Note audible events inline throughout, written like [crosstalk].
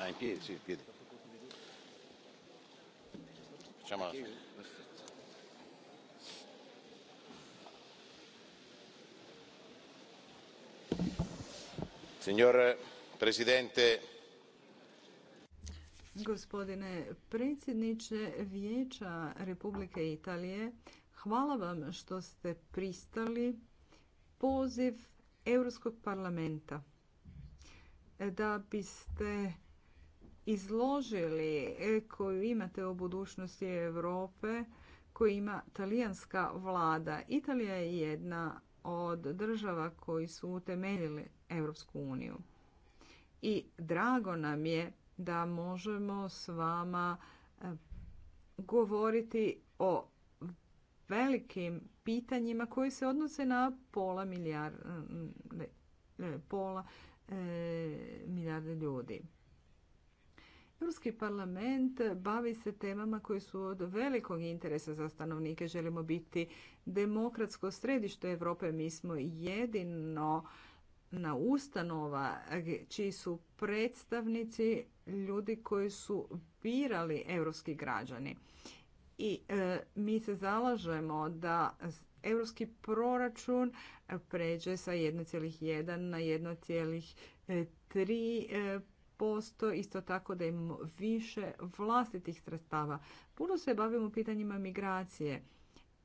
Ah, Signor Presidente. Gospodine predsjedniče Vijeća Republike Italije, hvala vam što ste pristali poziv Europskog parlamenta da biste izložili e, koju imate u budućnosti Europe koju ima talijanska vlada. Italija je jedna od država koji su utemeljili Europsku uniju. I drago nam je da možemo s vama e, govoriti o velikim pitanjima koji se odnose na pola milijarda pola e, milijarde ljudi. Ruski parlament bavi se temama koje su od velikog interesa za stanovnike. Želimo biti demokratsko središte Europe. Mi smo jedino na ustanova čiji su predstavnici ljudi koji su birali europski građani. I e, mi se zalažemo da europski proračun pređe sa 1,1 na 1,3 posto isto tako da imamo više vlastitih sredstava. Puno se bavimo pitanjima migracije.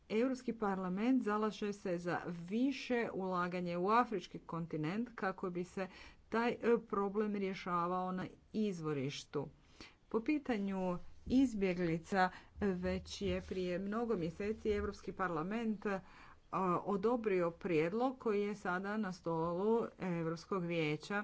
Europski parlament zalaže se za više ulaganje u afrički kontinent kako bi se taj e, problem rješavao na izvorištu. Po pitanju izbjeglica već je prije mnogo mjeseci Europski parlament e, odobrio prijedlog koji je sada na stolu Europskog vijeća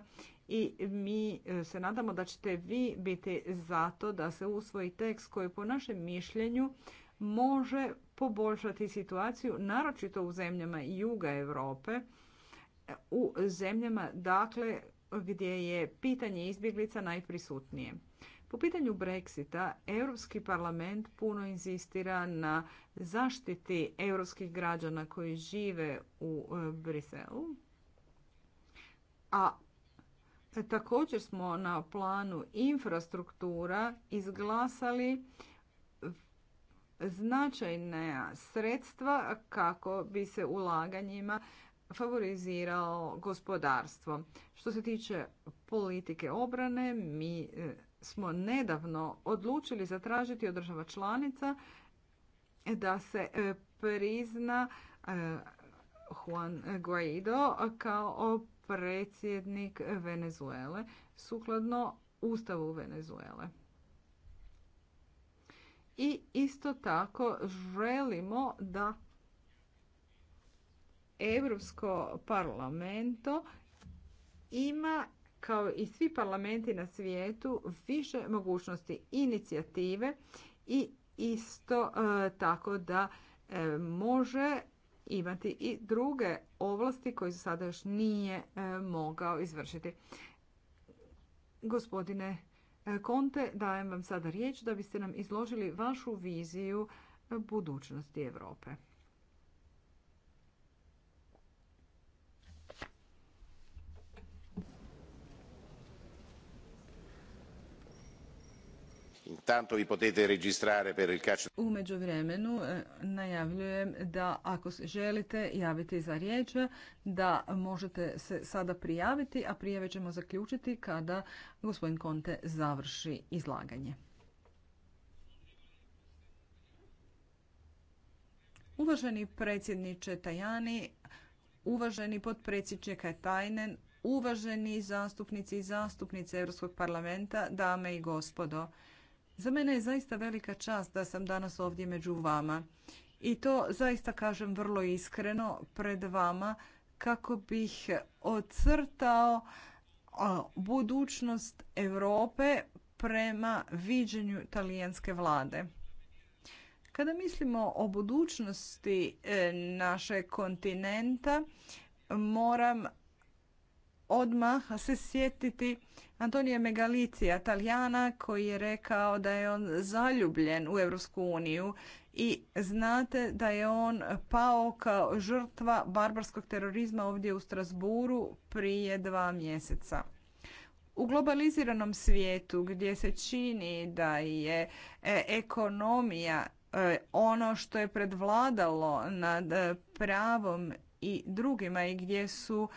i mi e, se nadamo da ćete vi biti za to da se usvoji tekst koji po našem mišljenju može poboljšati situaciju, naročito u zemljama juga Europe, u zemljama dakle gdje je pitanje izbjeglica najprisutnije. Po pitanju Brexita, Europski parlament puno inzistira na zaštiti europskih građana koji žive u e, Briselu, a E, također smo na planu infrastruktura izglasali značajna sredstva kako bi se ulaganjima favorizirao gospodarstvo. Što se tiče politike obrane, mi e, smo nedavno odlučili zatražiti od država članica da se e, prizna Juan Guaido kao predsjednik Venezuele sukladno Ustavu Venezuele. I isto tako želimo da Europsko parlamento ima kao i svi parlamenti na svijetu više mogućnosti inicijative i isto e, tako da e, može imati i druge ovlasti koje se sada još nije e, mogao izvršiti. Gospodine Konte, e, dajem vam sada riječ da biste nam izložili vašu viziju e, budućnosti Europe. Intanto vi potete per U međuvremenu eh, najavljujem da ako želite javiti za riječ, da možete se sada prijaviti, a prijave ćemo zaključiti kada gospodin Konte završi izlaganje. Uvaženi predsjedniče Tajani, uvaženi potpredsjedniče Katajnen, uvaženi zastupnici i zastupnice Europskog parlamenta, dame i gospodo. Za mene je zaista velika čast da sam danas ovdje među vama i to zaista kažem vrlo iskreno pred vama kako bih ocrtao budućnost Europe prema viđenju talijanske vlade. Kada mislimo o budućnosti e, našeg kontinenta, moram odmah se sjetiti Antonija Megalicija, Talijana, koji je rekao da je on zaljubljen u Europsku uniju i znate da je on pao kao žrtva barbarskog terorizma ovdje u Strasburu prije dva mjeseca. U globaliziranom svijetu gdje se čini da je e, ekonomija e, ono što je predvladalo nad e, pravom i drugima i gdje su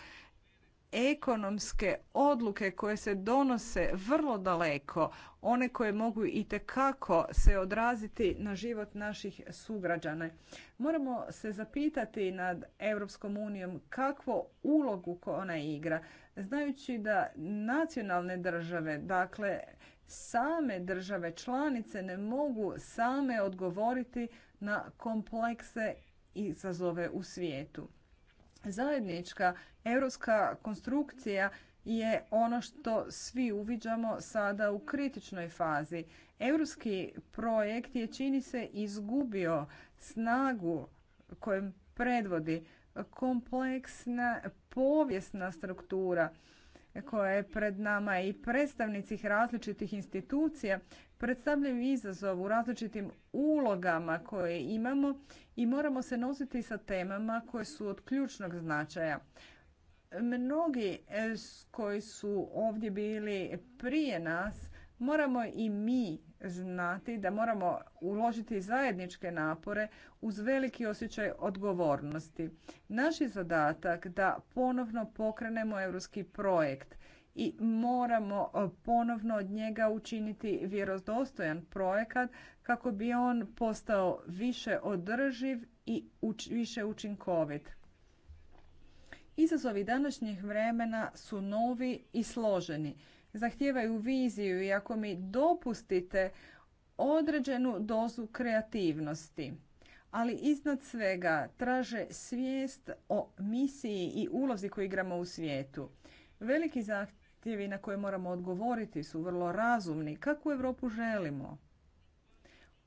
ekonomske odluke koje se donose vrlo daleko, one koje mogu i kako se odraziti na život naših sugrađana. Moramo se zapitati nad Europskom unijom kakvu ulogu ona igra, znajući da nacionalne države, dakle same države članice ne mogu same odgovoriti na komplekse izazove u svijetu. Zajednička europska konstrukcija je ono što svi uviđamo sada u kritičnoj fazi. Europski projekt je čini se izgubio snagu kojem predvodi kompleksna povijesna struktura koja je pred nama i predstavnici različitih institucija predstavljaju izazov u različitim ulogama koje imamo i moramo se nositi sa temama koje su od ključnog značaja. Mnogi e, koji su ovdje bili prije nas, moramo i mi znati da moramo uložiti zajedničke napore uz veliki osjećaj odgovornosti. Naš je zadatak da ponovno pokrenemo europski projekt – i moramo e, ponovno od njega učiniti vjerozdostojan projekat kako bi on postao više održiv i više učinkovit. Izazovi današnjih vremena su novi i složeni. Zahtijevaju viziju i ako mi dopustite određenu dozu kreativnosti. Ali iznad svega traže svijest o misiji i ulozi koju igramo u svijetu. Veliki zahtjev zahtjevi na koje moramo odgovoriti su vrlo razumni. Kakvu Europu želimo?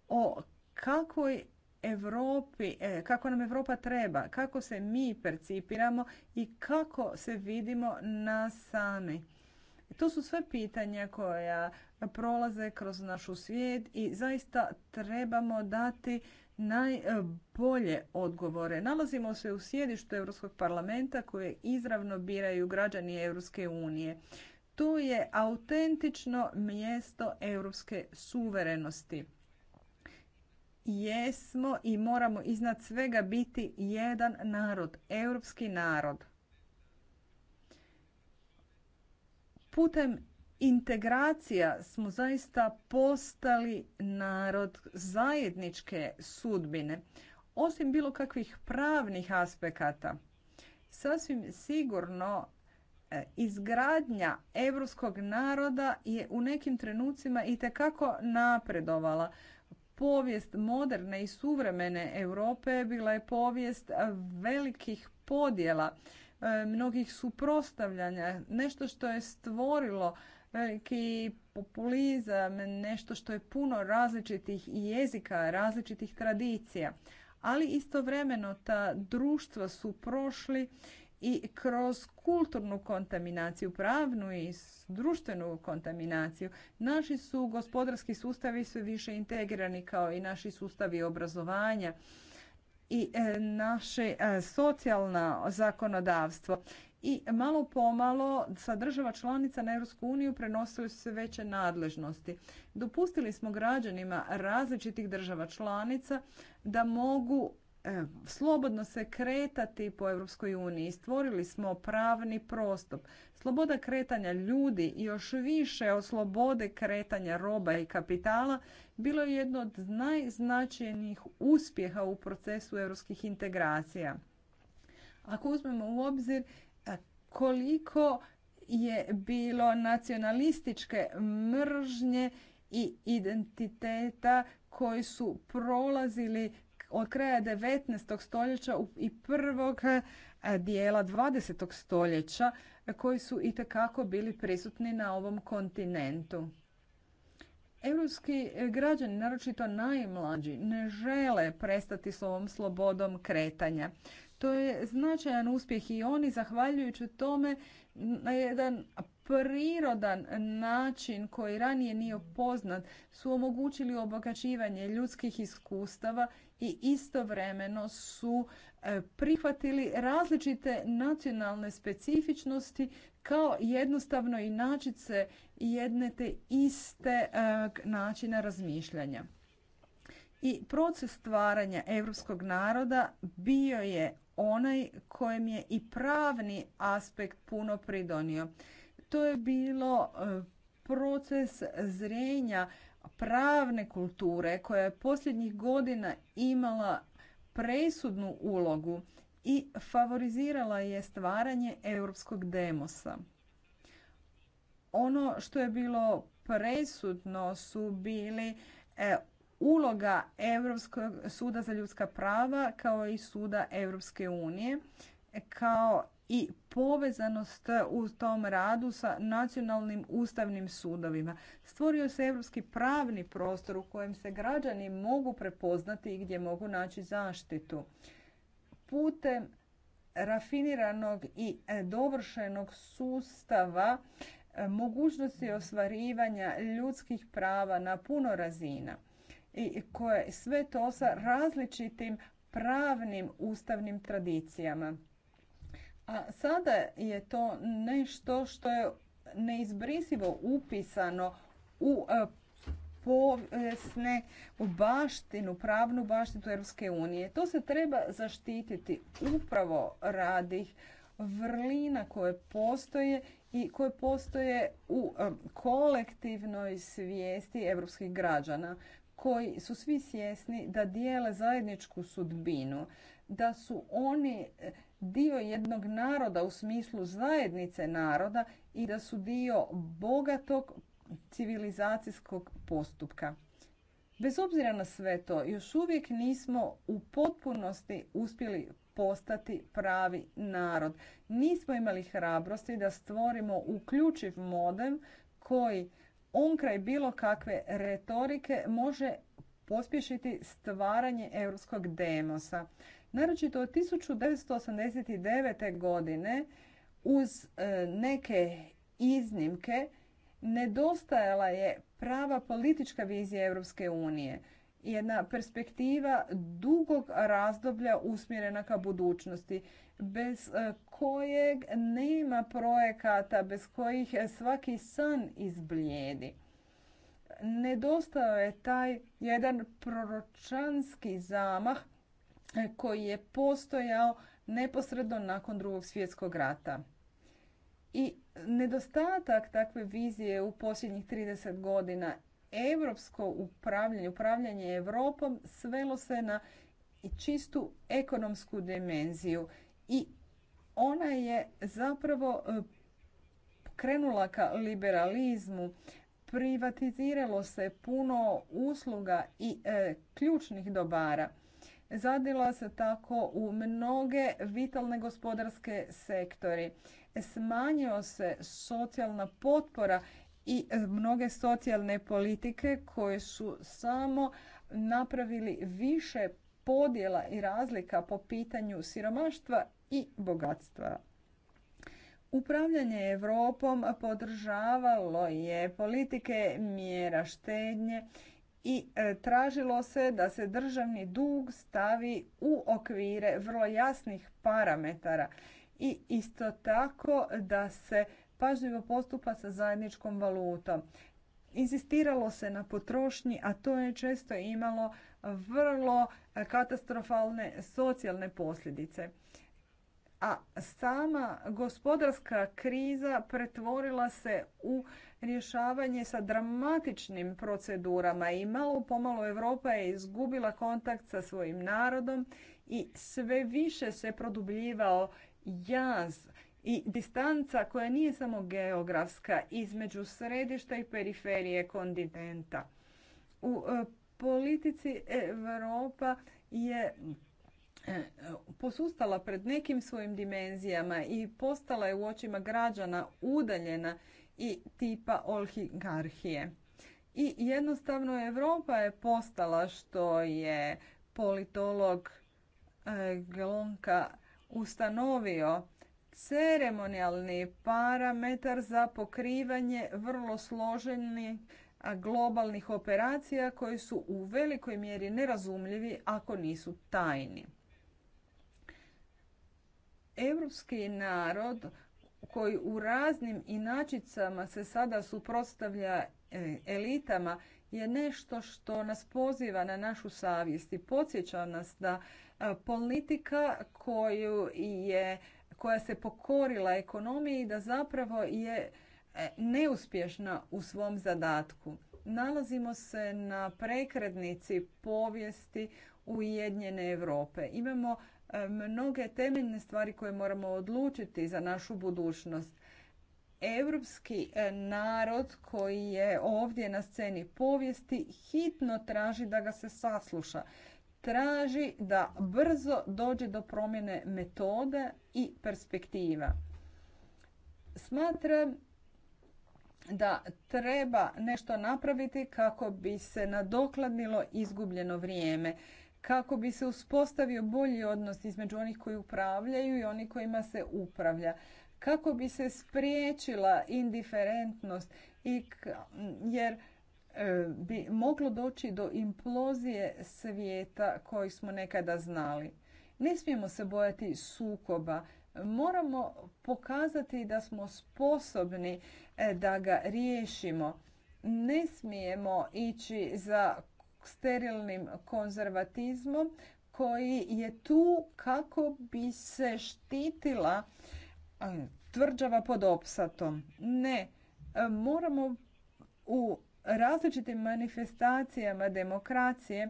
O kakvoj Europi, e, kako nam Europa treba, kako se mi percipiramo i kako se vidimo na sami. To su sve pitanja koja prolaze kroz našu svijet i zaista trebamo dati najbolje odgovore. Nalazimo se u sjedištu Europskog parlamenta koje izravno biraju građani Europske unije. Tu je autentično mjesto europske suverenosti. Jesmo i moramo iznad svega biti jedan narod, europski narod. Putem integracija smo zaista postali narod zajedničke sudbine, osim bilo kakvih pravnih aspekata. Sasvim sigurno e, izgradnja europskog naroda je u nekim trenucima i kako napredovala. Povijest moderne i suvremene Europe bila je povijest velikih podjela, e, mnogih suprotstavljanja, nešto što je stvorilo veliki populizam, nešto što je puno različitih jezika, različitih tradicija. Ali istovremeno ta društva su prošli i kroz kulturnu kontaminaciju, pravnu i društvenu kontaminaciju. Naši su gospodarski sustavi sve više integrirani kao i naši sustavi obrazovanja i e, naše e, socijalno zakonodavstvo i malo pomalo sa država članica na Europsku uniju su se veće nadležnosti. Dopustili smo građanima različitih država članica da mogu e, slobodno se kretati po Europskoj uniji. Stvorili smo pravni prostor. Sloboda kretanja ljudi i još više od slobode kretanja roba i kapitala bilo je jedno od najznačajnijih uspjeha u procesu europskih integracija. Ako uzmemo u obzir koliko je bilo nacionalističke mržnje i identiteta koji su prolazili od kraja 19. stoljeća i prvog eh, dijela 20. stoljeća koji su itekako bili prisutni na ovom kontinentu. Europski građani, naročito najmlađi, ne žele prestati s ovom slobodom kretanja. To je značajan uspjeh i oni zahvaljujući tome na jedan prirodan način koji ranije nije poznat su omogućili obogaćivanje ljudskih iskustava i istovremeno su e, prihvatili različite nacionalne specifičnosti kao jednostavno i načice jedne te iste e, načina razmišljanja. I proces stvaranja europskog naroda bio je onaj kojem je i pravni aspekt puno pridonio. To je bilo e, proces zrenja pravne kulture koja je posljednjih godina imala presudnu ulogu i favorizirala je stvaranje europskog demosa. Ono što je bilo presudno su bili e, uloga Europskog suda za ljudska prava kao i suda Europske unije kao i povezanost u tom radu sa nacionalnim ustavnim sudovima. Stvorio se europski pravni prostor u kojem se građani mogu prepoznati i gdje mogu naći zaštitu. Putem rafiniranog i e, dovršenog sustava e, mogućnosti ostvarivanja ljudskih prava na puno razina i koje sve to sa različitim pravnim ustavnim tradicijama. A sada je to nešto što je neizbrisivo upisano u e, povijesne u baštinu, pravnu baštinu Europske unije. To se treba zaštititi upravo radi vrlina koje postoje i koje postoje u e, kolektivnoj svijesti europskih građana koji su svi svjesni da dijele zajedničku sudbinu, da su oni eh, dio jednog naroda u smislu zajednice naroda i da su dio bogatog civilizacijskog postupka. Bez obzira na sve to, još uvijek nismo u potpunosti uspjeli postati pravi narod. Nismo imali hrabrosti da stvorimo uključiv modem koji onkraj bilo kakve retorike može pospješiti stvaranje europskog demosa. Naročito od 1989. godine uz e, neke iznimke nedostajala je prava politička vizija Europske unije jedna perspektiva dugog razdoblja usmjerena ka budućnosti bez e, kojeg nema projekata, bez kojih e, svaki san izblijedi. Nedostao je taj jedan proročanski zamah e, koji je postojao neposredno nakon drugog svjetskog rata. I nedostatak takve vizije u posljednjih 30 godina europsko upravljanje, upravljanje Europom svelo se na čistu ekonomsku dimenziju i ona je zapravo e, krenula ka liberalizmu. Privatiziralo se puno usluga i e, ključnih dobara. Zadila se tako u mnoge vitalne gospodarske sektori. Smanjio se socijalna potpora i e, mnoge socijalne politike koje su samo napravili više podjela i razlika po pitanju siromaštva i bogatstva. Upravljanje Europom podržavalo je politike mjera štednje i e, tražilo se da se državni dug stavi u okvire vrlo jasnih parametara i isto tako da se pažljivo postupa sa zajedničkom valutom. Inzistiralo se na potrošnji, a to je često imalo vrlo katastrofalne socijalne posljedice. A sama gospodarska kriza pretvorila se u rješavanje sa dramatičnim procedurama i malo pomalo Europa je izgubila kontakt sa svojim narodom i sve više se produbljivao jaz i distanca koja nije samo geografska između središta i periferije kontinenta. U e, politici Europa je e, posustala pred nekim svojim dimenzijama i postala je u očima građana udaljena i tipa olhigarhije. I jednostavno Europa je postala što je politolog e, Glonka ustanovio ceremonijalni parametar za pokrivanje vrlo složenih globalnih operacija koji su u velikoj mjeri nerazumljivi ako nisu tajni. Europski narod koji u raznim inačicama se sada suprotstavlja e, elitama je nešto što nas poziva na našu savjest i podsjeća nas da politika koju je koja se pokorila ekonomiji da zapravo je e, neuspješna u svom zadatku. Nalazimo se na prekrednici povijesti Ujedinjene Europe. Imamo e, mnoge temeljne stvari koje moramo odlučiti za našu budućnost. Europski e, narod koji je ovdje na sceni povijesti hitno traži da ga se sasluša traži da brzo dođe do promjene metode i perspektiva. Smatram da treba nešto napraviti kako bi se nadokladnilo izgubljeno vrijeme, kako bi se uspostavio bolji odnos između onih koji upravljaju i onih kojima se upravlja, kako bi se spriječila indiferentnost jer E, bi moglo doći do implozije svijeta koji smo nekada znali. Ne smijemo se bojati sukoba. Moramo pokazati da smo sposobni e, da ga riješimo. Ne smijemo ići za sterilnim konzervatizmom koji je tu kako bi se štitila e, tvrđava pod opsatom. Ne, moramo u različitim manifestacijama demokracije e,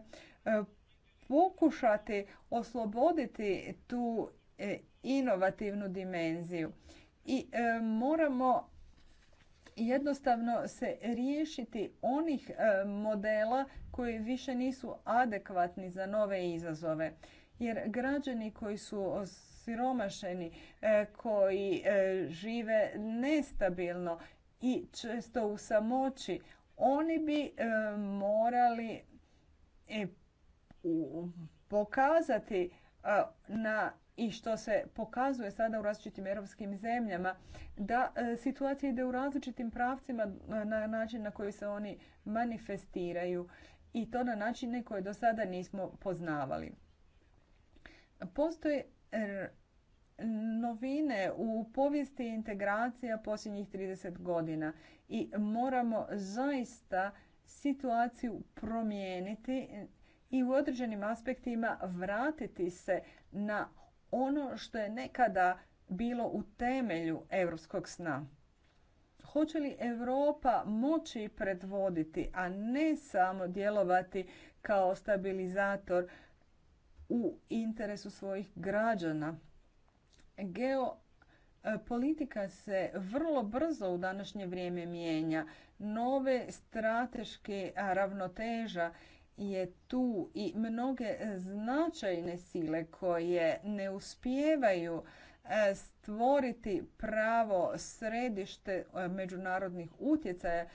pokušati osloboditi tu e, inovativnu dimenziju. I e, moramo jednostavno se riješiti onih modela koji više nisu adekvatni za nove izazove. Jer građani koji su siromašeni, koji žive nestabilno i često u samoći, oni bi e, morali e, pokazati e, na i što se pokazuje sada u različitim europskim zemljama, da situacija ide u različitim pravcima na način na koji se oni manifestiraju i to na načine koje do sada nismo poznavali. Postoje novine u povijesti integracija posljednjih 30 godina i moramo zaista situaciju promijeniti i u određenim aspektima vratiti se na ono što je nekada bilo u temelju europskog sna. Hoće li Europa moći predvoditi, a ne samo djelovati kao stabilizator u interesu svojih građana? Geopolitika e, se vrlo brzo u današnje vrijeme mijenja. Nove strateške ravnoteža je tu i mnoge značajne sile koje ne uspijevaju e, stvoriti pravo središte e, međunarodnih utjecaja,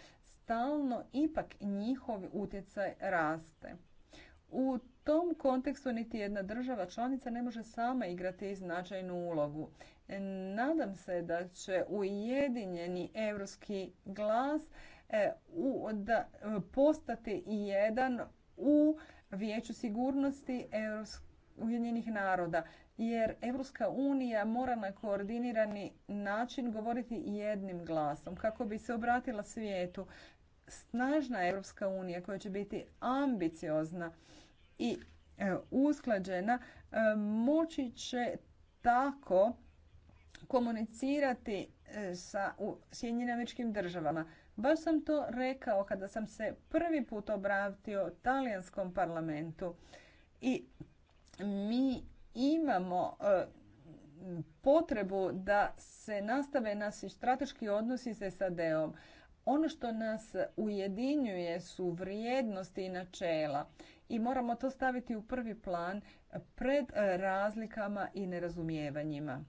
stalno ipak njihov utjecaj raste. U tom kontekstu niti jedna država članica ne može sama igrati značajnu ulogu. E, nadam se da će ujedinjeni europski glas e, e, postati jedan u vijeću sigurnosti Ujedinjenih naroda jer Evropska unija mora na koordinirani način govoriti jednim glasom kako bi se obratila svijetu. Snažna Evropska unija koja će biti ambiciozna i e, usklađena e, moći će tako komunicirati e, sa Sjedinjenim državama. Baš sam to rekao kada sam se prvi put obratio talijanskom parlamentu i mi imamo potrebu da se nastave nasi strateški odnosi sa SAD-om. Ono što nas ujedinjuje su vrijednosti i načela i moramo to staviti u prvi plan pred e, razlikama i nerazumijevanjima.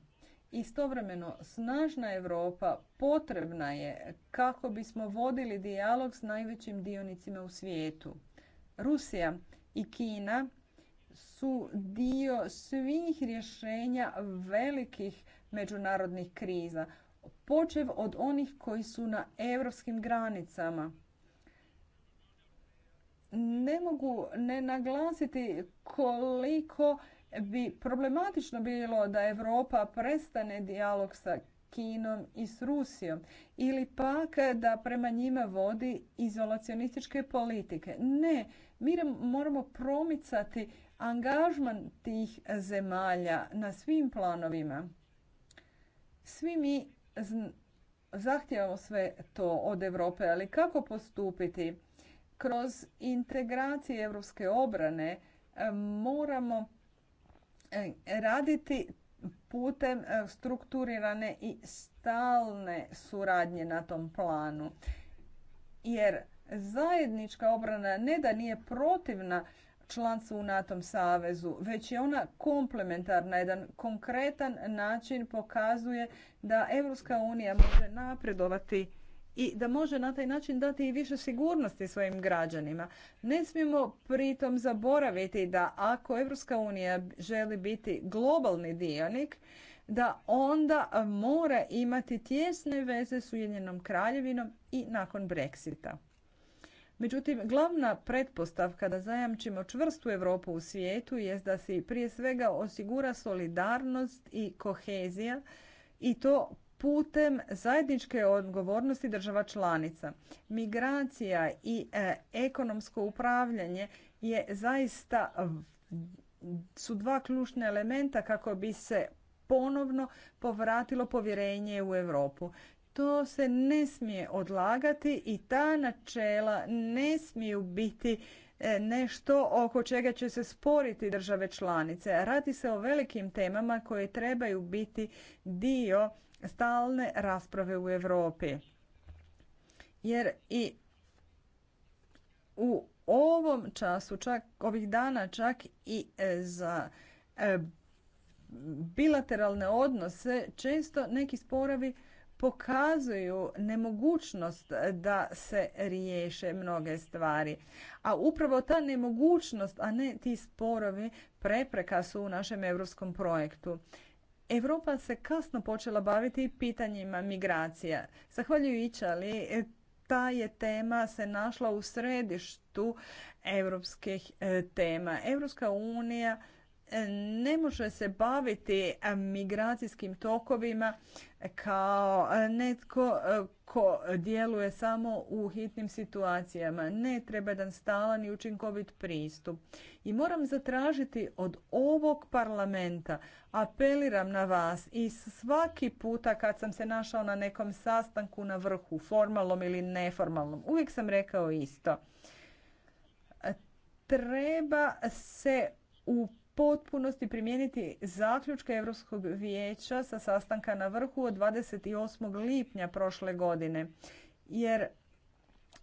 Istovremeno, snažna Europa potrebna je kako bismo vodili dijalog s najvećim dionicima u svijetu. Rusija i Kina su dio svih rješenja velikih međunarodnih kriza, počev od onih koji su na europskim granicama ne mogu ne naglasiti koliko bi problematično bilo da Europa prestane dijalog sa Kinom i s Rusijom ili pak da prema njima vodi izolacionističke politike. Ne, mi moramo promicati angažman tih zemalja na svim planovima. Svi mi zahtijevamo sve to od Europe, ali kako postupiti? kroz integracije europske obrane e, moramo e, raditi putem e, strukturirane i stalne suradnje na tom planu. Jer zajednička obrana ne da nije protivna članstvu u NATO savezu, već je ona komplementarna, jedan konkretan način pokazuje da Europska unija može napredovati i da može na taj način dati i više sigurnosti svojim građanima. Ne smijemo pritom zaboraviti da ako Europska unija želi biti globalni dionik, da onda mora imati tjesne veze s Ujedinjenom kraljevinom i nakon Brexita. Međutim, glavna pretpostavka da zajamčimo čvrstu Europu u svijetu je da se prije svega osigura solidarnost i kohezija i to putem zajedničke odgovornosti država članica. Migracija i e, ekonomsko upravljanje je zaista su dva ključna elementa kako bi se ponovno povratilo povjerenje u Europu. To se ne smije odlagati i ta načela ne smiju biti e, nešto oko čega će se sporiti države članice. Radi se o velikim temama koje trebaju biti dio stalne rasprave u Europi. Jer i u ovom času, čak ovih dana, čak i e, za e, bilateralne odnose, često neki sporovi pokazuju nemogućnost da se riješe mnoge stvari. A upravo ta nemogućnost, a ne ti sporovi, prepreka su u našem europskom projektu. Evropa se kasno počela baviti pitanjima migracija. Zahvaljujući ali e, ta je tema se našla u središtu europskih e, tema. Europska unija ne može se baviti e, migracijskim tokovima kao e, netko e, ko djeluje samo u hitnim situacijama. Ne treba jedan stalan i učinkovit pristup. I moram zatražiti od ovog parlamenta, apeliram na vas i svaki puta kad sam se našao na nekom sastanku na vrhu, formalnom ili neformalnom, uvijek sam rekao isto. Treba se u potpunosti primijeniti zaključke Europskog vijeća sa sastanka na vrhu od 28. lipnja prošle godine. Jer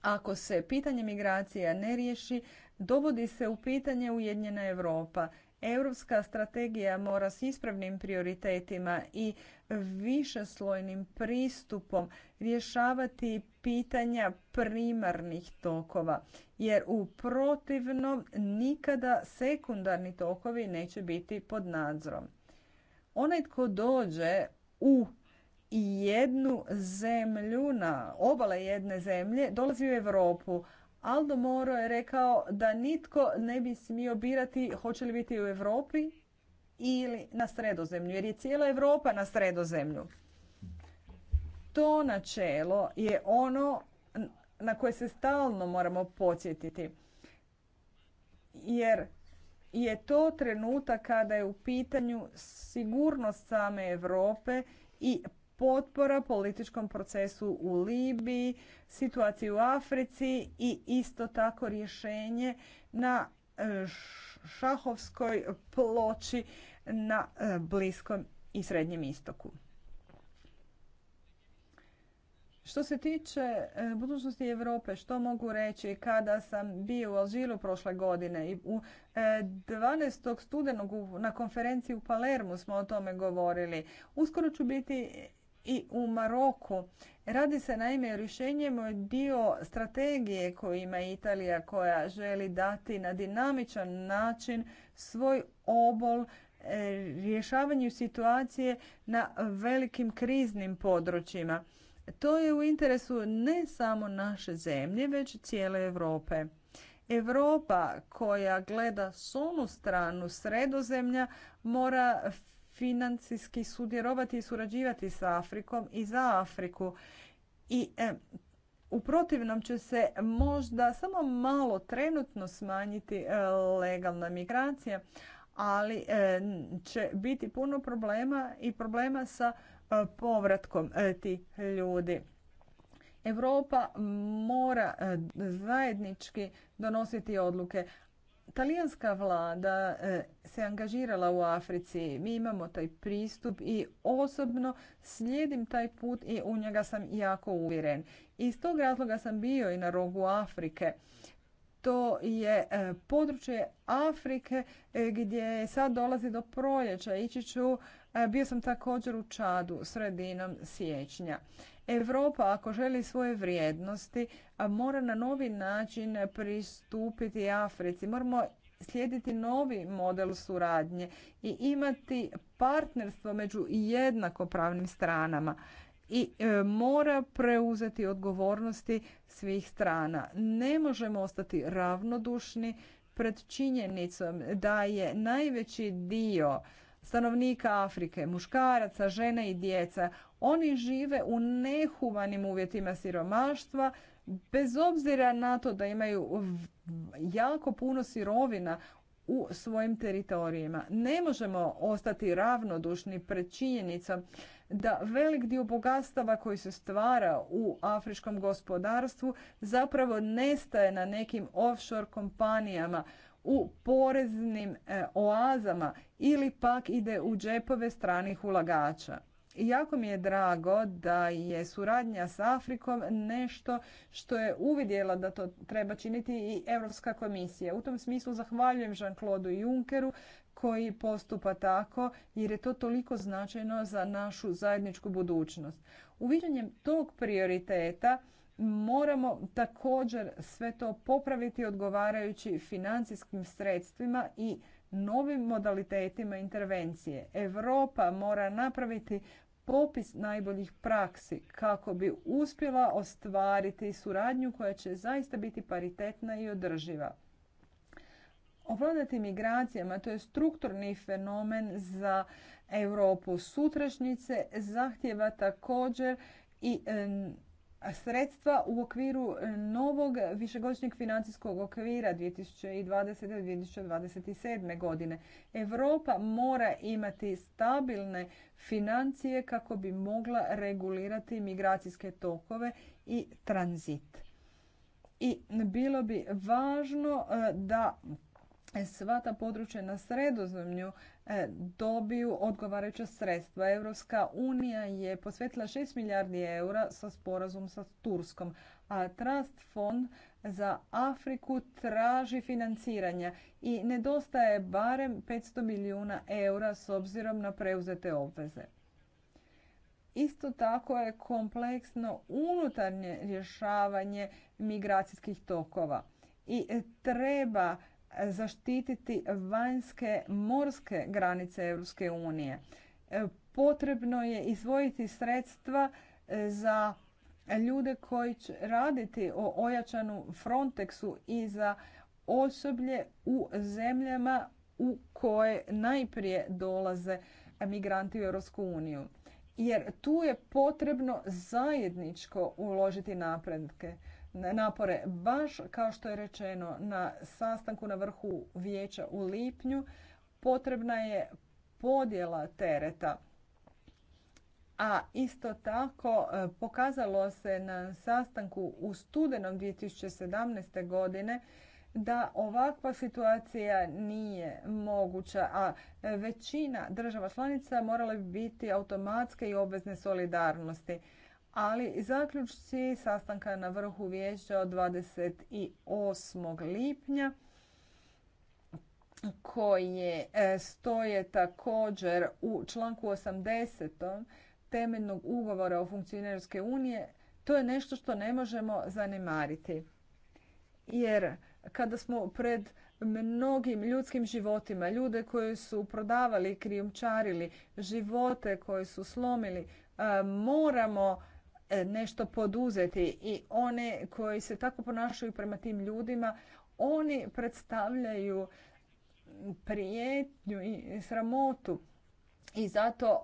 ako se pitanje migracija ne riješi, dovodi se u pitanje Ujedinjena Europa. Europska strategija mora s ispravnim prioritetima i višeslojnim pristupom rješavati pitanja primarnih tokova, jer u protivnom nikada sekundarni tokovi neće biti pod nadzorom. Onaj tko dođe u jednu zemlju, na obale jedne zemlje, dolazi u Europu. Aldo Moro je rekao da nitko ne bi smio birati hoće li biti u Europi ili na sredozemlju, jer je cijela Europa na sredozemlju. To načelo je ono na koje se stalno moramo podsjetiti. Jer je to trenutak kada je u pitanju sigurnost same Europe i potpora političkom procesu u Libiji, situaciji u Africi i isto tako rješenje na e, šahovskoj ploči na e, Bliskom i Srednjem istoku. Što se tiče e, budućnosti Europe, što mogu reći kada sam bio u Alžiru prošle godine i u 12. E, studenog na konferenciji u Palermu smo o tome govorili. Uskoro ću biti i u Maroku. Radi se naime o rješenjem dio strategije koju ima Italija koja želi dati na dinamičan način svoj obol e, rješavanju situacije na velikim kriznim područjima. To je u interesu ne samo naše zemlje, već cijele Europe. Europa koja gleda s onu stranu sredozemlja mora financijski sudjerovati i surađivati sa Afrikom i za Afriku. I e, u protivnom će se možda samo malo trenutno smanjiti e, legalna migracija, ali e, će biti puno problema i problema sa E, povratkom e, ti ljudi. Europa mora e, zajednički donositi odluke. Talijanska vlada se angažirala u Africi. Mi imamo taj pristup i osobno slijedim taj put i u njega sam jako uvjeren. Iz tog razloga sam bio i na rogu Afrike. To je područje Afrike gdje sad dolazi do proljeća. Ići ću E, bio sam također u Čadu sredinom siječnja. Evropa, ako želi svoje vrijednosti mora na novi način pristupiti Africi. Moramo slijediti novi model suradnje i imati partnerstvo među jednakopravnim stranama i e, mora preuzeti odgovornosti svih strana. Ne možemo ostati ravnodušni pred činjenicom da je najveći dio stanovnika Afrike, muškaraca, žene i djeca. Oni žive u nehumanim uvjetima siromaštva, bez obzira na to da imaju jako puno sirovina u svojim teritorijima. Ne možemo ostati ravnodušni pred činjenicom da velik dio bogatstava koji se stvara u afričkom gospodarstvu zapravo nestaje na nekim offshore kompanijama u poreznim e, oazama ili pak ide u džepove stranih ulagača. Jako mi je drago da je suradnja s Afrikom nešto što je uvidjela da to treba činiti i Europska komisija. U tom smislu zahvaljujem Jean-Claude Junckeru koji postupa tako jer je to toliko značajno za našu zajedničku budućnost. Uviđenjem tog prioriteta moramo također sve to popraviti odgovarajući financijskim sredstvima i novim modalitetima intervencije. Europa mora napraviti popis najboljih praksi kako bi uspjela ostvariti suradnju koja će zaista biti paritetna i održiva. Ovladati migracijama to je strukturni fenomen za Europu sutrašnjice, zahtjeva također i sredstva u okviru e, novog višegodišnjeg financijskog okvira 2020-2027. godine. Europa mora imati stabilne financije kako bi mogla regulirati migracijske tokove i tranzit. I bilo bi važno e, da sva ta područja na sredozemlju e, dobiju odgovarajuća sredstva. Europska unija je posvetila 6 milijardi eura sa sporazum sa Turskom, a Trust fond za Afriku traži financiranja i nedostaje barem 500 milijuna eura s obzirom na preuzete obveze. Isto tako je kompleksno unutarnje rješavanje migracijskih tokova i treba zaštititi vanjske morske granice Europske unije. E, potrebno je izvojiti sredstva e, za ljude koji će raditi o ojačanu Frontexu i za osoblje u zemljama u koje najprije dolaze migranti u Europsku uniju. Jer tu je potrebno zajedničko uložiti napredke napore. Baš kao što je rečeno na sastanku na vrhu vijeća u lipnju, potrebna je podjela tereta. A isto tako e, pokazalo se na sastanku u studenom 2017. godine da ovakva situacija nije moguća, a većina država članica morala bi biti automatske i obvezne solidarnosti ali zaključci sastanka na vrhu vijeća od 28. lipnja koje e, stoje također u članku 80. temeljnog ugovora o funkcionerske unije, to je nešto što ne možemo zanemariti. Jer kada smo pred mnogim ljudskim životima, ljude koji su prodavali, krijumčarili, živote koji su slomili, e, moramo nešto poduzeti i one koji se tako ponašaju prema tim ljudima, oni predstavljaju prijetnju i sramotu i zato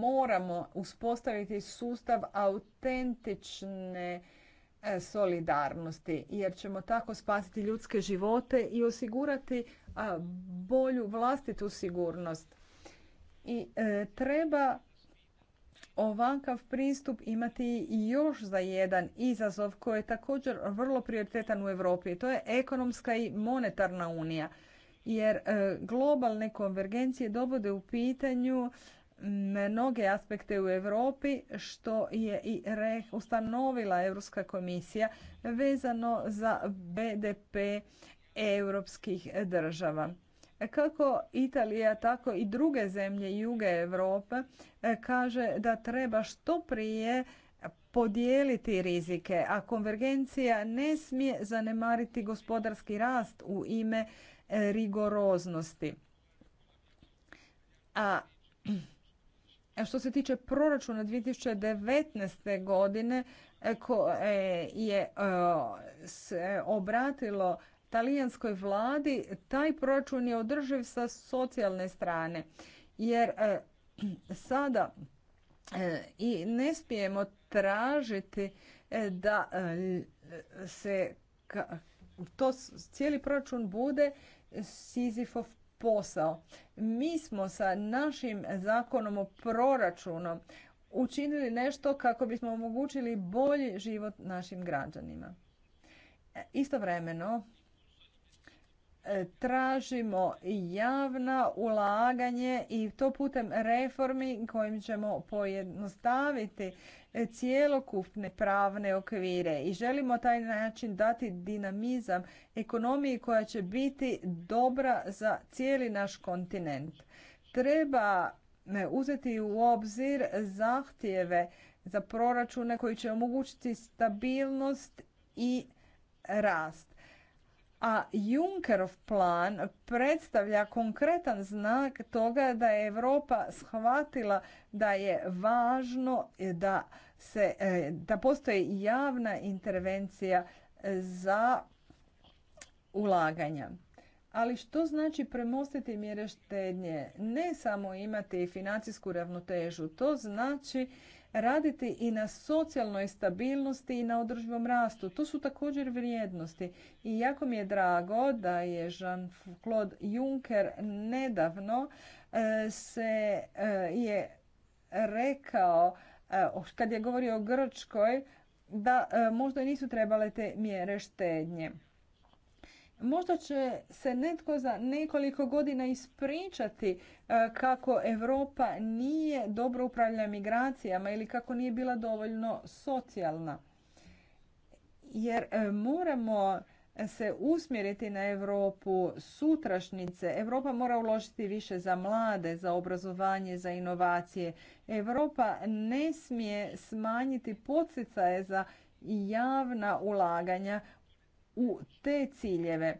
moramo uspostaviti sustav autentične e, solidarnosti jer ćemo tako spasiti ljudske živote i osigurati bolju vlastitu sigurnost. I e, treba ovakav pristup imati još za jedan izazov koji je također vrlo prioritetan u Europi. To je ekonomska i monetarna unija. Jer e, globalne konvergencije dovode u pitanju mnoge aspekte u Europi što je i ustanovila Europska komisija vezano za BDP europskih država. E, kako Italija, tako i druge zemlje juge Europe e, kaže da treba što prije podijeliti rizike, a konvergencija ne smije zanemariti gospodarski rast u ime e, rigoroznosti. A što se tiče proračuna 2019. godine koje je se obratilo talijanskoj vladi taj proračun je održiv sa socijalne strane. Jer e, sada e, i ne smijemo tražiti e, da se to cijeli proračun bude Sizifov posao. Mi smo sa našim zakonom o proračunu učinili nešto kako bismo omogućili bolji život našim građanima. Istovremeno, tražimo javna ulaganje i to putem reformi kojim ćemo pojednostaviti cjelokupne pravne okvire i želimo taj način dati dinamizam ekonomiji koja će biti dobra za cijeli naš kontinent. Treba e, uzeti u obzir zahtjeve za proračune koji će omogućiti stabilnost i rast a Junckerov plan predstavlja konkretan znak toga da je Europa shvatila da je važno da, se, e, da postoji javna intervencija za ulaganja. Ali što znači premostiti mjere štednje? Ne samo imati financijsku ravnotežu, to znači raditi i na socijalnoj stabilnosti i na održivom rastu. To su također vrijednosti. I jako mi je drago da je Jean-Claude Juncker nedavno e, se e, je rekao, e, kad je govorio o Grčkoj, da možda nisu trebale te mjere štednje. Možda će se netko za nekoliko godina ispričati e, kako Europa nije dobro upravljala migracijama ili kako nije bila dovoljno socijalna. Jer e, moramo se usmjeriti na Europu sutrašnjice. Europa mora uložiti više za mlade, za obrazovanje, za inovacije. Europa ne smije smanjiti poticaje za javna ulaganja u te ciljeve.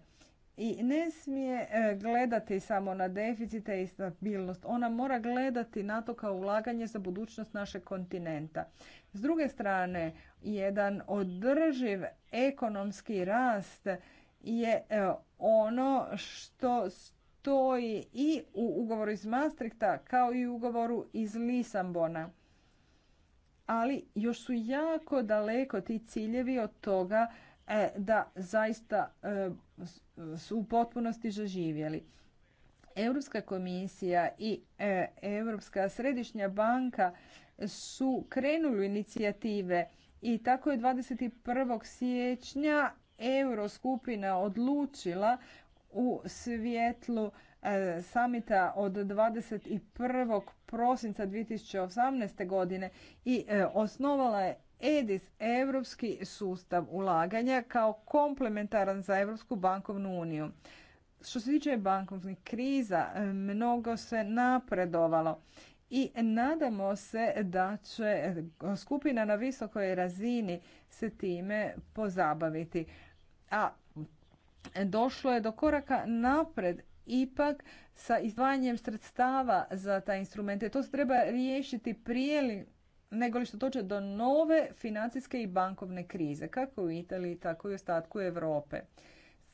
I ne smije e, gledati samo na deficite i stabilnost. Ona mora gledati na to kao ulaganje za budućnost našeg kontinenta. S druge strane, jedan održiv ekonomski rast je e, ono što stoji i u ugovoru iz Maastrichta kao i u ugovoru iz Lisambona. Ali još su jako daleko ti ciljevi od toga E, da zaista e, su u potpunosti zaživjeli. Europska komisija i e, Europska središnja banka su krenuli inicijative i tako je 21. siječnja Euroskupina odlučila u svjetlu samita od 21. prosinca 2018. godine i osnovala je EDIS, Europski sustav ulaganja, kao komplementaran za Europsku bankovnu uniju. Što se tiče bankovnih kriza, mnogo se napredovalo i nadamo se da će skupina na visokoj razini se time pozabaviti. A došlo je do koraka napred ipak sa izdvajanjem sredstava za ta instrument. To se treba riješiti prije nego li što dođe do nove financijske i bankovne krize, kako u Italiji, tako i u ostatku Europe.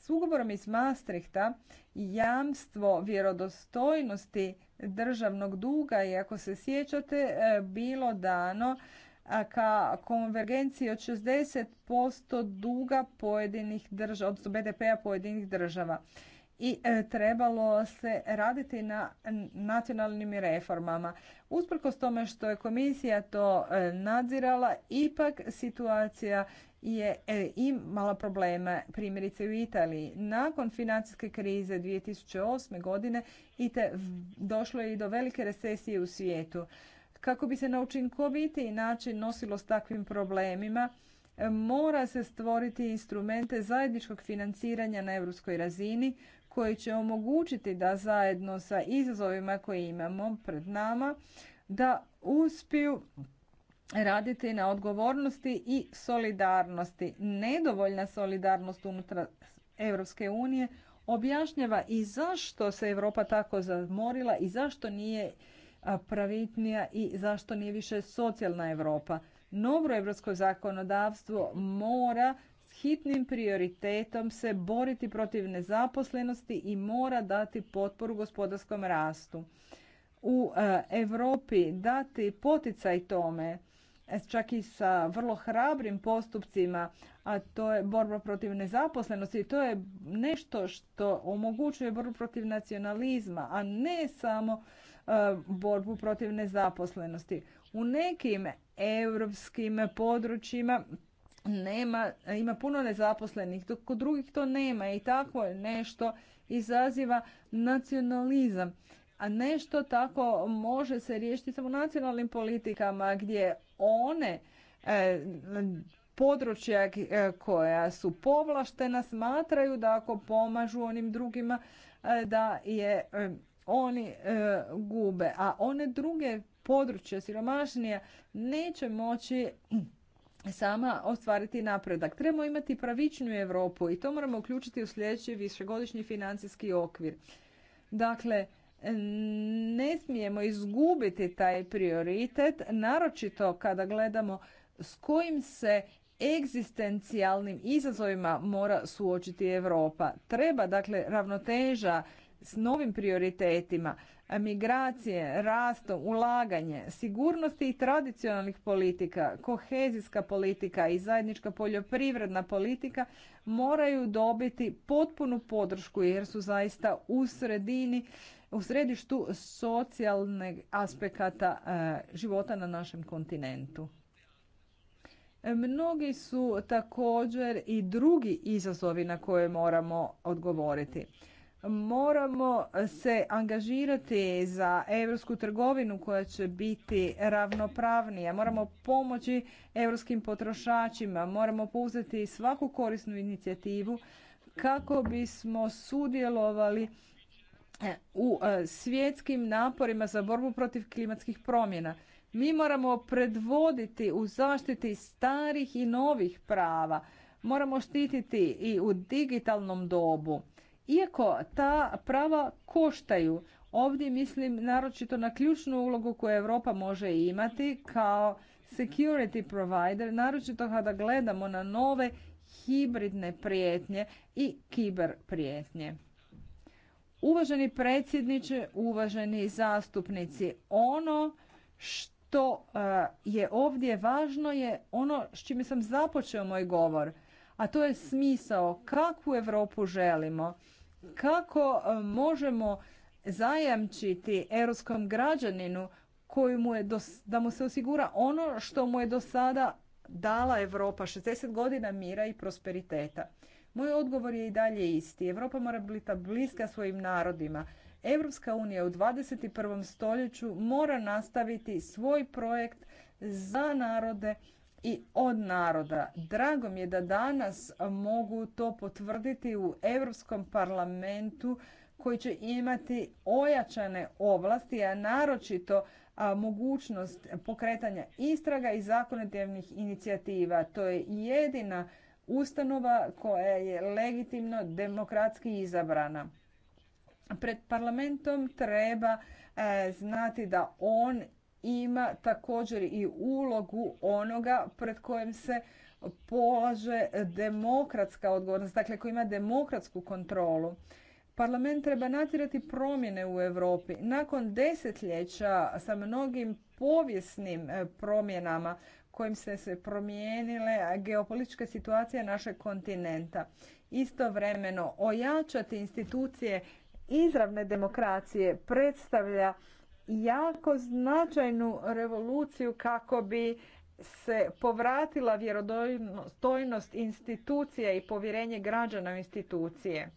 S ugovorom iz Maastrichta jamstvo vjerodostojnosti državnog duga i ako se sjećate e, bilo dano ka konvergenciji od 60% duga pojedinih država, odnosno BDP-a pojedinih država i e, trebalo se raditi na nacionalnim reformama. Usprkos tome što je komisija to e, nadzirala, ipak situacija je e, imala probleme, primjerice u Italiji. Nakon financijske krize 2008. godine ite, došlo je i do velike recesije u svijetu. Kako bi se na učinkovitiji način nosilo s takvim problemima, mora se stvoriti instrumente zajedničkog financiranja na europskoj razini koji će omogućiti da zajedno sa izazovima koje imamo pred nama da uspiju raditi na odgovornosti i solidarnosti. Nedovoljna solidarnost unutar Europske unije objašnjava i zašto se Europa tako zamorila i zašto nije pravitnija i zašto nije više socijalna Europa. Novo europsko zakonodavstvo mora hitnim prioritetom se boriti protiv nezaposlenosti i mora dati potporu gospodarskom rastu. U e, Europi dati poticaj tome e, čak i sa vrlo hrabrim postupcima, a to je borba protiv nezaposlenosti. To je nešto što omogućuje borbu protiv nacionalizma, a ne samo e, borbu protiv nezaposlenosti. U nekim europskim područjima nema, ima puno nezaposlenih, dok kod drugih to nema i tako nešto izaziva nacionalizam. A nešto tako može se riješiti samo nacionalnim politikama gdje one e, područja e, koja su povlaštena smatraju da ako pomažu onim drugima e, da je e, oni gube, a one druge područja siromašnija neće moći sama ostvariti napredak. Trebamo imati pravičnu Europu i to moramo uključiti u sljedeći višegodišnji financijski okvir. Dakle, ne smijemo izgubiti taj prioritet, naročito kada gledamo s kojim se egzistencijalnim izazovima mora suočiti Europa. Treba dakle ravnoteža s novim prioritetima, migracije, rasto, ulaganje, sigurnosti i tradicionalnih politika, kohezijska politika i zajednička poljoprivredna politika moraju dobiti potpunu podršku jer su zaista u sredini, u središtu socijalnih aspekata e, života na našem kontinentu. Mnogi su također i drugi izazovi na koje moramo odgovoriti moramo se angažirati za europsku trgovinu koja će biti ravnopravnija. Moramo pomoći europskim potrošačima, moramo pouzeti svaku korisnu inicijativu kako bismo sudjelovali u e, svjetskim naporima za borbu protiv klimatskih promjena. Mi moramo predvoditi u zaštiti starih i novih prava. Moramo štititi i u digitalnom dobu iako ta prava koštaju, ovdje mislim naročito na ključnu ulogu koju Europa može imati kao security provider, naročito kada gledamo na nove hibridne prijetnje i kiber prijetnje. Uvaženi predsjedniče, uvaženi zastupnici, ono što e, je ovdje važno je ono s čime sam započeo moj govor. A to je smisao kakvu Europu želimo, kako e, možemo zajamčiti europskom građaninu koji mu je da mu se osigura ono što mu je do sada dala Europa 60 godina mira i prosperiteta. Moj odgovor je i dalje isti. Europa mora biti bliska svojim narodima. Europska unija u 21. stoljeću mora nastaviti svoj projekt za narode i od naroda. Drago mi je da danas mogu to potvrditi u Europskom parlamentu koji će imati ojačane ovlasti, a naročito mogućnost pokretanja istraga i zakonodavnih inicijativa. To je jedina ustanova koja je legitimno demokratski izabrana. Pred parlamentom treba e, znati da on ima također i ulogu onoga pred kojim se polaže demokratska odgovornost, dakle koji ima demokratsku kontrolu. Parlament treba natirati promjene u Europi. Nakon desetljeća sa mnogim povijesnim e, promjenama kojim se se promijenile geopolitičke situacije našeg kontinenta. Istovremeno ojačati institucije izravne demokracije predstavlja jako značajnu revoluciju kako bi se povratila vjerodostojnost institucija i povjerenje građana u institucije.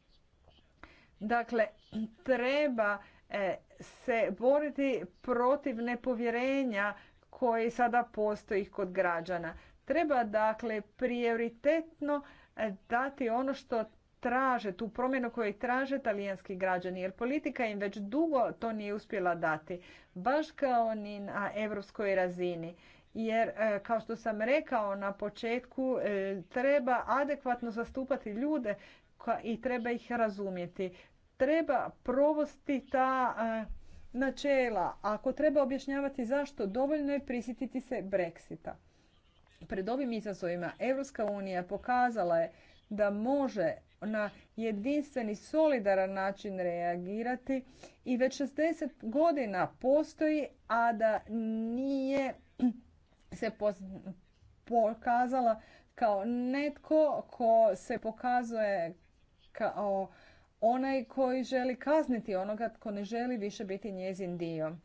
Dakle, treba e, se boriti protiv nepovjerenja koji sada postoji kod građana. Treba dakle prioritetno e, dati ono što traže, tu promjenu koju traže talijanski građani, jer politika im već dugo to nije uspjela dati, baš kao ni na evropskoj razini. Jer, e, kao što sam rekao na početku, e, treba adekvatno zastupati ljude i treba ih razumjeti. Treba provosti ta e, načela. Ako treba objašnjavati zašto, dovoljno je prisjetiti se Brexita. Pred ovim izazovima Europska unija pokazala je da može na jedinstveni solidaran način reagirati i već 60 godina postoji, a da nije se pokazala kao netko ko se pokazuje kao onaj koji želi kazniti onoga tko ne želi više biti njezin dio.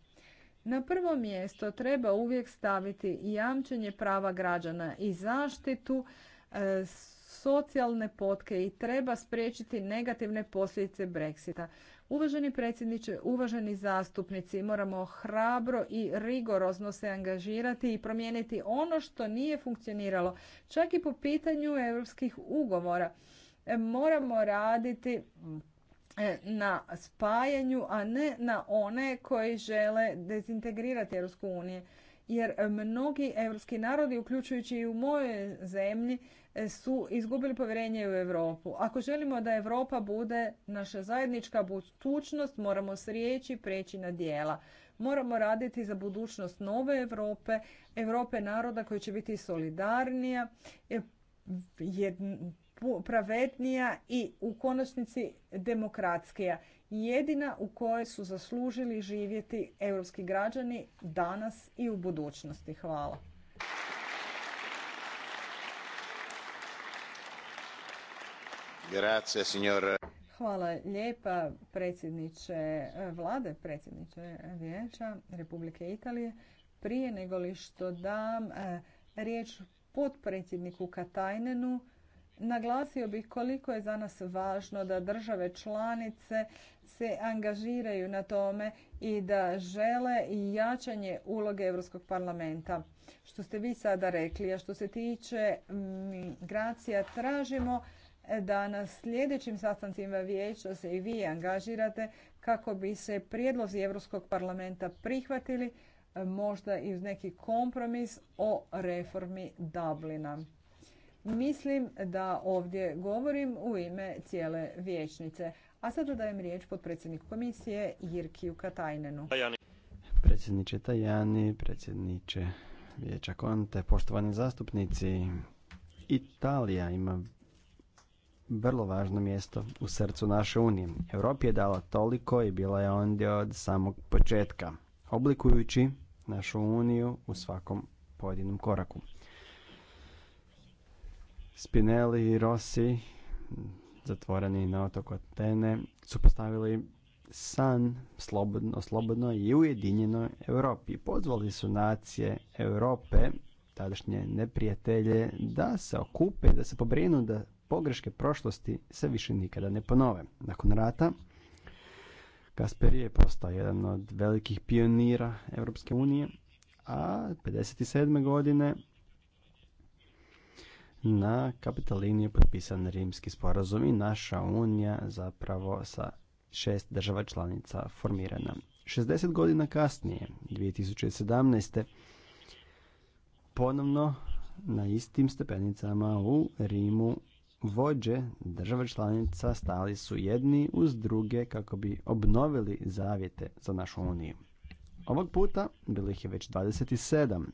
Na prvo mjesto treba uvijek staviti jamčenje prava građana i zaštitu e, socijalne potke i treba spriječiti negativne posljedice Brexita. Uvaženi predsjedniče, uvaženi zastupnici, moramo hrabro i rigorozno se angažirati i promijeniti ono što nije funkcioniralo, čak i po pitanju europskih ugovora. E, moramo raditi mm, e, na spajanju, a ne na one koji žele dezintegrirati Europsku uniju. Jer e, mnogi europski narodi, uključujući i u mojoj zemlji, E, su izgubili povjerenje u Europu. Ako želimo da Europa bude naša zajednička budućnost, moramo s riječi preći na dijela. Moramo raditi za budućnost nove Europe, Europe naroda koji će biti solidarnija, e, pravednija i u konačnici demokratskija. Jedina u kojoj su zaslužili živjeti europski građani danas i u budućnosti. Hvala. Hvala lijepa predsjedniče e, vlade, predsjedniče vijeća Republike Italije. Prije nego li što dam e, riječ potpredsjedniku Katajnenu, naglasio bih koliko je za nas važno da države članice se angažiraju na tome i da žele jačanje uloge Europskog parlamenta. Što ste vi sada rekli, a što se tiče mm, migracija, tražimo da na sljedećim sastancima vijeća se i vi angažirate kako bi se prijedlozi Europskog parlamenta prihvatili, e, možda i uz neki kompromis o reformi Dublina. Mislim da ovdje govorim u ime cijele vijećnice. A sada dajem riječ potpredsjedniku komisije Jirkiju Katajnenu. Predsjedniče Tajani, predsjedniče Vijeća Konte, poštovani zastupnici, Italija ima vrlo važno mjesto u srcu naše unije. Europi je dala toliko i bila je ondje od samog početka, oblikujući našu uniju u svakom pojedinom koraku. Spinelli i Rossi, zatvoreni na otoku Atene, su postavili san slobodno, slobodno i ujedinjenoj Europi. Pozvali su nacije Europe, tadašnje neprijatelje, da se okupe i da se pobrinu da pogreške prošlosti se više nikada ne ponove. Nakon rata Kasperi je postao jedan od velikih pionira Europske unije, a 57. godine na Kapitalini je potpisan rimski sporazum i naša unija zapravo sa šest država članica formirana. 60 godina kasnije, 2017. ponovno na istim stepenicama u Rimu vođe država članica stali su jedni uz druge kako bi obnovili zavjete za našu uniju. Ovog puta bilo ih je već 27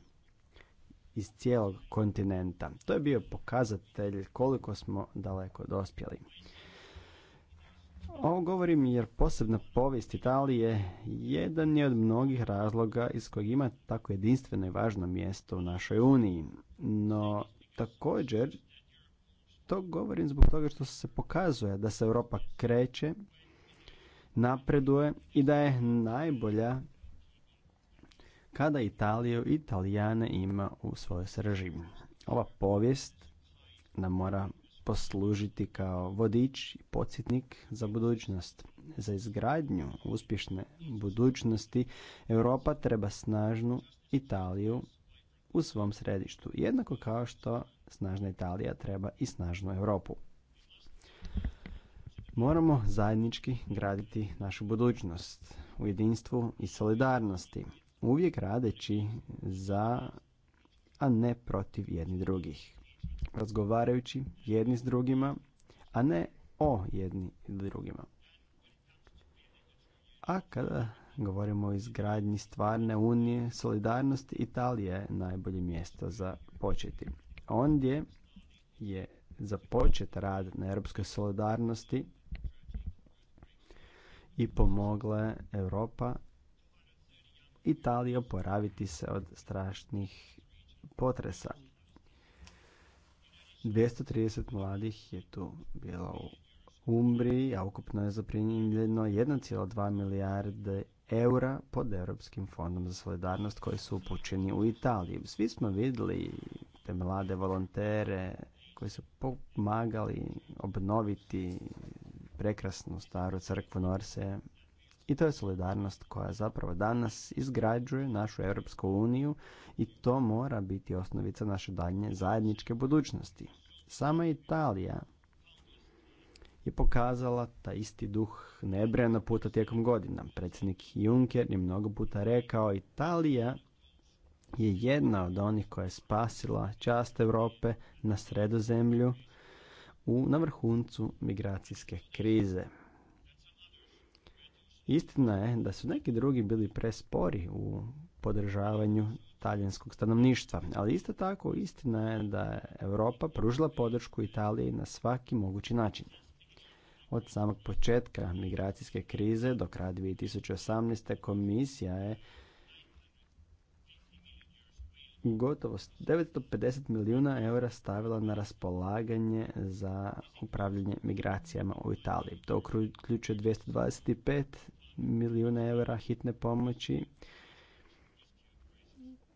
iz cijelog kontinenta. To je bio pokazatelj koliko smo daleko dospjeli. Ovo govorim jer posebna povijest Italije jedan je od mnogih razloga iz kojeg ima tako jedinstveno i važno mjesto u našoj Uniji. No također to govorim zbog toga što se pokazuje da se Europa kreće, napreduje i da je najbolja kada Italiju i Italijane ima u svojoj srži. Ova povijest nam mora poslužiti kao vodič i podsjetnik za budućnost. Za izgradnju uspješne budućnosti Europa treba snažnu Italiju u svom središtu, jednako kao što Snažna Italija treba i snažnu Europu. Moramo zajednički graditi našu budućnost u jedinstvu i solidarnosti, uvijek radeći za, a ne protiv jedni drugih. Razgovarajući jedni s drugima, a ne o jedni drugima. A kada govorimo o izgradnji stvarne unije, solidarnosti Italije je najbolje mjesto za početi ondje je započet rad na europskoj solidarnosti i pomogla je Europa Italija oporaviti se od strašnih potresa. 230 mladih je tu bilo u Umbriji, a ukupno je zaprinjeno 1,2 milijarde eura pod Europskim fondom za solidarnost koji su upućeni u Italiji. Svi smo vidjeli te mlade volontere koji su pomagali obnoviti prekrasnu staru crkvu Norse. I to je solidarnost koja zapravo danas izgrađuje našu Europsku uniju i to mora biti osnovica naše daljnje zajedničke budućnosti. Sama Italija je pokazala taj isti duh nebrejeno puta tijekom godina. Predsjednik Juncker je mnogo puta rekao Italija je jedna od onih koja je spasila čast Europe na sredozemlju u, na vrhuncu migracijske krize. Istina je da su neki drugi bili prespori u podržavanju talijanskog stanovništva, ali isto tako istina je da je Europa pružila podršku Italiji na svaki mogući način. Od samog početka migracijske krize do kraja 2018. komisija je gotovo 950 milijuna eura stavila na raspolaganje za upravljanje migracijama u Italiji. To uključuje 225 milijuna eura hitne pomoći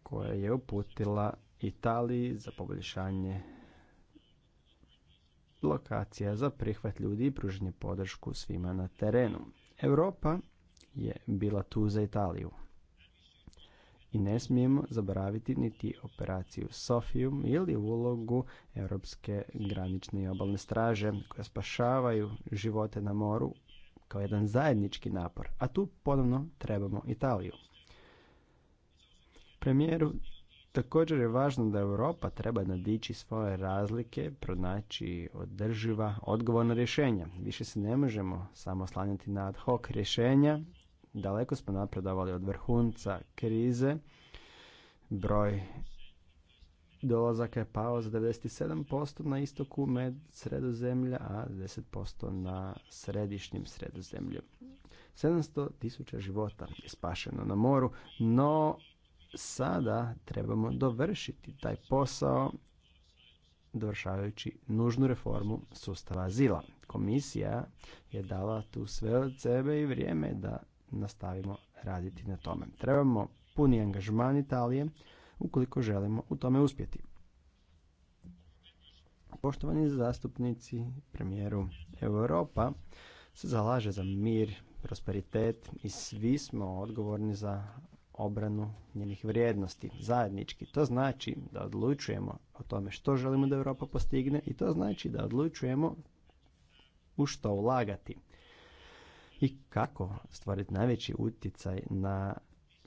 koja je uputila Italiji za poboljšanje lokacija za prihvat ljudi i pružanje podršku svima na terenu. Europa je bila tu za Italiju i ne smijemo zaboraviti niti operaciju Sofiju ili ulogu Europske granične i obalne straže koja spašavaju živote na moru kao jedan zajednički napor, a tu ponovno trebamo Italiju. Premijeru, također je važno da Europa treba nadići svoje razlike, pronaći održiva, odgovorna rješenja. Više se ne možemo samo slanjati na ad hoc rješenja daleko smo napredovali od vrhunca krize. Broj dolazaka je pao za 97% na istoku med sredozemlja, a 10% na središnjem sredozemlju. 700 tisuća života je spašeno na moru, no sada trebamo dovršiti taj posao dovršavajući nužnu reformu sustava azila. Komisija je dala tu sve od sebe i vrijeme da nastavimo raditi na tome. Trebamo puni angažman Italije ukoliko želimo u tome uspjeti. Poštovani zastupnici, premijeru Europa se zalaže za mir, prosperitet i svi smo odgovorni za obranu njenih vrijednosti zajednički. To znači da odlučujemo o tome što želimo da Europa postigne i to znači da odlučujemo u što ulagati i kako stvoriti najveći utjecaj na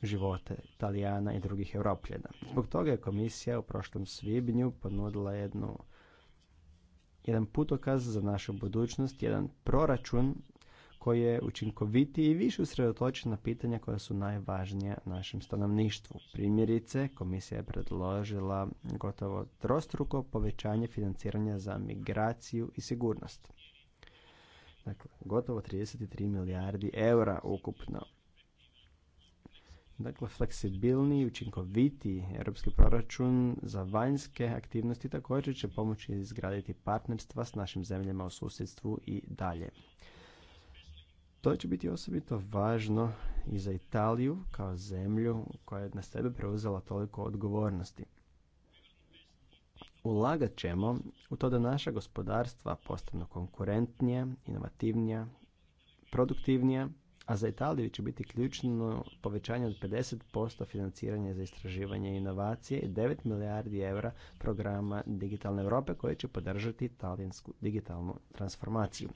živote Italijana i drugih Europljena. Zbog toga je komisija u prošlom svibnju ponudila jednu, jedan putokaz za našu budućnost, jedan proračun koji je učinkovitiji i više usredotočen na pitanja koja su najvažnija našem stanovništvu. Primjerice, komisija je predložila gotovo trostruko povećanje financiranja za migraciju i sigurnost. Dakle, gotovo 33 milijardi eura ukupno. Dakle, fleksibilniji i učinkovitiji europski proračun za vanjske aktivnosti također će pomoći izgraditi partnerstva s našim zemljama u susjedstvu i dalje. To će biti osobito važno i za Italiju kao zemlju koja je na sebe preuzela toliko odgovornosti ulagat ćemo u to da naša gospodarstva postanu konkurentnije, inovativnija, produktivnija, a za Italiju će biti ključno povećanje od 50% financiranja za istraživanje i inovacije i 9 milijardi eura programa Digitalne Europe koje će podržati italijansku digitalnu transformaciju.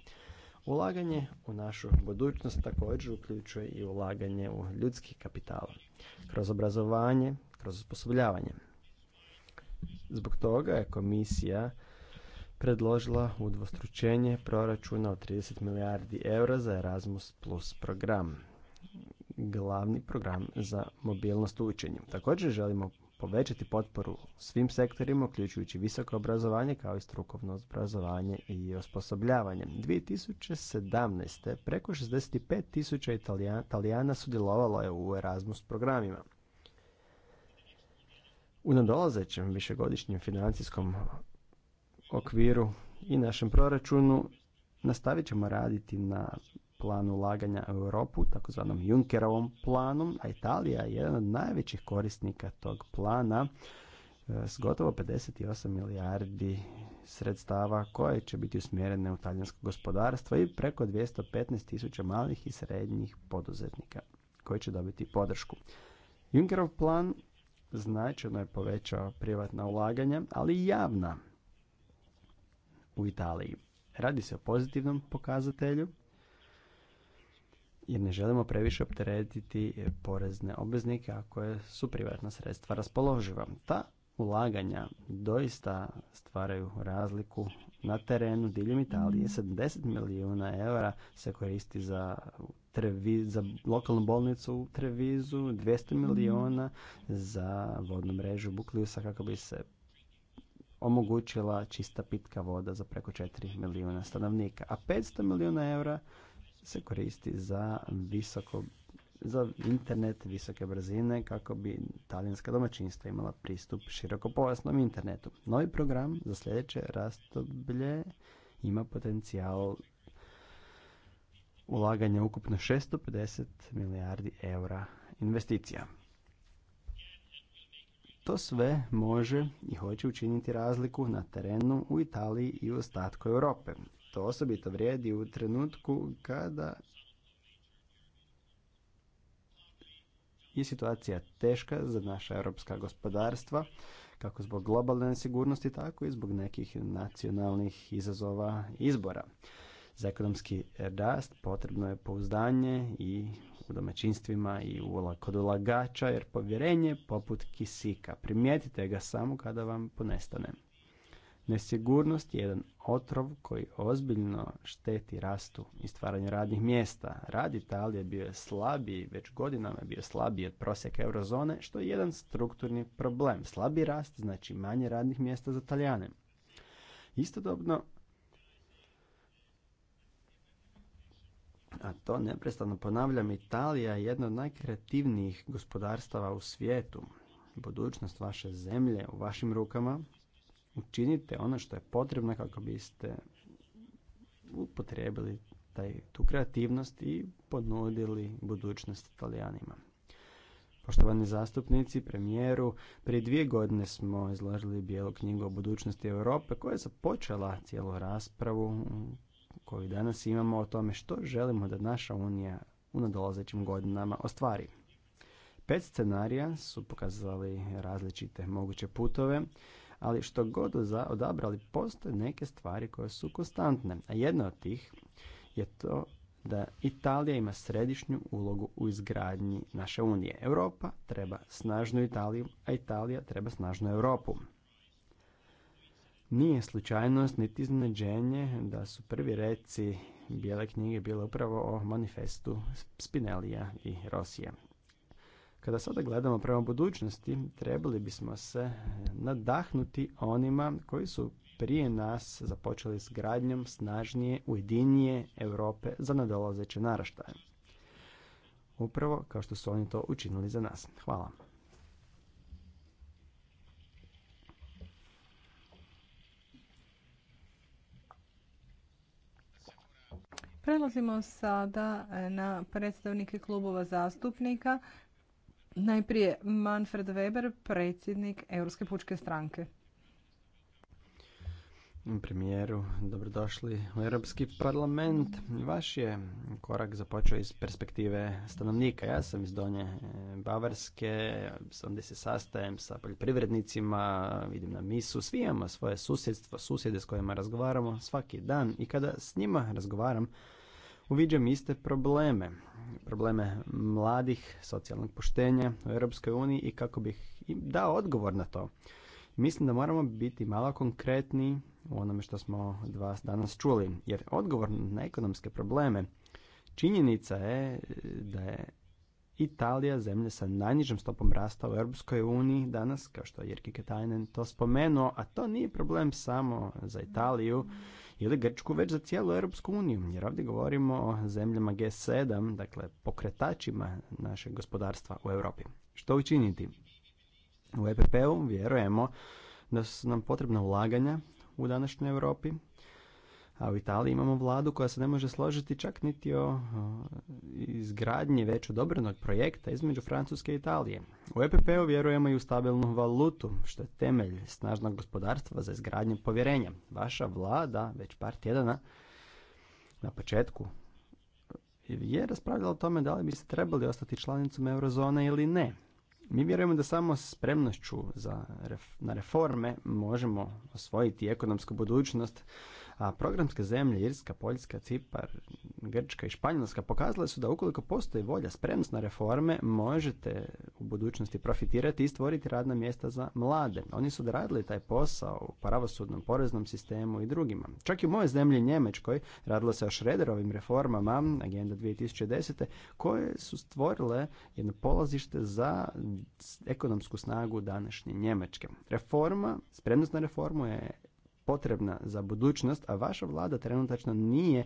Ulaganje u našu budućnost također uključuje i ulaganje u ljudski kapital kroz obrazovanje, kroz osposobljavanje. Zbog toga je komisija predložila udvostručenje proračuna od 30 milijardi eura za Erasmus Plus program, glavni program za mobilnost u učenju. Također želimo povećati potporu svim sektorima, uključujući visoko obrazovanje kao i strukovno obrazovanje i osposobljavanje. 2017. preko 65 tisuća Italijana sudjelovalo je u Erasmus programima u nadolazećem višegodišnjem financijskom okviru i našem proračunu nastavit ćemo raditi na planu ulaganja u Europu, takozvanom Junckerovom planom, a Italija je jedan od najvećih korisnika tog plana e, s gotovo 58 milijardi sredstava koje će biti usmjerene u talijansko gospodarstvo i preko 215 tisuća malih i srednjih poduzetnika koji će dobiti podršku. Junckerov plan značajno je povećao privatna ulaganja, ali i javna u Italiji. Radi se o pozitivnom pokazatelju jer ne želimo previše opteretiti porezne obveznike ako su privatna sredstva raspoloživa. Ta ulaganja doista stvaraju razliku na terenu diljem Italije. 70 milijuna eura se koristi za za lokalnu bolnicu u Trevizu, 200 mhm. milijuna za vodnu mrežu Bukliusa kako bi se omogućila čista pitka voda za preko 4 milijuna stanovnika. A 500 milijuna eura se koristi za visoko za internet visoke brzine kako bi talijanska domaćinstva imala pristup širokopojasnom internetu. Novi program za sljedeće razdoblje ima potencijal ulaganje ukupno 650 milijardi eura investicija. To sve može i hoće učiniti razliku na terenu u Italiji i u ostatku Europe. To osobito vrijedi u trenutku kada je situacija teška za naša europska gospodarstva, kako zbog globalne nesigurnosti, tako i zbog nekih nacionalnih izazova izbora. Za ekonomski rast potrebno je pouzdanje i u domaćinstvima i kod ulagača, jer povjerenje poput kisika. Primijetite ga samo kada vam ponestane. Nesigurnost je jedan otrov koji ozbiljno šteti rastu i stvaranju radnih mjesta. Rad Italije bio je slabiji, već godinama je bio slabiji od prosjeka eurozone, što je jedan strukturni problem. Slabi rast znači manje radnih mjesta za Italijane. Istodobno, a to neprestano ponavljam, Italija je jedna od najkreativnijih gospodarstava u svijetu. Budućnost vaše zemlje u vašim rukama. Učinite ono što je potrebno kako biste upotrijebili taj, tu kreativnost i ponudili budućnost Italijanima. Poštovani zastupnici, premijeru, prije dvije godine smo izložili bijelu knjigu o budućnosti Europe koja je započela cijelu raspravu koju danas imamo o tome što želimo da naša Unija u nadolazećim godinama ostvari. Pet scenarija su pokazali različite moguće putove, ali što god odabrali postoje neke stvari koje su konstantne, a jedna od tih je to da Italija ima središnju ulogu u izgradnji naše unije. Europa treba snažnu Italiju, a Italija treba snažnu Europu. Nije slučajnost niti iznenađenje da su prvi reci bijele knjige bile upravo o manifestu Spinelija i Rosije. Kada sada gledamo prema budućnosti, trebali bismo se nadahnuti onima koji su prije nas započeli s gradnjom snažnije, ujedinije Europe za nadolazeće naraštaje. Upravo kao što su oni to učinili za nas. Hvala. Prelazimo sada e, na predstavnike klubova zastupnika. Najprije Manfred Weber, predsjednik Europske pučke stranke. Premijeru, dobrodošli u Europski parlament. Vaš je korak započeo iz perspektive stanovnika. Ja sam iz Donje e, Bavarske, sam gdje se sastajem sa poljoprivrednicima, vidim na misu. Svi imamo svoje susjedstvo, susjede s kojima razgovaramo svaki dan i kada s njima razgovaram, uviđam iste probleme. Probleme mladih, socijalnog poštenja u Europskoj uniji i kako bih im dao odgovor na to. Mislim da moramo biti malo konkretni u onome što smo od vas danas čuli, jer odgovor na ekonomske probleme činjenica je da je Italija, zemlja sa najnižom stopom rasta u Europskoj uniji danas, kao što je Jerki Katajnen to spomenuo, a to nije problem samo za Italiju, ili Grčku već za cijelu Europsku uniju. Jer ovdje govorimo o zemljama G7, dakle pokretačima našeg gospodarstva u Europi. Što učiniti? U EPP-u vjerujemo da su nam potrebna ulaganja u današnjoj Europi, a u Italiji imamo vladu koja se ne može složiti čak niti o izgradnji već odobrenog projekta između Francuske i Italije. U EPP-u vjerujemo i u stabilnu valutu, što je temelj snažnog gospodarstva za izgradnju povjerenja. Vaša vlada već par tjedana na početku je raspravljala o tome da li se trebali ostati članicom eurozone ili ne. Mi vjerujemo da samo spremnošću za, na reforme možemo osvojiti ekonomsku budućnost a programske zemlje Irska, Poljska, Cipar, Grčka i Španjolska pokazale su da ukoliko postoji volja, spremnost na reforme, možete u budućnosti profitirati i stvoriti radna mjesta za mlade. Oni su radili taj posao u pravosudnom, poreznom sistemu i drugima. Čak i u mojoj zemlji Njemačkoj radilo se o Šrederovim reformama Agenda 2010. koje su stvorile jedno polazište za ekonomsku snagu današnje Njemačke. Reforma, spremnost na reformu je potrebna za budućnost, a vaša vlada trenutačno nije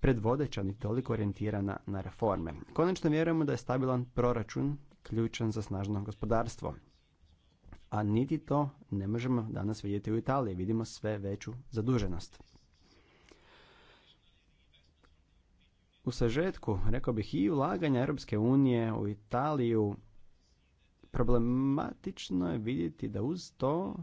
predvodeća ni toliko orijentirana na reforme. Konačno vjerujemo da je stabilan proračun ključan za snažno gospodarstvo. A niti to ne možemo danas vidjeti u Italiji. Vidimo sve veću zaduženost. U sažetku, rekao bih, i ulaganja Europske unije u Italiju problematično je vidjeti da uz to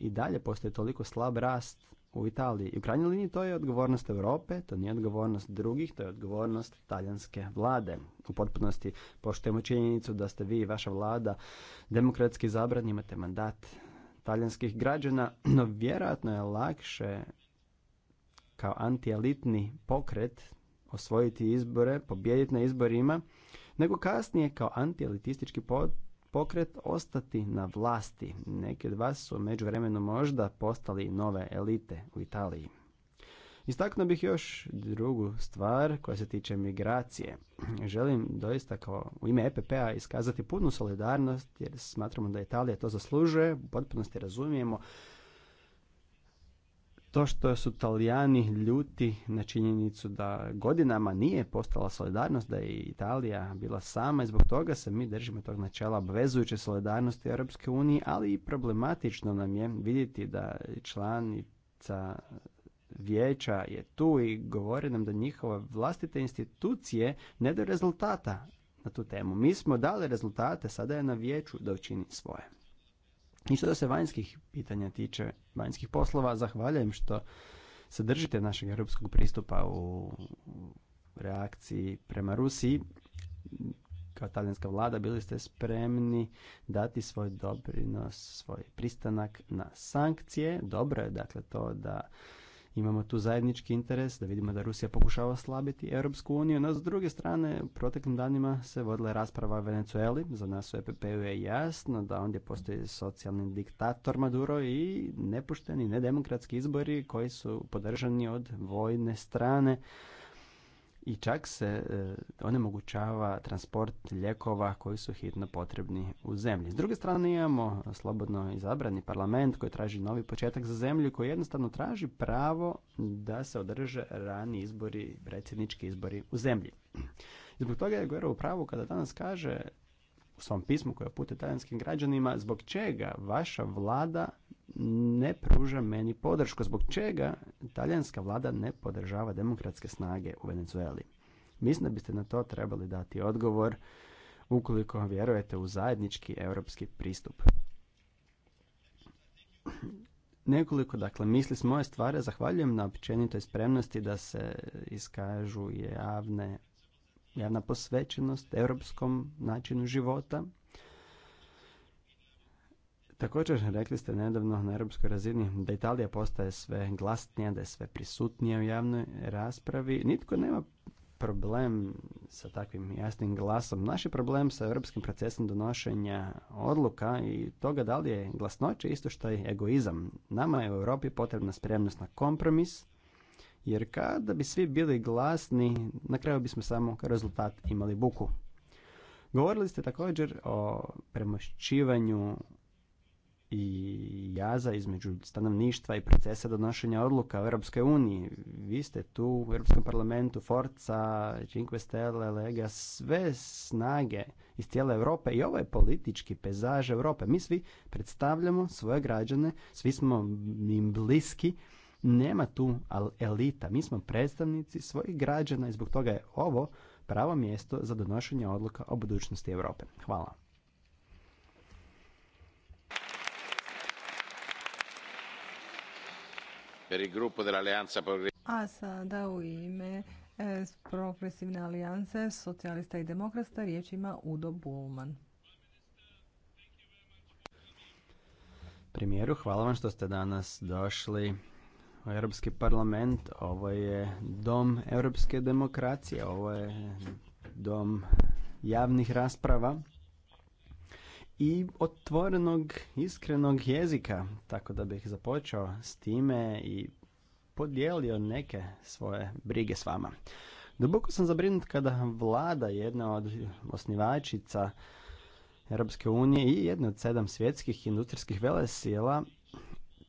i dalje postoji toliko slab rast u Italiji. I u krajnjoj liniji to je odgovornost Europe, to nije odgovornost drugih, to je odgovornost talijanske vlade. U potpunosti poštujemo činjenicu da ste vi i vaša vlada demokratski zabrani, imate mandat talijanskih građana, no vjerojatno je lakše kao antielitni pokret osvojiti izbore, pobijediti na izborima, nego kasnije kao antielitistički pokret ostati na vlasti. Neki od vas su vremenu možda postali nove elite u Italiji. Istaknuo bih još drugu stvar koja se tiče migracije. Želim doista kao u ime EPP-a iskazati punu solidarnost jer smatramo da Italija to zaslužuje, u potpunosti razumijemo to što su Talijani ljuti na činjenicu da godinama nije postala solidarnost, da je Italija bila sama i zbog toga se mi držimo tog načela obvezujuće solidarnosti Europske unije, ali i problematično nam je vidjeti da članica vijeća je tu i govori nam da njihove vlastite institucije ne daju rezultata na tu temu. Mi smo dali rezultate, sada je na vijeću da učini svoje. I što da se vanjskih pitanja tiče, vanjskih poslova, zahvaljujem što se držite našeg europskog pristupa u reakciji prema Rusiji. Kao talijanska vlada bili ste spremni dati svoj doprinos, svoj pristanak na sankcije. Dobro je dakle to da Imamo tu zajednički interes da vidimo da Rusija pokušava slabiti Europsku uniju, no s druge strane u proteklim danima se vodila rasprava o Venezueli. Za nas u EPP-u je jasno da ondje postoji socijalni diktator Maduro i nepušteni, nedemokratski izbori koji su podržani od vojne strane i čak se e, onemogućava transport lijekova koji su hitno potrebni u zemlji. S druge strane imamo slobodno izabrani parlament koji traži novi početak za zemlju koji jednostavno traži pravo da se održe rani izbori, predsjednički izbori u zemlji. Zbog toga je Guerrero u pravu kada danas kaže u svom pismu koje pute talijanskim građanima zbog čega vaša vlada ne pruža meni podršku, zbog čega talijanska vlada ne podržava demokratske snage u Venezueli. Mislim da biste na to trebali dati odgovor ukoliko vjerujete u zajednički europski pristup. Nekoliko, dakle, misli s moje stvari zahvaljujem na općenitoj spremnosti da se iskažu javne javna posvećenost europskom načinu života. Također rekli ste nedavno na europskoj razini da Italija postaje sve glasnija, da je sve prisutnija u javnoj raspravi. Nitko nema problem sa takvim jasnim glasom. Naš je problem sa europskim procesom donošenja odluka i toga da li je glasnoće isto što je egoizam. Nama je u Europi potrebna spremnost na kompromis, jer kada bi svi bili glasni, na kraju bismo samo rezultat imali buku. Govorili ste također o premošćivanju i jaza između stanovništva i procesa donošenja odluka u Europskoj uniji. Vi ste tu u Europskom parlamentu, Forca, Cinque Stelle, Lega, sve snage iz cijele Europe i ovo je politički pezaž Europe. Mi svi predstavljamo svoje građane, svi smo im bliski nema tu elita, mi smo predstavnici svojih građana i zbog toga je ovo pravo mjesto za donošenje odluka o budućnosti Europe. Hvala. A sada u ime e, Progressive Alliance socijalista i demokrasta riječ ima Udo Bulman. Premijeru, hvala vam što ste danas došli Europski parlament, ovo je dom europske demokracije, ovo je dom javnih rasprava i otvorenog, iskrenog jezika. Tako da bih započeo s time i podijelio neke svoje brige s vama. Duboko sam zabrinut kada vlada jedna od osnivačica Europske unije i jedna od sedam svjetskih industrijskih velesila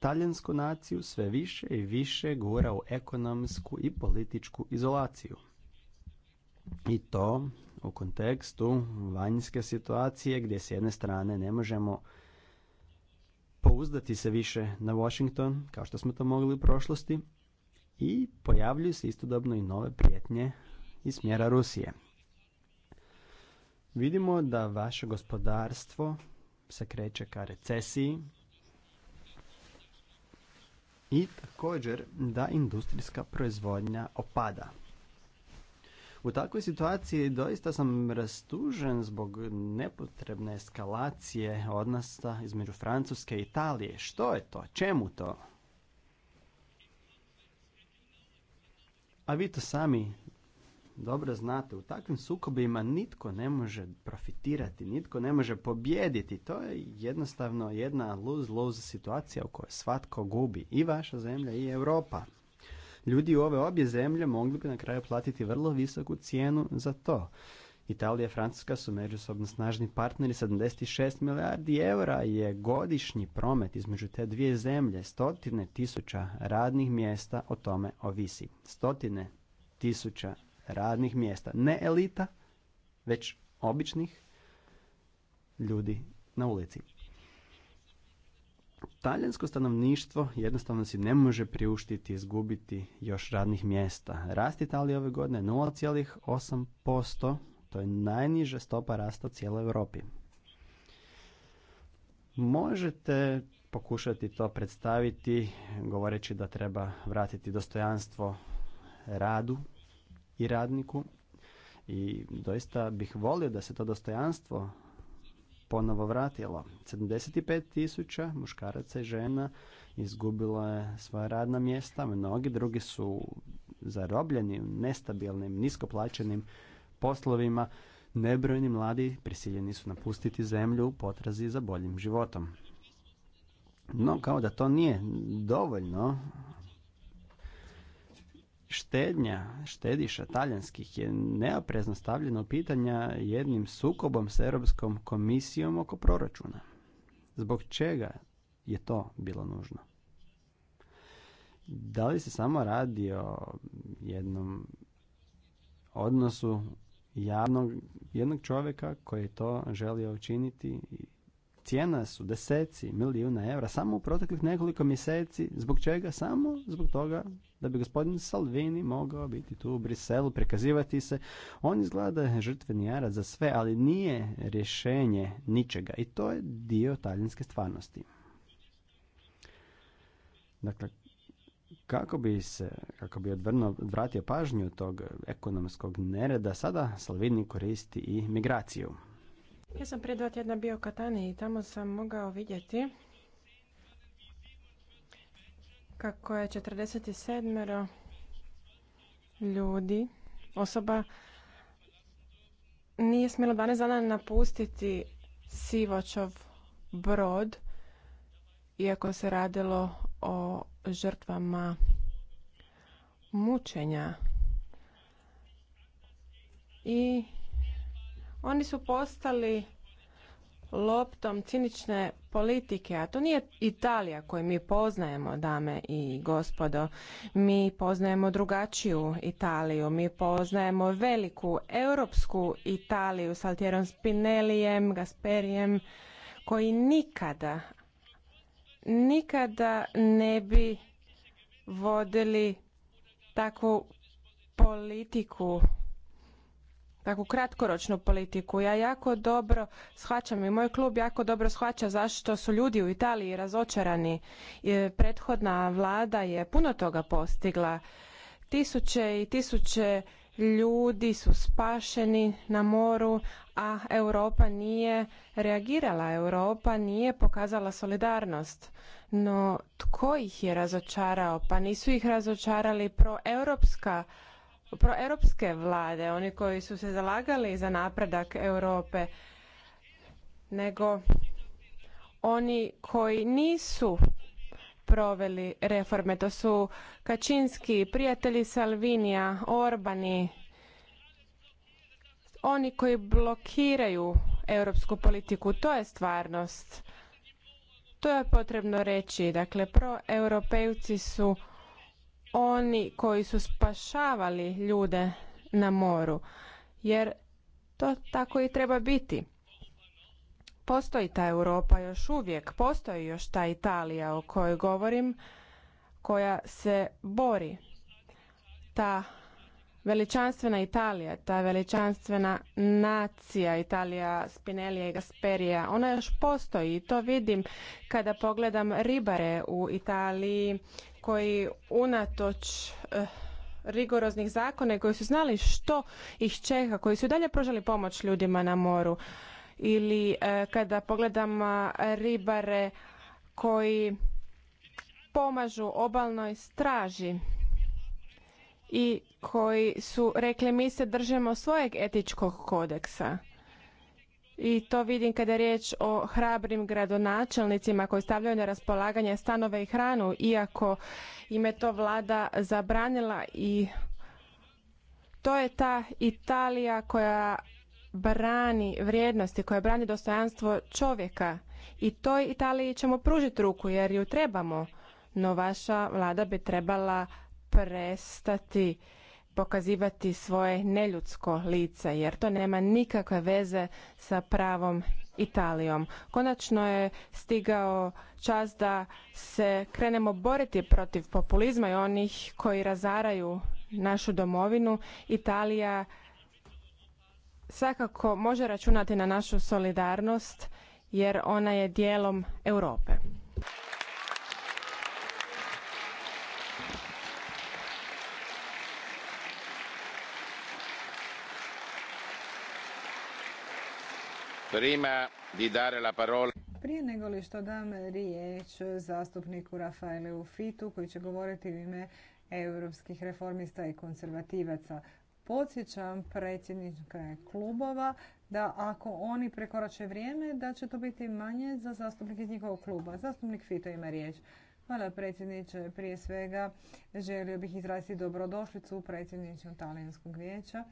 talijansku naciju sve više i više gura u ekonomsku i političku izolaciju. I to u kontekstu vanjske situacije gdje s jedne strane ne možemo pouzdati se više na Washington, kao što smo to mogli u prošlosti, i pojavljuju se istodobno i nove prijetnje iz smjera Rusije. Vidimo da vaše gospodarstvo se kreće ka recesiji, i također da industrijska proizvodnja opada. U takvoj situaciji doista sam rastužen zbog nepotrebne eskalacije odnosa između Francuske i Italije. Što je to? Čemu to? A vi to sami dobro znate, u takvim sukobima nitko ne može profitirati, nitko ne može pobijediti. To je jednostavno jedna lose-lose situacija u kojoj svatko gubi. I vaša zemlja i Europa. Ljudi u ove obje zemlje mogli bi na kraju platiti vrlo visoku cijenu za to. Italija i Francuska su međusobno snažni partneri, 76 milijardi eura je godišnji promet između te dvije zemlje, stotine tisuća radnih mjesta o tome ovisi. Stotine tisuća radnih mjesta. Ne elita, već običnih ljudi na ulici. Talijansko stanovništvo jednostavno si ne može priuštiti izgubiti još radnih mjesta. Rast Italije ove godine 0,8%, to je najniža stopa rasta u cijeloj Europi. Možete pokušati to predstaviti govoreći da treba vratiti dostojanstvo radu i radniku i doista bih volio da se to dostojanstvo ponovo vratilo. 75 tisuća muškaraca i žena izgubilo je svoja radna mjesta, mnogi drugi su zarobljeni u nestabilnim, niskoplaćenim poslovima, nebrojni mladi prisiljeni su napustiti zemlju u potrazi za boljim životom. No, kao da to nije dovoljno, štednja štediša talijanskih je neoprezno stavljeno pitanja jednim sukobom s Europskom komisijom oko proračuna. Zbog čega je to bilo nužno? Da li se samo radi o jednom odnosu jednog čovjeka koji je to želio učiniti i cijena su deseci milijuna eura samo u proteklih nekoliko mjeseci. Zbog čega? Samo zbog toga da bi gospodin Salvini mogao biti tu u Briselu, prikazivati se. On izgleda žrtveni jarac za sve, ali nije rješenje ničega i to je dio talijanske stvarnosti. Dakle, kako bi se, kako bi odvrno, odvratio pažnju tog ekonomskog nereda, sada Salvini koristi i migraciju. Ja sam prije dva tjedna bio u Katani i tamo sam mogao vidjeti kako je 47 ljudi, osoba, nije smjelo 12 dana napustiti Sivočov brod, iako se radilo o žrtvama mučenja. I oni su postali loptom cinične politike, a to nije Italija koju mi poznajemo, dame i gospodo. Mi poznajemo drugačiju Italiju, mi poznajemo veliku europsku Italiju s Altjerom Spinelijem, Gasperijem, koji nikada, nikada ne bi vodili takvu politiku takvu kratkoročnu politiku. Ja jako dobro shvaćam i moj klub jako dobro shvaća zašto su ljudi u Italiji razočarani. E, prethodna vlada je puno toga postigla. Tisuće i tisuće ljudi su spašeni na moru, a Europa nije reagirala. Europa nije pokazala solidarnost. No tko ih je razočarao? Pa nisu ih razočarali proeuropska europska proeuropske vlade, oni koji su se zalagali za napredak Europe, nego oni koji nisu proveli reforme. To su Kačinski, prijatelji Salvinija, Orbani, oni koji blokiraju europsku politiku. To je stvarnost. To je potrebno reći. Dakle, proeuropejci su oni koji su spašavali ljude na moru jer to tako i treba biti. Postoji ta Europa još uvijek, postoji još ta Italija o kojoj govorim koja se bori. Ta Veličanstvena Italija, ta veličanstvena nacija Italija, Spinelija i Gasperija, ona još postoji i to vidim kada pogledam ribare u Italiji koji unatoč eh, rigoroznih zakona koji su znali što ih čeka, koji su dalje pružali pomoć ljudima na moru ili eh, kada pogledam eh, ribare koji pomažu obalnoj straži i koji su rekli mi se držimo svojeg etičkog kodeksa. I to vidim kada je riječ o hrabrim gradonačelnicima koji stavljaju na raspolaganje stanove i hranu, iako im je to vlada zabranila i to je ta Italija koja brani vrijednosti, koja brani dostojanstvo čovjeka. I toj Italiji ćemo pružiti ruku jer ju trebamo, no vaša vlada bi trebala prestati pokazivati svoje neljudsko lice jer to nema nikakve veze sa pravom Italijom. Konačno je stigao čas da se krenemo boriti protiv populizma i onih koji razaraju našu domovinu. Italija svakako može računati na našu solidarnost jer ona je dijelom Europe. Prije nego što dam riječ zastupniku Rafaelu Fitu koji će govoriti u ime europskih reformista i konzervativaca, podsjećam predsjednika klubova da ako oni prekorače vrijeme da će to biti manje za zastupnike iz njihovog kluba. Zastupnik Fito ima riječ. Hvala predsjedniče. Prije svega želio bih izraziti dobrodošlicu predsjedničnom talijanskog vijeća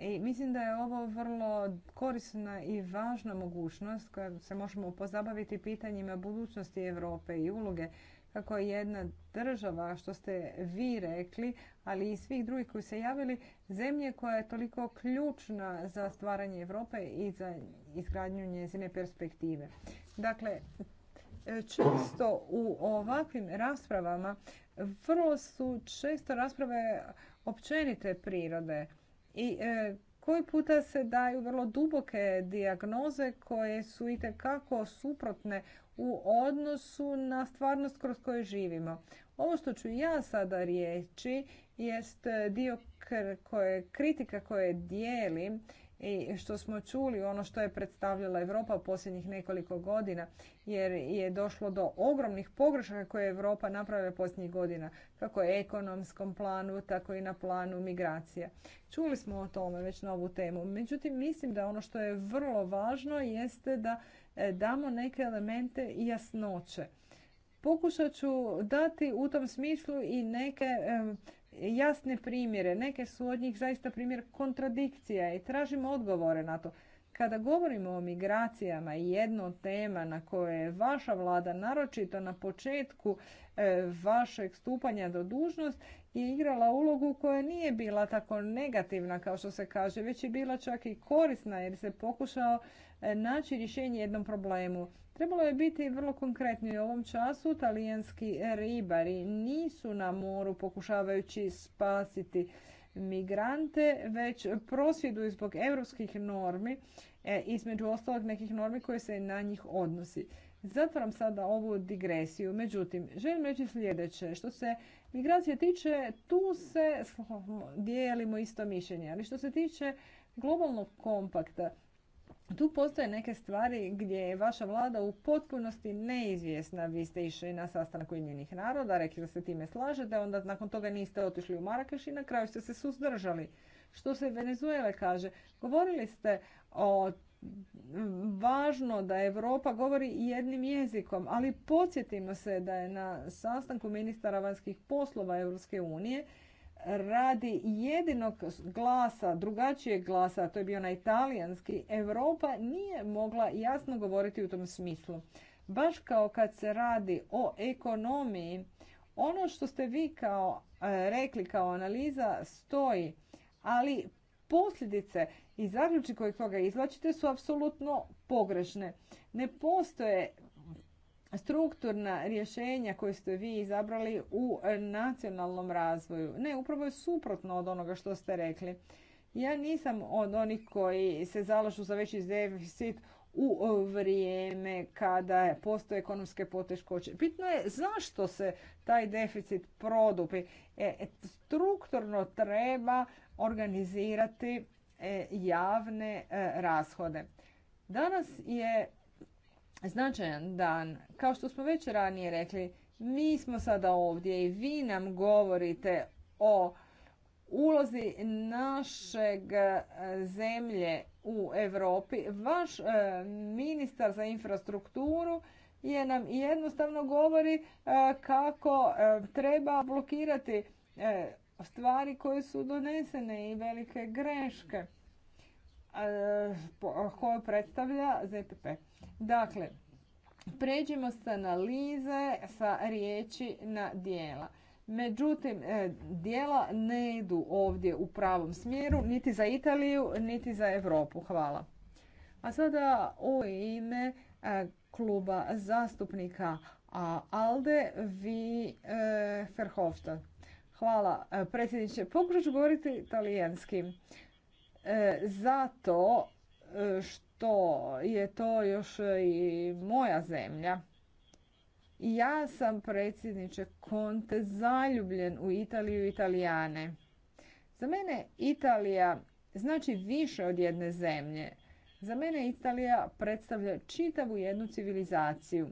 i mislim da je ovo vrlo korisna i važna mogućnost koja se možemo pozabaviti pitanjima budućnosti Europe i uloge kako je jedna država, što ste vi rekli, ali i svih drugih koji se javili, zemlje koja je toliko ključna za stvaranje Europe i za izgradnju njezine perspektive. Dakle, često u ovakvim raspravama vrlo su često rasprave općenite prirode i e, koji puta se daju vrlo duboke dijagnoze koje su i kako suprotne u odnosu na stvarnost kroz koju živimo. Ovo što ću ja sada riječi jest dio koje, kritika koje dijelim i što smo čuli ono što je predstavljala Europa u posljednjih nekoliko godina jer je došlo do ogromnih pogrešaka koje je Europa napravila posljednjih godina kako je ekonomskom planu tako i na planu migracija. Čuli smo o tome već na ovu temu. Međutim, mislim da ono što je vrlo važno jeste da e, damo neke elemente jasnoće. Pokušat ću dati u tom smislu i neke e, jasne primjere. Neke su od njih zaista primjer kontradikcija i tražimo odgovore na to. Kada govorimo o migracijama i jedno tema na koje je vaša vlada naročito na početku e, vašeg stupanja do dužnost je igrala ulogu koja nije bila tako negativna kao što se kaže, već je bila čak i korisna jer se pokušao e, naći rješenje jednom problemu. Trebalo je biti vrlo konkretni u ovom času. Talijanski ribari nisu na moru pokušavajući spasiti migrante, već prosvjeduju zbog europskih normi, e, između ostalog nekih normi koje se na njih odnosi. Zatvoram sada ovu digresiju. Međutim, želim reći sljedeće. Što se migracije tiče, tu se dijelimo isto mišljenje. Ali što se tiče globalnog kompakta, tu postoje neke stvari gdje je vaša vlada u potpunosti neizvjesna. Vi ste išli na sastanak Ujedinjenih naroda, rekli da se time slažete, onda nakon toga niste otišli u Marakeš i na kraju ste se suzdržali. Što se Venezuele kaže, govorili ste o važno da Europa govori jednim jezikom, ali podsjetimo se da je na sastanku ministara vanjskih poslova Europske unije radi jedinog glasa, drugačijeg glasa, to je bio na italijanski, Europa nije mogla jasno govoriti u tom smislu. Baš kao kad se radi o ekonomiji, ono što ste vi kao e, rekli kao analiza stoji, ali posljedice i zaključi koje toga izvlačite su apsolutno pogrešne. Ne postoje strukturna rješenja koje ste vi izabrali u nacionalnom razvoju. Ne, upravo je suprotno od onoga što ste rekli. Ja nisam od onih koji se zalažu za veći deficit u vrijeme kada postoje ekonomske poteškoće. Bitno je zašto se taj deficit produpi. E, strukturno treba organizirati e, javne e, rashode. Danas je značajan dan. Kao što smo već ranije rekli, mi smo sada ovdje i vi nam govorite o ulozi našeg e, zemlje u Europi. Vaš e, ministar za infrastrukturu je nam jednostavno govori e, kako treba blokirati stvari koje su donesene i velike greške. E, koju predstavlja ZPP. Dakle, pređimo s analize sa riječi na dijela. Međutim, e, dijela ne idu ovdje u pravom smjeru, niti za Italiju, niti za Europu. Hvala. A sada u ime e, kluba zastupnika ALDE, vi Ferhofta. Hvala predsjedniče. Pokušat ću govoriti italijanski. E, zato e, što je to još i moja zemlja. Ja sam predsjedniče Conte zaljubljen u Italiju i Italijane. Za mene Italija znači više od jedne zemlje. Za mene Italija predstavlja čitavu jednu civilizaciju.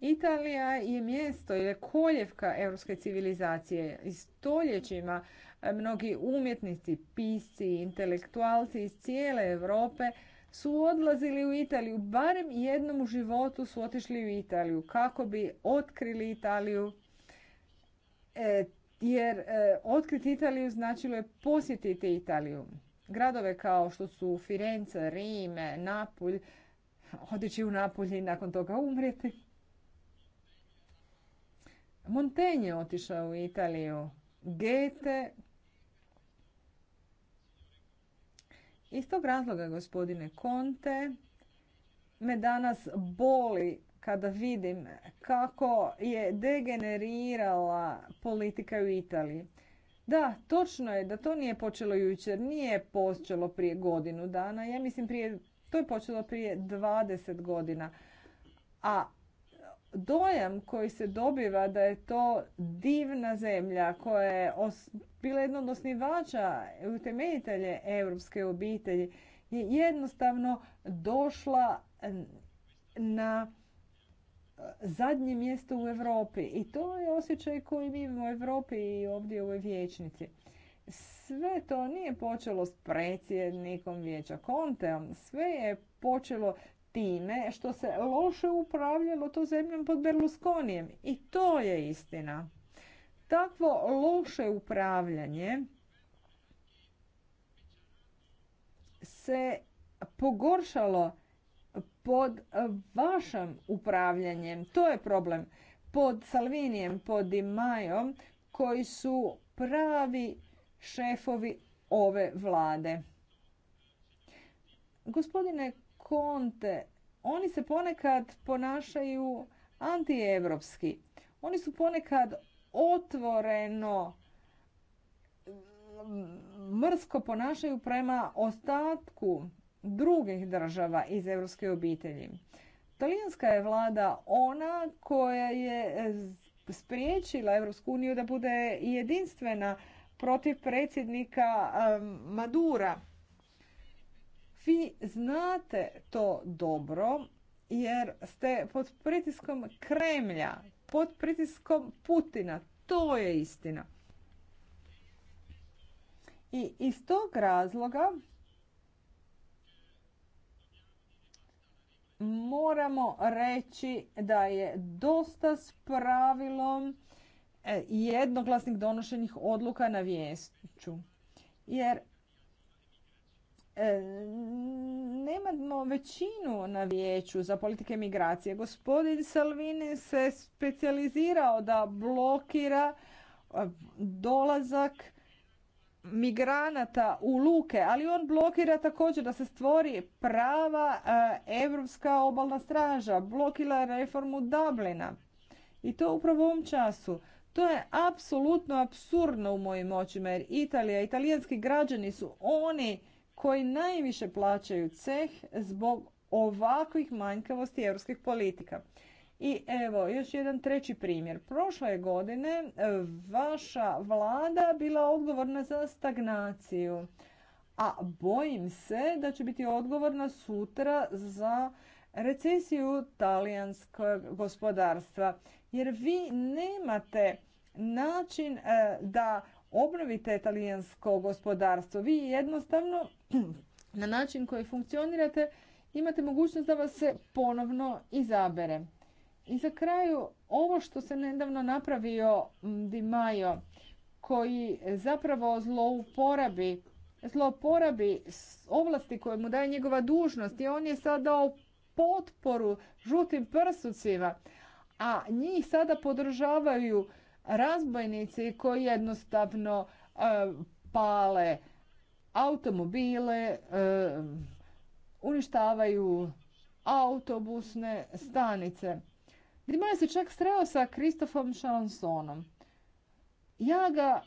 Italija je mjesto, je koljevka europske civilizacije. I stoljećima mnogi umjetnici, pisci, intelektualci iz cijele Europe su odlazili u Italiju, barem jednom u životu su otišli u Italiju kako bi otkrili Italiju. E, jer e, otkriti Italiju značilo je posjetiti Italiju. Gradove kao što su Firenze, Rime, Napulj, otići u Napulj i nakon toga umrijeti. Montaigne je otišao u Italiju, Goethe Iz tog razloga, gospodine Conte, me danas boli kada vidim kako je degenerirala politika u Italiji. Da, točno je da to nije počelo jučer, nije počelo prije godinu dana, ja mislim to je počelo prije 20 godina. A dojam koji se dobiva da je to divna zemlja koja je bila jedna od osnivača utemeljitelje europske obitelji je jednostavno došla na e, zadnje mjesto u Europi. I to je osjećaj koji mi imamo u Europi i ovdje u ovoj vijećnici. Sve to nije počelo s predsjednikom vijeća Konteom. Sve je počelo time što se loše upravljalo to zemljom pod Berlusconijem. I to je istina. Takvo loše upravljanje se pogoršalo pod vašim upravljanjem. To je problem. Pod Salvinijem, pod Dimajom, koji su pravi šefovi ove vlade. Gospodine te oni se ponekad ponašaju antievropski. Oni su ponekad otvoreno mm, mrsko ponašaju prema ostatku drugih država iz europske obitelji. Talijanska je vlada ona koja je spriječila Evropsku uniju da bude jedinstvena protiv predsjednika mm, Madura vi znate to dobro jer ste pod pritiskom Kremlja, pod pritiskom Putina. To je istina. I iz tog razloga moramo reći da je dosta s pravilom e, jednoglasnih donošenih odluka na vijeću. Jer E, nemamo većinu na vijeću za politike migracije. Gospodin Salvini se specijalizirao da blokira e, dolazak migranata u luke, ali on blokira također da se stvori prava Europska obalna straža, blokila reformu Dublina. I to upravo u ovom času. To je apsolutno absurdno u mojim očima jer Italija, italijanski građani su oni koji najviše plaćaju ceh zbog ovakvih manjkavosti europskih politika. I evo, još jedan treći primjer. Prošle godine e, vaša vlada bila odgovorna za stagnaciju, a bojim se da će biti odgovorna sutra za recesiju talijanskog gospodarstva. Jer vi nemate način e, da obnovite italijansko gospodarstvo. Vi jednostavno [clears throat] na način koji funkcionirate imate mogućnost da vas se ponovno izabere. I za kraju ovo što se nedavno napravio Di Majo, koji zapravo zlouporabi zlouporabi ovlasti koje mu daje njegova dužnost i on je sada dao potporu žutim prsucima, a njih sada podržavaju razbojnici koji jednostavno e, pale automobile, e, uništavaju autobusne stanice. Dimona se čak sreo sa Kristofom Šalansonom. Ja ga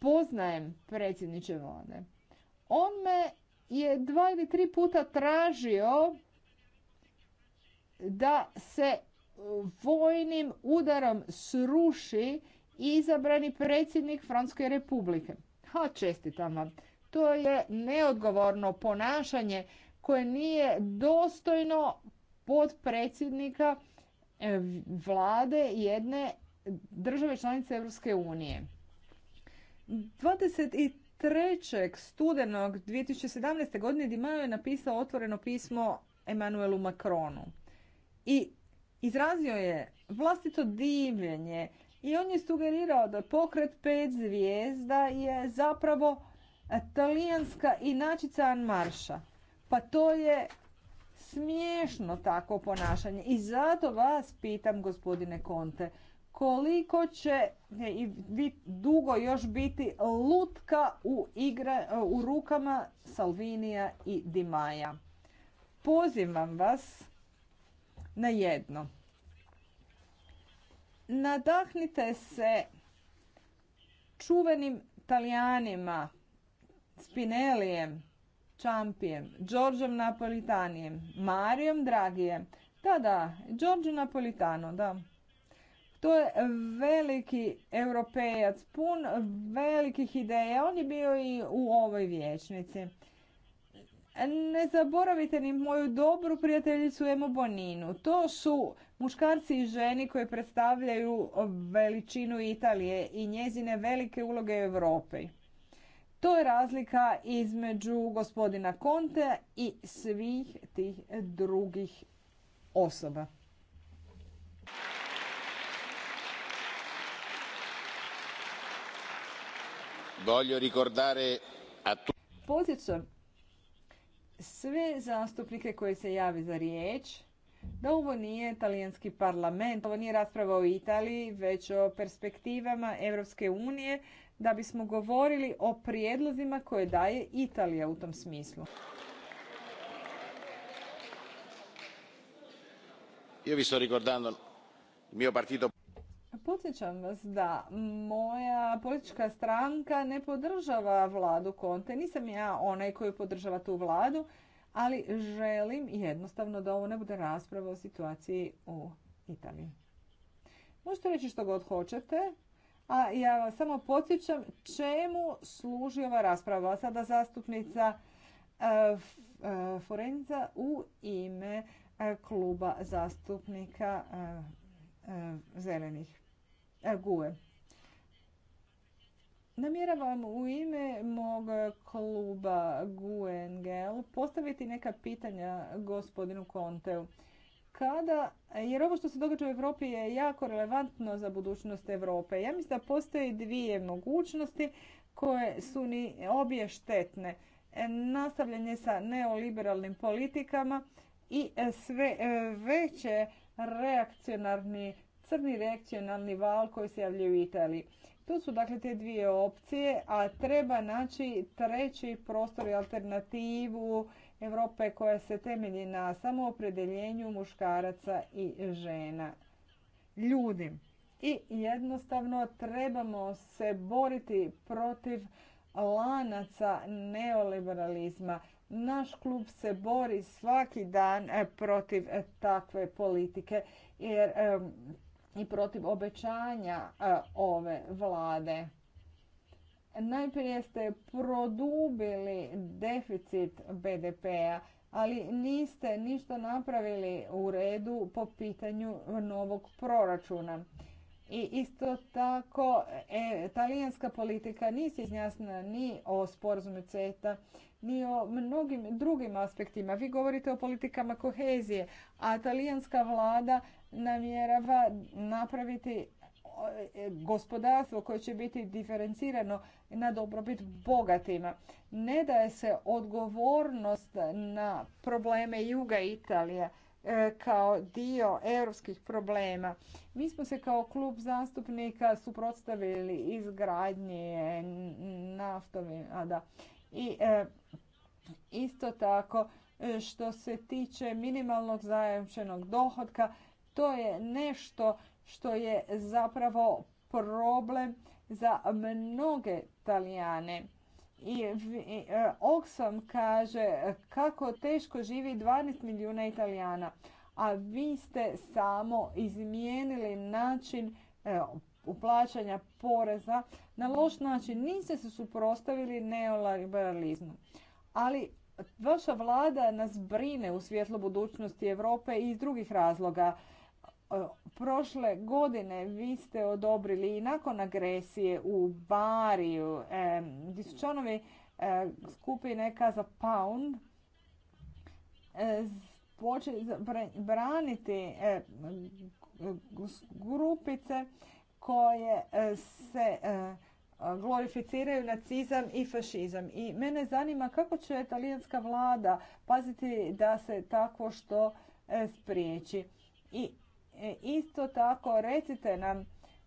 poznajem, predsjedniče vlade. On me je dva ili tri puta tražio da se vojnim udarom sruši izabrani predsjednik Francuske republike. Ha, vam To je neodgovorno ponašanje koje nije dostojno predsjednika e, vlade jedne države članice Europske unije. 23. studenog 2017. godine Dimao je napisao otvoreno pismo Emanuelu Macronu. I izrazio je vlastito divljenje i on je sugerirao da pokret pet zvijezda je zapravo talijanska inačica Anmarša. Pa to je smiješno tako ponašanje. I zato vas pitam, gospodine Konte, koliko će i dugo još biti lutka u, u rukama Salvinija i Dimaja. Pozivam vas na jedno. Nadahnite se čuvenim Talijanima, Spinelijem, Čampijem, Đorđom Napolitanijem, Marijom Dragijem. Da, da, Napolitano, da. To je veliki europejac, pun velikih ideja. On je bio i u ovoj vječnici. Ne zaboravite ni moju dobru prijateljicu Emo Boninu. To su Muškarci i ženi koji predstavljaju veličinu Italije i njezine velike uloge u europi To je razlika između gospodina Conte i svih tih drugih osoba. Voglio ricordare a sve zastupnike koji se javi za riječ da ovo nije talijanski parlament, ovo nije rasprava o Italiji, već o perspektivama Europske unije, da bismo govorili o prijedlozima koje daje Italija u tom smislu. Io vi sto ricordando mio partito Podsjećam vas da moja politička stranka ne podržava vladu Conte. Nisam ja onaj koji podržava tu vladu, ali želim jednostavno da ovo ne bude rasprava o situaciji u Italiji. Možete reći što god hoćete, a ja vas samo podsjećam čemu služi ova rasprava. Sada zastupnica e, e, Forenza u ime e, kluba zastupnika zelenih guve. Namjeravam u ime mog kluba GUNGL postaviti neka pitanja gospodinu Konteu. Kada, jer ovo što se događa u Europi je jako relevantno za budućnost Europe. Ja mislim da postoje dvije mogućnosti koje su ni obje štetne. Nastavljanje sa neoliberalnim politikama i sve veće reakcionarni, crni reakcionalni val koji se javlja u Italiji. To su dakle te dvije opcije, a treba naći treći prostor i alternativu Europe koja se temelji na samoopredjeljenju muškaraca i žena. Ljudi. I jednostavno trebamo se boriti protiv lanaca neoliberalizma. Naš klub se bori svaki dan eh, protiv eh, takve politike jer i protiv obećanja e, ove vlade. Najprije ste produbili deficit BDP-a, ali niste ništa napravili u redu po pitanju novog proračuna. I isto tako, e, talijanska politika nije se izjasnila ni o sporazumu CETA, ni o mnogim drugim aspektima. Vi govorite o politikama kohezije, a talijanska vlada namjerava napraviti e, gospodarstvo koje će biti diferencirano na dobrobit bogatima. Ne daje se odgovornost na probleme juga Italije e, kao dio europskih problema. Mi smo se kao klub zastupnika suprotstavili izgradnje naftovina i e, isto tako što se tiče minimalnog zajamčenog dohodka to je nešto što je zapravo problem za mnoge Italijane. I e, Oxfam kaže kako teško živi 12 milijuna Italijana, a vi ste samo izmijenili način uplaćanja e, poreza na loš način. Niste se suprostavili neoliberalizmu. Ali vaša vlada nas brine u svjetlu budućnosti Europe i iz drugih razloga. E, prošle godine vi ste odobrili i nakon agresije u Bariju, e, gdje su članovi e, skupine Kaza Pound počeli braniti grupice koje se glorificiraju nacizam i fašizam. I mene zanima kako će talijanska vlada paziti da se tako što spriječi. I E, isto tako recite nam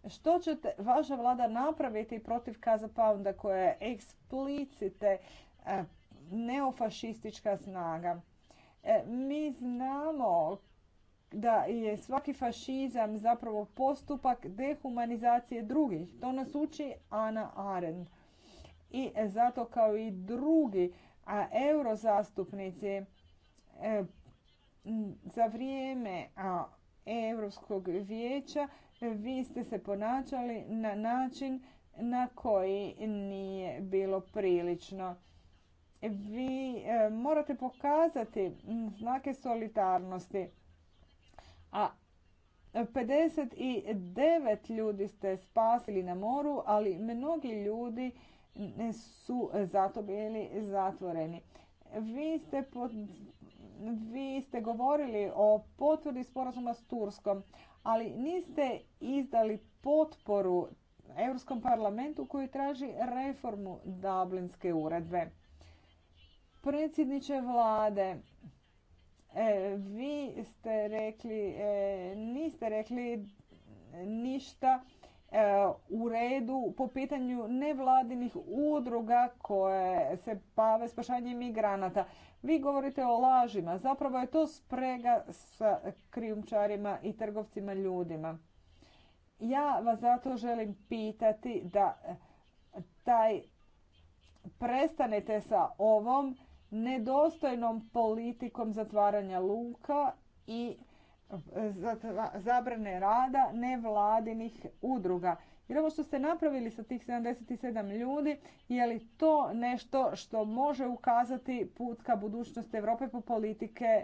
što će vaša vlada napraviti protiv Kaza Pounda koja je eksplicite e, neofašistička snaga. E, mi znamo da je svaki fašizam zapravo postupak dehumanizacije drugih. To nas uči Ana Arendt. I zato kao i drugi a eurozastupnici za vrijeme a, Europskog vijeća vi ste se ponašali na način na koji nije bilo prilično. Vi e, morate pokazati znake solidarnosti. A 59 ljudi ste spasili na moru, ali mnogi ljudi su zato bili zatvoreni. Vi ste vi ste govorili o potvrdi sporazuma s Turskom, ali niste izdali potporu Europskom parlamentu koji traži reformu Dublinske uredbe. Predsjedniče vlade, e, vi ste rekli, e, niste rekli ništa e, u redu po pitanju nevladinih udruga koje se bave spašanjem migranata. Vi govorite o lažima. Zapravo je to sprega sa krijumčarima i trgovcima ljudima. Ja vas zato želim pitati da e, taj prestanete sa ovom nedostojnom politikom zatvaranja luka i e, zabrane rada nevladinih udruga. Jer ovo što ste napravili sa tih 77 ljudi, je li to nešto što može ukazati put ka budućnosti Europe po politike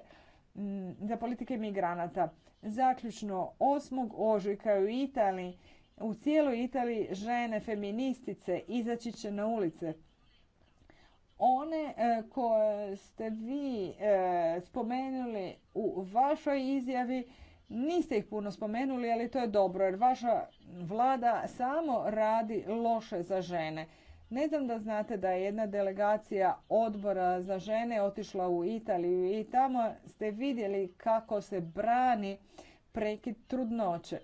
mm, za politike migranata. Zaključno, 8. ožujka u Italiji, u cijeloj Italiji žene feministice izaći će na ulice. One e, koje ste vi e, spomenuli u vašoj izjavi Niste ih puno spomenuli, ali to je dobro jer vaša vlada samo radi loše za žene. Ne znam da znate da je jedna delegacija odbora za žene otišla u Italiju i tamo ste vidjeli kako se brani prekid trudnoće.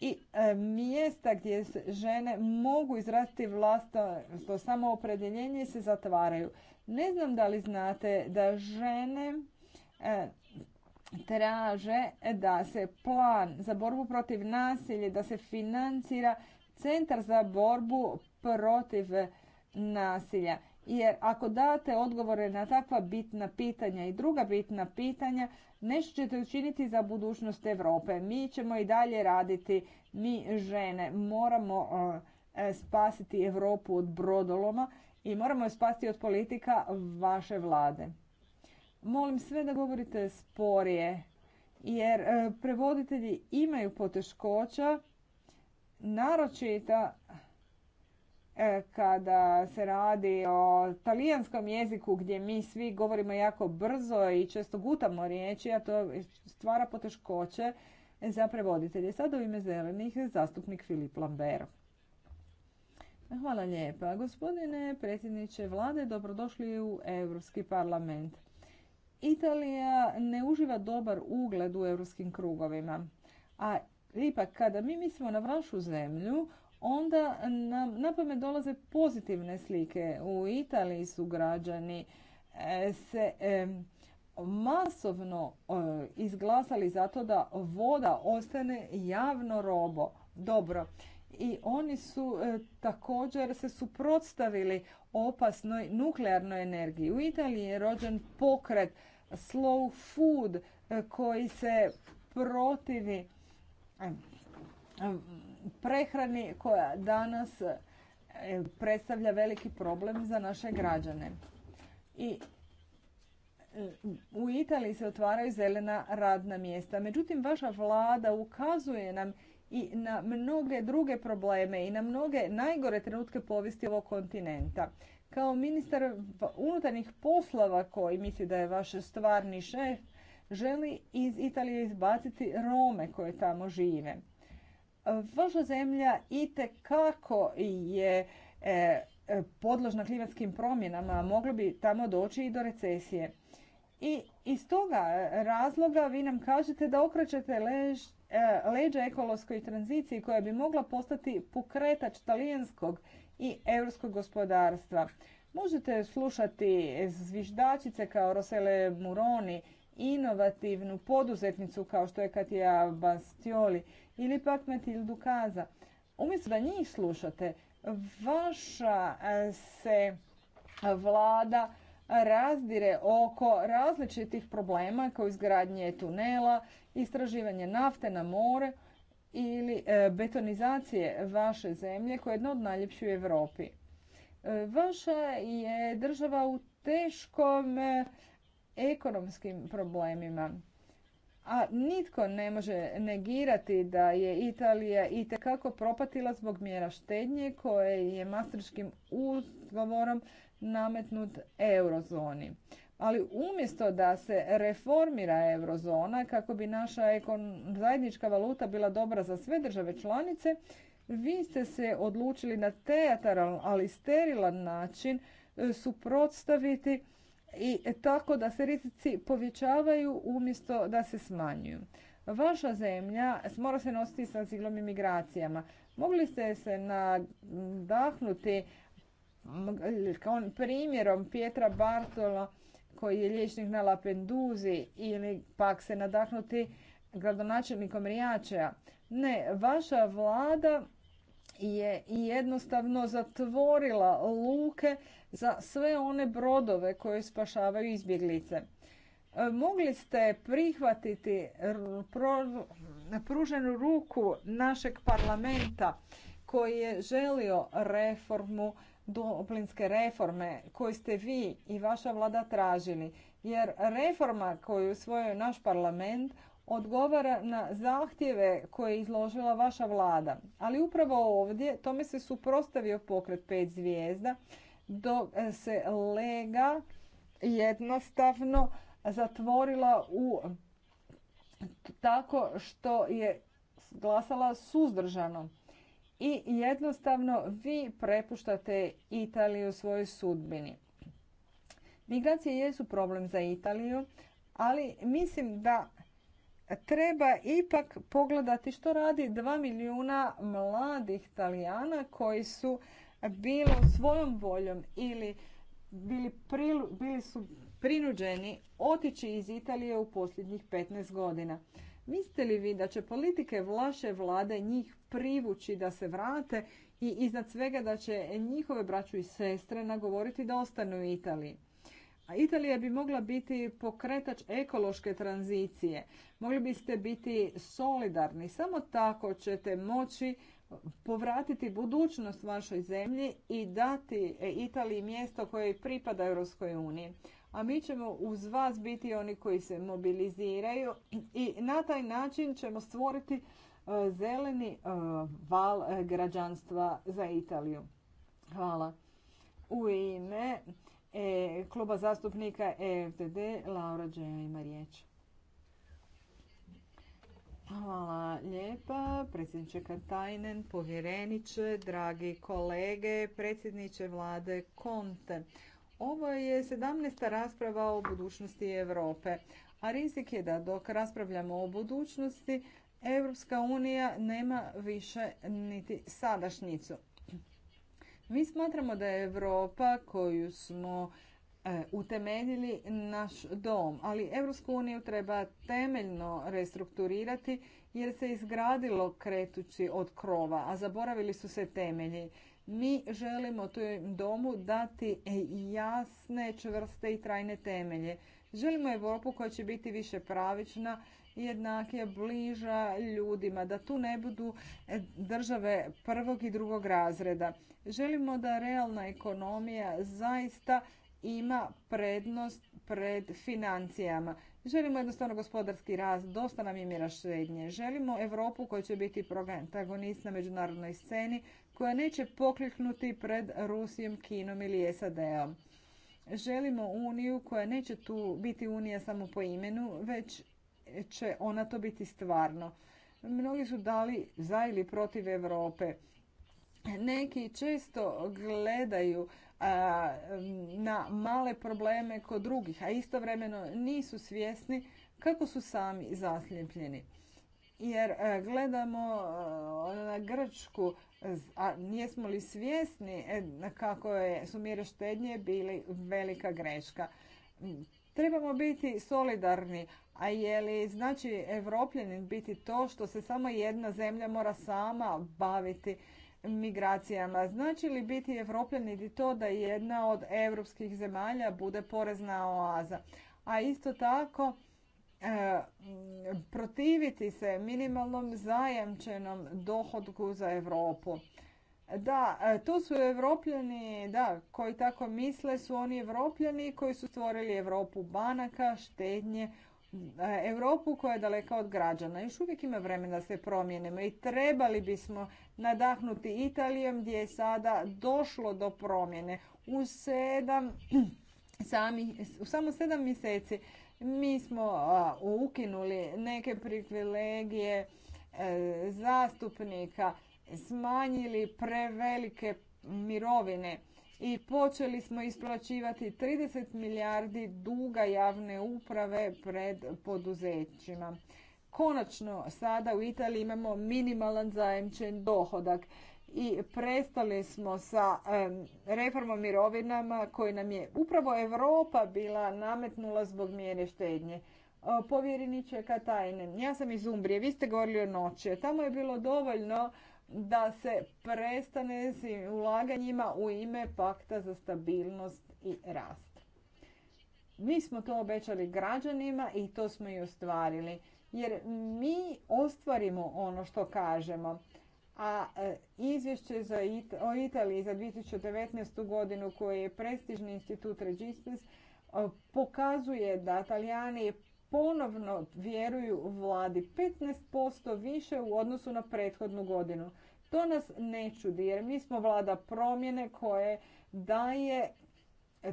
I e, mjesta gdje žene mogu izraziti vlastno samoopredjeljenje se zatvaraju. Ne znam da li znate da žene e, traže da se plan za borbu protiv nasilja, da se financira centar za borbu protiv nasilja. Jer ako date odgovore na takva bitna pitanja i druga bitna pitanja, nešto ćete učiniti za budućnost Europe. Mi ćemo i dalje raditi, mi žene moramo e, spasiti Europu od brodoloma i moramo je spasiti od politika vaše vlade. Molim sve da govorite sporije, jer e, prevoditelji imaju poteškoća, naročita e, kada se radi o talijanskom jeziku gdje mi svi govorimo jako brzo i često gutamo riječi, a to stvara poteškoće za prevoditelje. Sada u ime zelenih zastupnik Filip Lambero. Hvala lijepa. Gospodine predsjedniče vlade, dobrodošli u Europski parlament. Italija ne uživa dobar ugled u europskim krugovima. A ipak, kada mi mislimo na vašu zemlju, onda nam na pamet dolaze pozitivne slike. U Italiji su građani e, se e, masovno e, izglasali zato da voda ostane javno robo. Dobro, i oni su e, također se suprotstavili opasnoj nuklearnoj energiji. U Italiji je rođen pokret Slow Food e, koji se protivi e, prehrani koja danas predstavlja veliki problem za naše građane. I u Italiji se otvaraju zelena radna mjesta. Međutim, vaša vlada ukazuje nam i na mnoge druge probleme i na mnoge najgore trenutke povijesti ovog kontinenta. Kao ministar unutarnjih poslova koji misli da je vaš stvarni šef, želi iz Italije izbaciti Rome koje tamo žive. Vaša zemlja itekako je e, podložna klimatskim promjenama, Mogli bi tamo doći i do recesije. I iz toga razloga vi nam kažete da okrećete lež E, leđa ekološkoj tranziciji koja bi mogla postati pokretač talijanskog i europskog gospodarstva. Možete slušati zviždačice kao Rosele Muroni, inovativnu poduzetnicu kao što je Katija Bastioli ili pak Matildu Dukaza. Umjesto da njih slušate, vaša e, se vlada razdire oko različitih problema kao izgradnje tunela istraživanje nafte na more ili e, betonizacije vaše zemlje koja je jedna od najljepših u Europi. E, vaša je država u teškom e, ekonomskim problemima. A nitko ne može negirati da je Italija i tekako propatila zbog mjera štednje koje je mastriškim ugovorom nametnut eurozoni. Ali umjesto da se reformira eurozona kako bi naša zajednička valuta bila dobra za sve države članice, vi ste se odlučili na teatralan, ali sterilan način e, suprotstaviti i tako da se rizici povećavaju umjesto da se smanjuju. Vaša zemlja mora se nositi sa siglom imigracijama. Mogli ste se nadahnuti kao primjerom Pietra Bartola koji je liječnik na Lapenduzi ili pak se nadahnuti gradonačelnikom Rijačeja. Ne, vaša vlada je jednostavno zatvorila luke za sve one brodove koje spašavaju izbjeglice. E, mogli ste prihvatiti pruženu ruku našeg parlamenta koji je želio reformu dublinske reforme koje ste vi i vaša vlada tražili. Jer reforma koju usvojio naš parlament odgovara na zahtjeve koje je izložila vaša vlada. Ali upravo ovdje tome se suprostavio pokret pet zvijezda dok se lega jednostavno zatvorila u tako što je glasala suzdržano i jednostavno vi prepuštate Italiju svojoj sudbini. Migracije jesu problem za Italiju, ali mislim da treba ipak pogledati što radi 2 milijuna mladih Italijana koji su bilo svojom voljom ili bili, bili su prinuđeni otići iz Italije u posljednjih 15 godina. Mislite li vi da će politike vaše vlade njih privući da se vrate i iznad svega da će njihove braću i sestre nagovoriti da ostanu u Italiji? A Italija bi mogla biti pokretač ekološke tranzicije. Mogli biste biti solidarni. Samo tako ćete moći povratiti budućnost vašoj zemlji i dati Italiji mjesto koje pripada Europskoj uniji a mi ćemo uz vas biti oni koji se mobiliziraju i na taj način ćemo stvoriti e, zeleni e, val e, građanstva za Italiju. Hvala. U ime kluba zastupnika EFDD, Laura ima riječ. Hvala lijepa, predsjedniče Katajnen, povjereniče, dragi kolege, predsjedniče vlade Konte. Ovo je 17. rasprava o budućnosti Europe, a rizik je da dok raspravljamo o budućnosti, Europska unija nema više niti sadašnjicu. Mi smatramo da je Europa koju smo e, utemeljili naš dom, ali Europsku uniju treba temeljno restrukturirati jer se izgradilo kretući od krova, a zaboravili su se temelji. Mi želimo tu domu dati jasne, čvrste i trajne temelje. Želimo Europu koja će biti više pravična, jednakija, bliža ljudima, da tu ne budu države prvog i drugog razreda. Želimo da realna ekonomija zaista ima prednost pred financijama. Želimo jednostavno gospodarski rast, dosta nam je mjera srednje. Želimo Europu koja će biti protagonist na međunarodnoj sceni, koja neće pokliknuti pred Rusijom, Kinom ili SAD-om. Želimo uniju koja neće tu biti unija samo po imenu, već će ona to biti stvarno. Mnogi su dali za ili protiv Europe. Neki često gledaju na male probleme kod drugih, a istovremeno nisu svjesni kako su sami zaslijepljeni. Jer e, gledamo e, na Grčku, a nismo li svjesni e, kako je, su mjere štednje bili velika greška. Trebamo biti solidarni, a je li znači evropljenim biti to što se samo jedna zemlja mora sama baviti migracijama. Znači li biti di to da jedna od europskih zemalja bude porezna oaza? A isto tako e, protiviti se minimalnom zajamčenom dohodku za Europu. Da, e, to su evropljani, da, koji tako misle su oni evropljani koji su stvorili Europu banaka, štednje, e, Europu koja je daleka od građana. Još uvijek ima vremena da se promijenimo i trebali bismo nadahnuti Italijom gdje je sada došlo do promjene. U [clears throat] u samo sedam mjeseci mi smo ukinuli neke privilegije e, zastupnika, smanjili prevelike mirovine i počeli smo isplaćivati 30 milijardi duga javne uprave pred poduzećima konačno sada u Italiji imamo minimalan zajemčen dohodak i prestali smo sa reformom mirovinama koje nam je upravo Europa bila nametnula zbog mjere štednje. Povjereniče Katajne, ja sam iz Umbrije, vi ste govorili o noći. Tamo je bilo dovoljno da se prestane s ulaganjima u ime pakta za stabilnost i rast. Mi smo to obećali građanima i to smo i ostvarili jer mi ostvarimo ono što kažemo. A e, izvješće za o Italiji za 2019. godinu koje je prestižni institut Registris e, pokazuje da Italijani ponovno vjeruju vladi 15% više u odnosu na prethodnu godinu. To nas ne čudi jer mi smo vlada promjene koje daje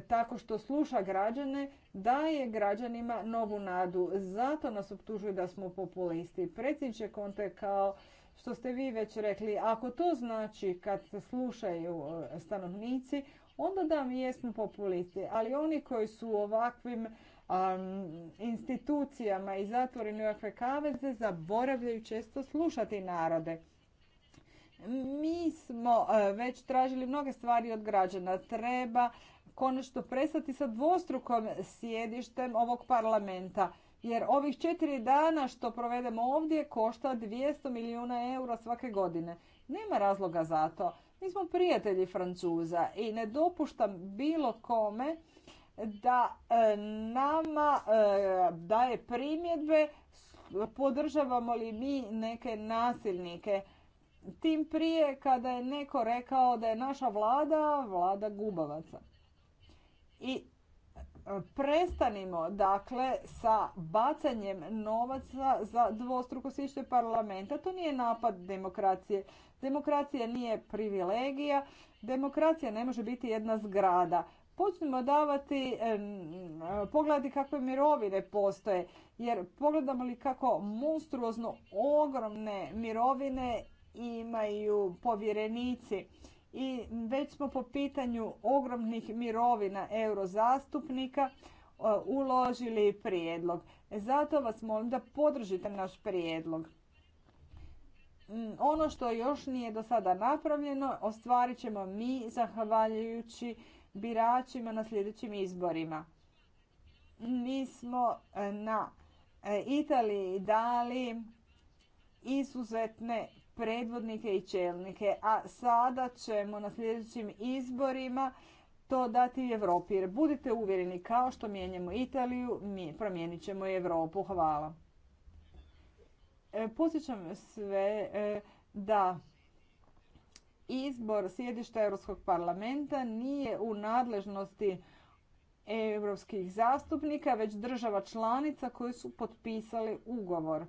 tako što sluša građane, daje građanima novu nadu. Zato nas optužuju da smo populisti. Predsjedniče Konte, kao što ste vi već rekli, ako to znači kad se slušaju e, stanovnici, onda da mi jesmo populisti. Ali oni koji su u ovakvim institucijama i zatvoreni u ovakve kaveze zaboravljaju često slušati narode. Mi smo e, već tražili mnoge stvari od građana. Treba konačno prestati sa dvostrukom sjedištem ovog parlamenta. Jer ovih četiri dana što provedemo ovdje košta 200 milijuna eura svake godine. Nema razloga za to. Mi smo prijatelji Francuza i ne dopuštam bilo kome da e, nama e, daje primjedbe podržavamo li mi neke nasilnike. Tim prije kada je neko rekao da je naša vlada vlada gubavaca. I e, prestanimo dakle sa bacanjem novaca za dvostruko sište parlamenta. To nije napad demokracije. Demokracija nije privilegija. Demokracija ne može biti jedna zgrada. Počnemo davati, e, e, pogledati kakve mirovine postoje, jer pogledamo li kako monstruozno ogromne mirovine imaju povjerenici i već smo po pitanju ogromnih mirovina eurozastupnika e, uložili prijedlog. Zato vas molim da podržite naš prijedlog. Mm, ono što još nije do sada napravljeno ostvarit ćemo mi zahvaljujući biračima na sljedećim izborima. Mi smo e, na e, Italiji dali izuzetne predvodnike i čelnike, a sada ćemo na sljedećim izborima to dati Evropi. Jer budite uvjereni, kao što mijenjamo Italiju, mi promijenit ćemo i Europu. Hvala. E, Posjećam sve e, da izbor sjedišta Europskog parlamenta nije u nadležnosti europskih zastupnika, već država članica koji su potpisali ugovor.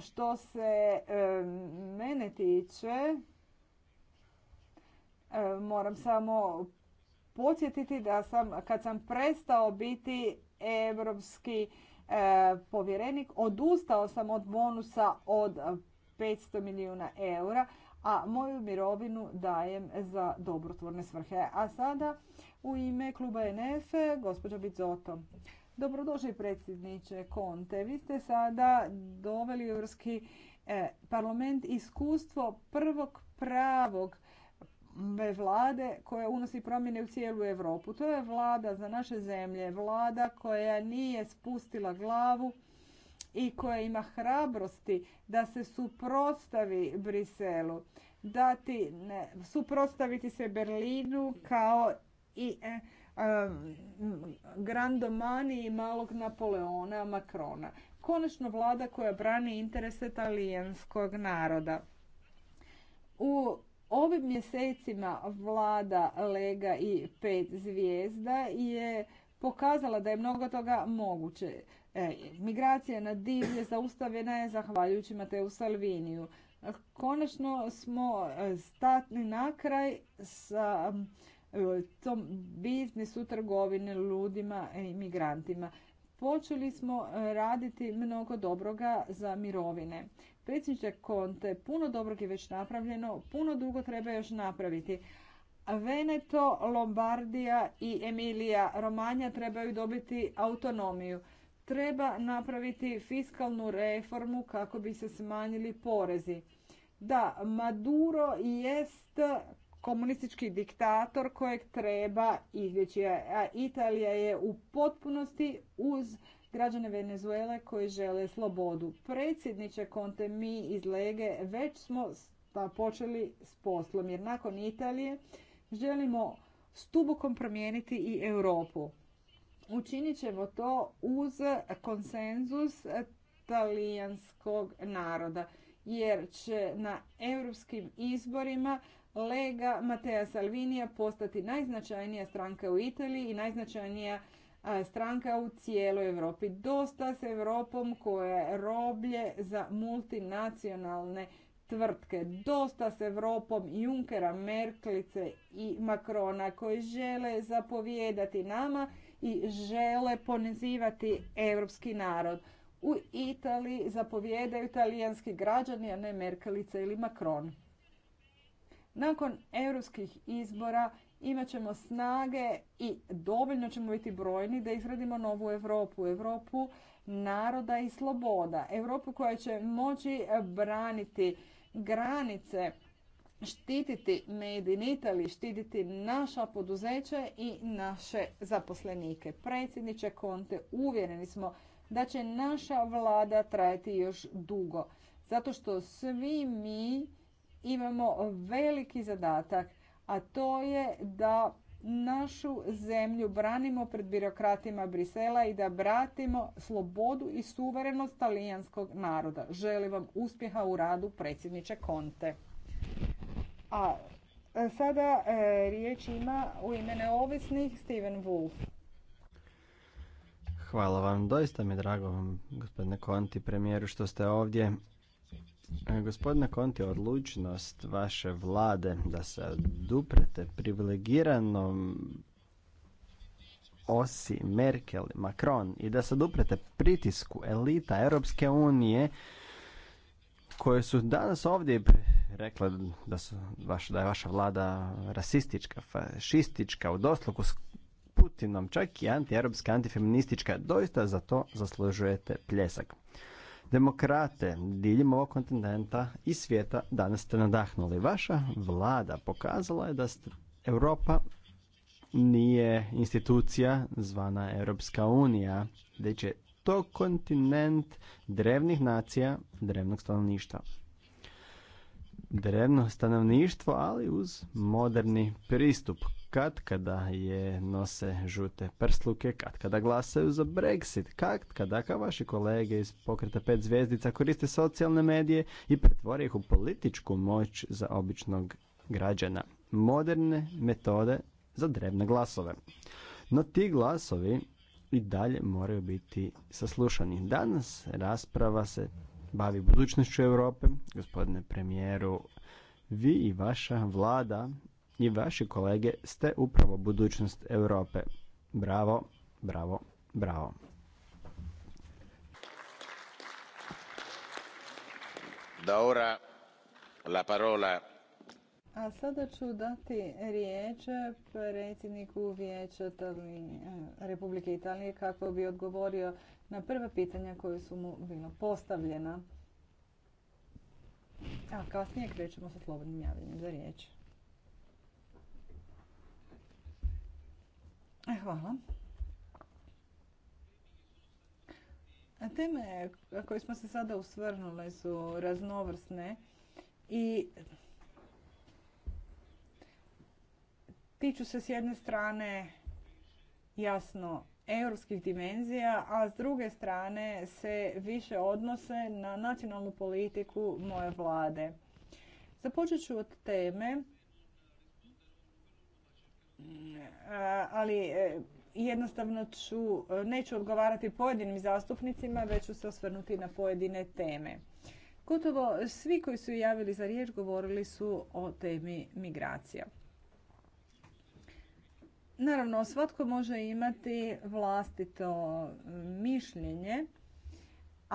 Što se e, mene tiče, e, moram samo podsjetiti da sam, kad sam prestao biti europski e, povjerenik, odustao sam od bonusa od 500 milijuna eura, a moju mirovinu dajem za dobrotvorne svrhe. A sada u ime kluba NF, gospođa Bizoto. Dobrodošli predsjedniče Konte. Vi ste sada doveli u Europski e, parlament iskustvo prvog pravog e, vlade koja unosi promjene u cijelu Europu. To je vlada za naše zemlje, vlada koja nije spustila glavu i koja ima hrabrosti da se suprotstavi Briselu, dati, ne, suprotstaviti se Berlinu kao i e, grandomani malog Napoleona Makrona. Konačno vlada koja brani interese talijanskog naroda. U ovim mjesecima vlada Lega i pet zvijezda je pokazala da je mnogo toga moguće. E, migracija na divlje zaustavljena je zahvaljujući Mateu Salviniju. Konačno smo e, statni na kraj sa to biznis u trgovini ludima e, i migrantima. Počeli smo e, raditi mnogo dobroga za mirovine. Predsjedniče Konte, puno dobrog je već napravljeno, puno dugo treba još napraviti. Veneto, Lombardija i Emilija Romanja trebaju dobiti autonomiju. Treba napraviti fiskalnu reformu kako bi se smanjili porezi. Da, Maduro jest komunistički diktator kojeg treba izvjeći. A Italija je u potpunosti uz građane Venezuele koji žele slobodu. Predsjedniče Conte mi iz Lege već smo počeli s poslom, jer nakon Italije želimo stubokom promijeniti i Europu. Učinit ćemo to uz konsenzus talijanskog naroda, jer će na europskim izborima Lega Matea Salvinija postati najznačajnija stranka u Italiji i najznačajnija stranka u cijeloj Europi. Dosta s Europom koja je roblje za multinacionalne tvrtke. Dosta s Europom Junkera, Merkelice i Makrona koji žele zapovijedati nama i žele ponizivati europski narod. U Italiji zapovjedaju talijanski građani, a ne Merkelica ili Makron. Nakon europskih izbora imat ćemo snage i dovoljno ćemo biti brojni da izradimo novu Europu, Europu naroda i sloboda, Europu koja će moći braniti granice, štititi Made in štititi naša poduzeća i naše zaposlenike. Predsjedniče Konte, uvjereni smo da će naša vlada trajati još dugo, zato što svi mi imamo veliki zadatak, a to je da našu zemlju branimo pred birokratima Brisela i da bratimo slobodu i suverenost talijanskog naroda. Želim vam uspjeha u radu predsjedniče Konte. A e, sada e, riječ ima u ime neovisnih Steven Wolf. Hvala vam. Doista mi je drago vam, gospodine Konti, premijeru, što ste ovdje. E, gospodine Konti, odlučnost vaše vlade da se duprete privilegiranom osi Merkel, Macron i da se duprete pritisku elita Europske unije koje su danas ovdje rekle da, su, da je vaša vlada rasistička, fašistička, u dosluku s Putinom, čak i antieuropska, antifeministička, doista za to zaslužujete pljesak demokrate diljem ovog kontinenta i svijeta danas ste nadahnuli. Vaša vlada pokazala je da Europa nije institucija zvana Europska unija, već je to kontinent drevnih nacija, drevnog stanovništva. Drevno stanovništvo, ali uz moderni pristup kad kada je nose žute prsluke, kad kada glasaju za Brexit, kad kada kao vaši kolege iz pokreta pet zvijezdica koriste socijalne medije i pretvore ih u političku moć za običnog građana. Moderne metode za drevne glasove. No ti glasovi i dalje moraju biti saslušani. Danas rasprava se bavi budućnošću Europe. Gospodine premijeru, vi i vaša vlada i vaši kolege ste upravo budućnost Europe. Bravo, bravo, bravo. Da ora la parola a sada ću dati riječ predsjedniku Vijeća Republike Italije kako bi odgovorio na prva pitanja koje su mu bila postavljena. A kasnije krećemo sa slobodnim javljanjem za riječ. E, hvala. Teme koje smo se sada usvrnule su raznovrsne i tiču se s jedne strane jasno europskih dimenzija, a s druge strane se više odnose na nacionalnu politiku moje vlade. Započet ću od teme ali e, jednostavno ću, e, neću odgovarati pojedinim zastupnicima, već ću se osvrnuti na pojedine teme. Gotovo svi koji su javili za riječ govorili su o temi migracija. Naravno, svatko može imati vlastito mišljenje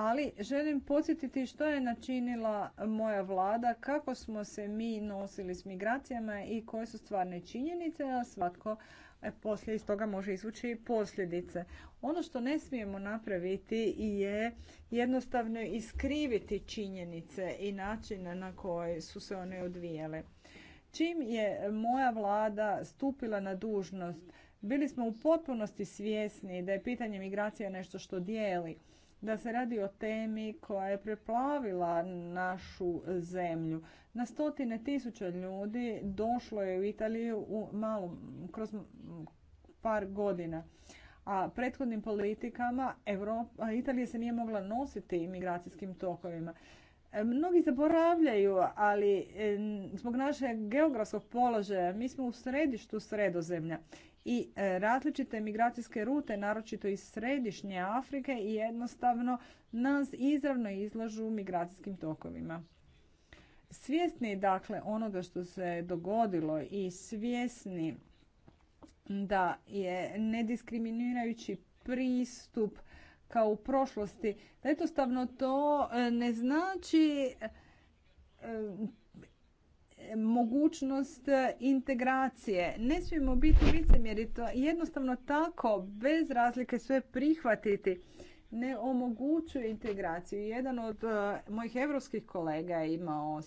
ali želim podsjetiti što je načinila moja vlada, kako smo se mi nosili s migracijama i koje su stvarne činjenice, a svatko e, poslije iz toga može izvući posljedice. Ono što ne smijemo napraviti je jednostavno iskriviti činjenice i načine na koje su se one odvijele. Čim je moja vlada stupila na dužnost, bili smo u potpunosti svjesni da je pitanje migracija nešto što dijeli da se radi o temi koja je preplavila našu zemlju. Na stotine tisuća ljudi došlo je u Italiju u malo, kroz par godina. A prethodnim politikama Evropa, Italija se nije mogla nositi imigracijskim tokovima. E, mnogi zaboravljaju, ali e, zbog našeg geografskog položaja mi smo u središtu sredozemlja i e, različite migracijske rute, naročito iz središnje Afrike, i jednostavno nas izravno izlažu migracijskim tokovima. Svjesni dakle onoga što se dogodilo i svjesni da je nediskriminirajući pristup kao u prošlosti, jednostavno to e, ne znači e, mogućnost integracije. Ne smijemo biti licemjeri, to jednostavno tako, bez razlike sve prihvatiti ne omogućuje integraciju. Jedan od e, mojih evropskih kolega je imao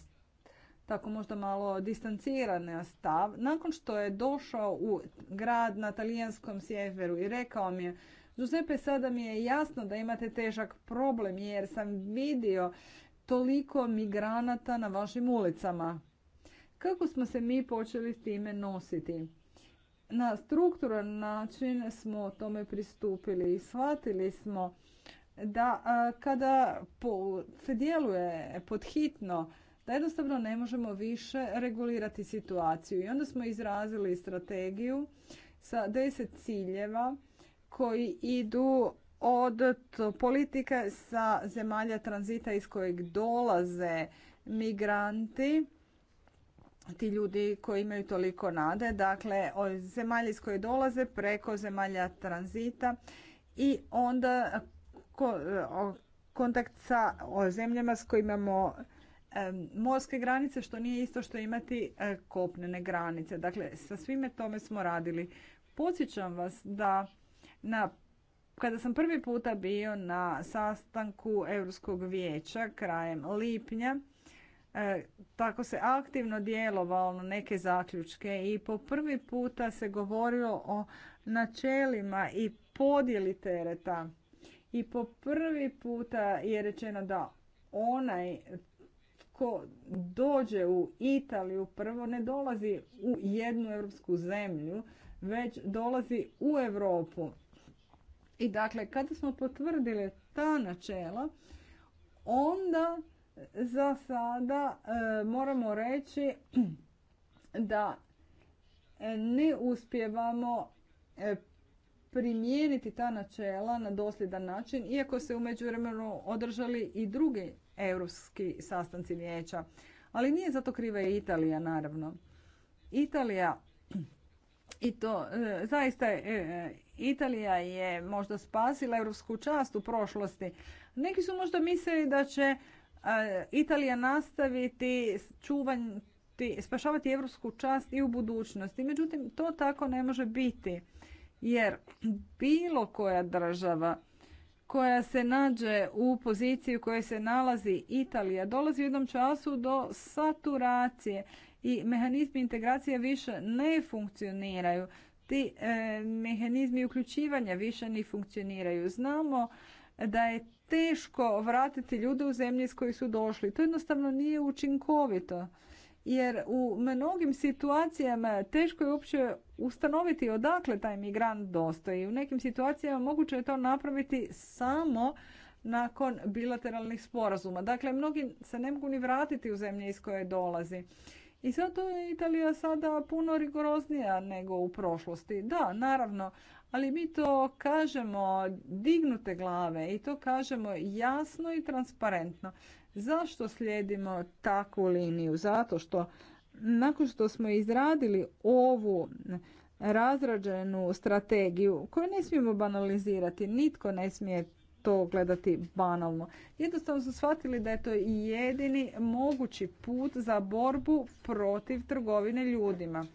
tako možda malo distanciran stav. Nakon što je došao u grad na talijanskom sjeveru i rekao mi je Giuseppe, sada mi je jasno da imate težak problem jer sam vidio toliko migranata na vašim ulicama. Kako smo se mi počeli s time nositi? Na strukturan način smo tome pristupili i shvatili smo da kada se djeluje hitno da jednostavno ne možemo više regulirati situaciju. I onda smo izrazili strategiju sa deset ciljeva koji idu od politike sa zemalja tranzita iz kojeg dolaze migranti ti ljudi koji imaju toliko nade, dakle od zemalja iz koje dolaze preko zemalja tranzita i onda kontakt sa zemljama s kojima imamo morske granice što nije isto što imati e, kopnene granice. Dakle, sa svime tome smo radili. Podsjećam vas da na kada sam prvi puta bio na sastanku Europskog vijeća krajem lipnja, E, tako se aktivno djelovalo na neke zaključke i po prvi puta se govorilo o načelima i podjeli tereta. I po prvi puta je rečeno da onaj tko dođe u Italiju prvo ne dolazi u jednu europsku zemlju, već dolazi u Europu. I dakle, kada smo potvrdili ta načela, onda za sada e, moramo reći [clears throat] da e, ne uspjevamo e, primijeniti ta načela na dosljedan način, iako se u međuvremenu održali i drugi europski sastanci vijeća. Ali nije zato kriva i Italija, naravno. Italija i to zaista Italija je možda spasila europsku čast u prošlosti. Neki su možda mislili da će Italija nastaviti čuvati, spašavati evropsku čast i u budućnosti. Međutim, to tako ne može biti. Jer bilo koja država koja se nađe u poziciji u kojoj se nalazi Italija dolazi u jednom času do saturacije i mehanizmi integracije više ne funkcioniraju. Ti e, mehanizmi uključivanja više ne funkcioniraju. Znamo da je teško vratiti ljude u zemlje iz kojih su došli. To jednostavno nije učinkovito. Jer u mnogim situacijama teško je uopće ustanoviti odakle taj migrant dostoji. U nekim situacijama moguće je to napraviti samo nakon bilateralnih sporazuma. Dakle, mnogi se ne mogu ni vratiti u zemlje iz koje dolazi. I zato je Italija sada puno rigoroznija nego u prošlosti. Da, naravno, ali mi to kažemo dignute glave i to kažemo jasno i transparentno. Zašto slijedimo takvu liniju? Zato što nakon što smo izradili ovu razrađenu strategiju koju ne smijemo banalizirati, nitko ne smije to gledati banalno. Jednostavno su shvatili da je to jedini mogući put za borbu protiv trgovine ljudima.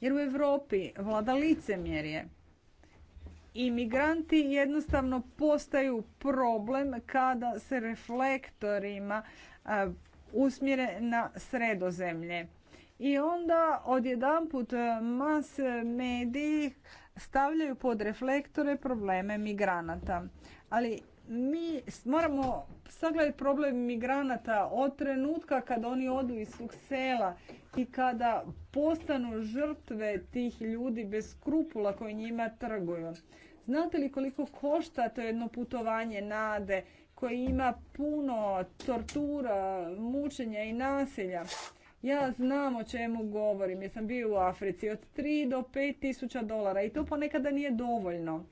Jer u Europi vlada licemjerje. Imigranti jednostavno postaju problem kada se reflektorima usmjere na sredozemlje. I onda odjedanput mas mediji stavljaju pod reflektore probleme migranata. Ali mi moramo sagledati problem migranata od trenutka kad oni odu iz svog sela i kada postanu žrtve tih ljudi bez skrupula koji njima trguju. Znate li koliko košta to jedno putovanje nade koje ima puno tortura, mučenja i nasilja? Ja znam o čemu govorim, jer sam bio u Africi od 3 do 5 tisuća dolara i to ponekada nije dovoljno.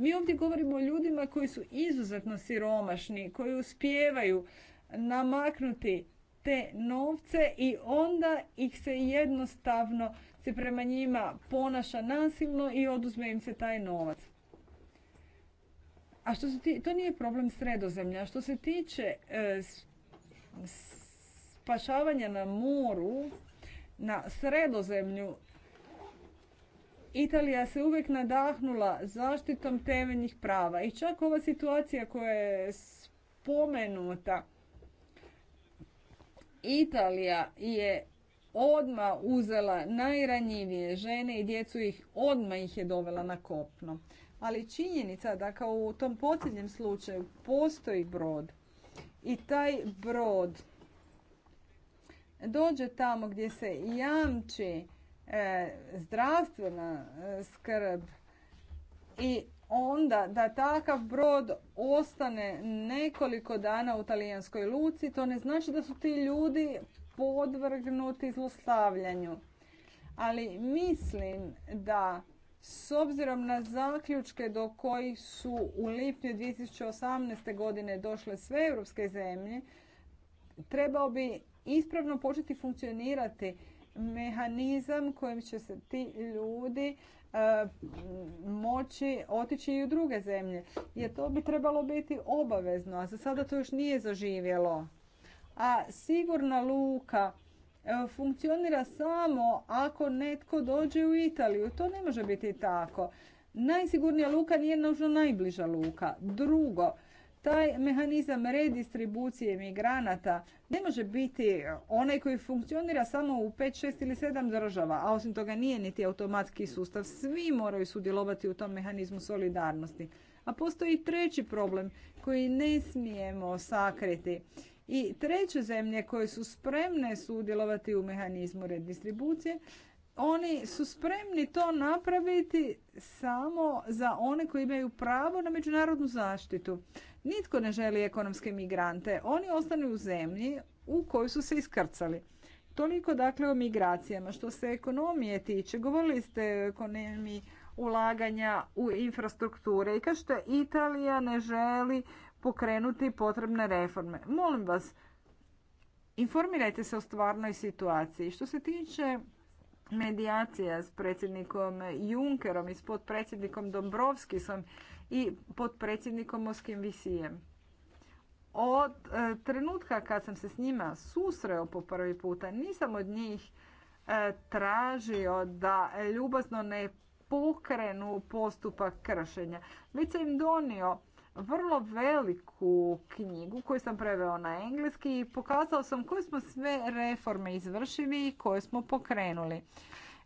Mi ovdje govorimo o ljudima koji su izuzetno siromašni, koji uspijevaju namaknuti te novce i onda ih se jednostavno se prema njima ponaša nasilno i oduzme im se taj novac. A što se to nije problem sredozemlja. Što se tiče e, spašavanja na moru, na sredozemlju Italija se uvijek nadahnula zaštitom temeljnih prava i čak ova situacija koja je spomenuta Italija je odma uzela najranjivije žene i djecu ih odma ih je dovela na kopno. Ali činjenica da kao u tom posljednjem slučaju postoji brod i taj brod dođe tamo gdje se jamči E, zdravstvena e, skrb i onda da takav brod ostane nekoliko dana u talijanskoj luci, to ne znači da su ti ljudi podvrgnuti zlostavljanju. Ali mislim da s obzirom na zaključke do kojih su u lipnju 2018. godine došle sve europske zemlje, trebao bi ispravno početi funkcionirati mehanizam kojim će se ti ljudi e, moći otići i u druge zemlje. Jer to bi trebalo biti obavezno, a za sada to još nije zaživjelo. A sigurna luka e, funkcionira samo ako netko dođe u Italiju. To ne može biti tako. Najsigurnija luka nije nužno najbliža luka. Drugo, taj mehanizam redistribucije migranata ne može biti onaj koji funkcionira samo u 5, 6 ili 7 država, a osim toga nije niti automatski sustav. Svi moraju sudjelovati u tom mehanizmu solidarnosti. A postoji i treći problem koji ne smijemo sakriti. I treće zemlje koje su spremne sudjelovati u mehanizmu redistribucije oni su spremni to napraviti samo za one koji imaju pravo na međunarodnu zaštitu. Nitko ne želi ekonomske migrante. Oni ostanu u zemlji u kojoj su se iskrcali. Toliko dakle o migracijama. Što se ekonomije tiče, govorili ste o ekonomiji ulaganja u infrastrukture i kažete Italija ne želi pokrenuti potrebne reforme. Molim vas, informirajte se o stvarnoj situaciji. Što se tiče medijacija s predsjednikom Junkerom i s potpredsjednikom Dombrovskisom i podpredsjednikom Moskim Visijem. Od e, trenutka kad sam se s njima susreo po prvi puta, nisam od njih e, tražio da ljubazno ne pokrenu postupak kršenja. Već sam im donio vrlo veliku knjigu koju sam preveo na engleski i pokazao sam koje smo sve reforme izvršili i koje smo pokrenuli.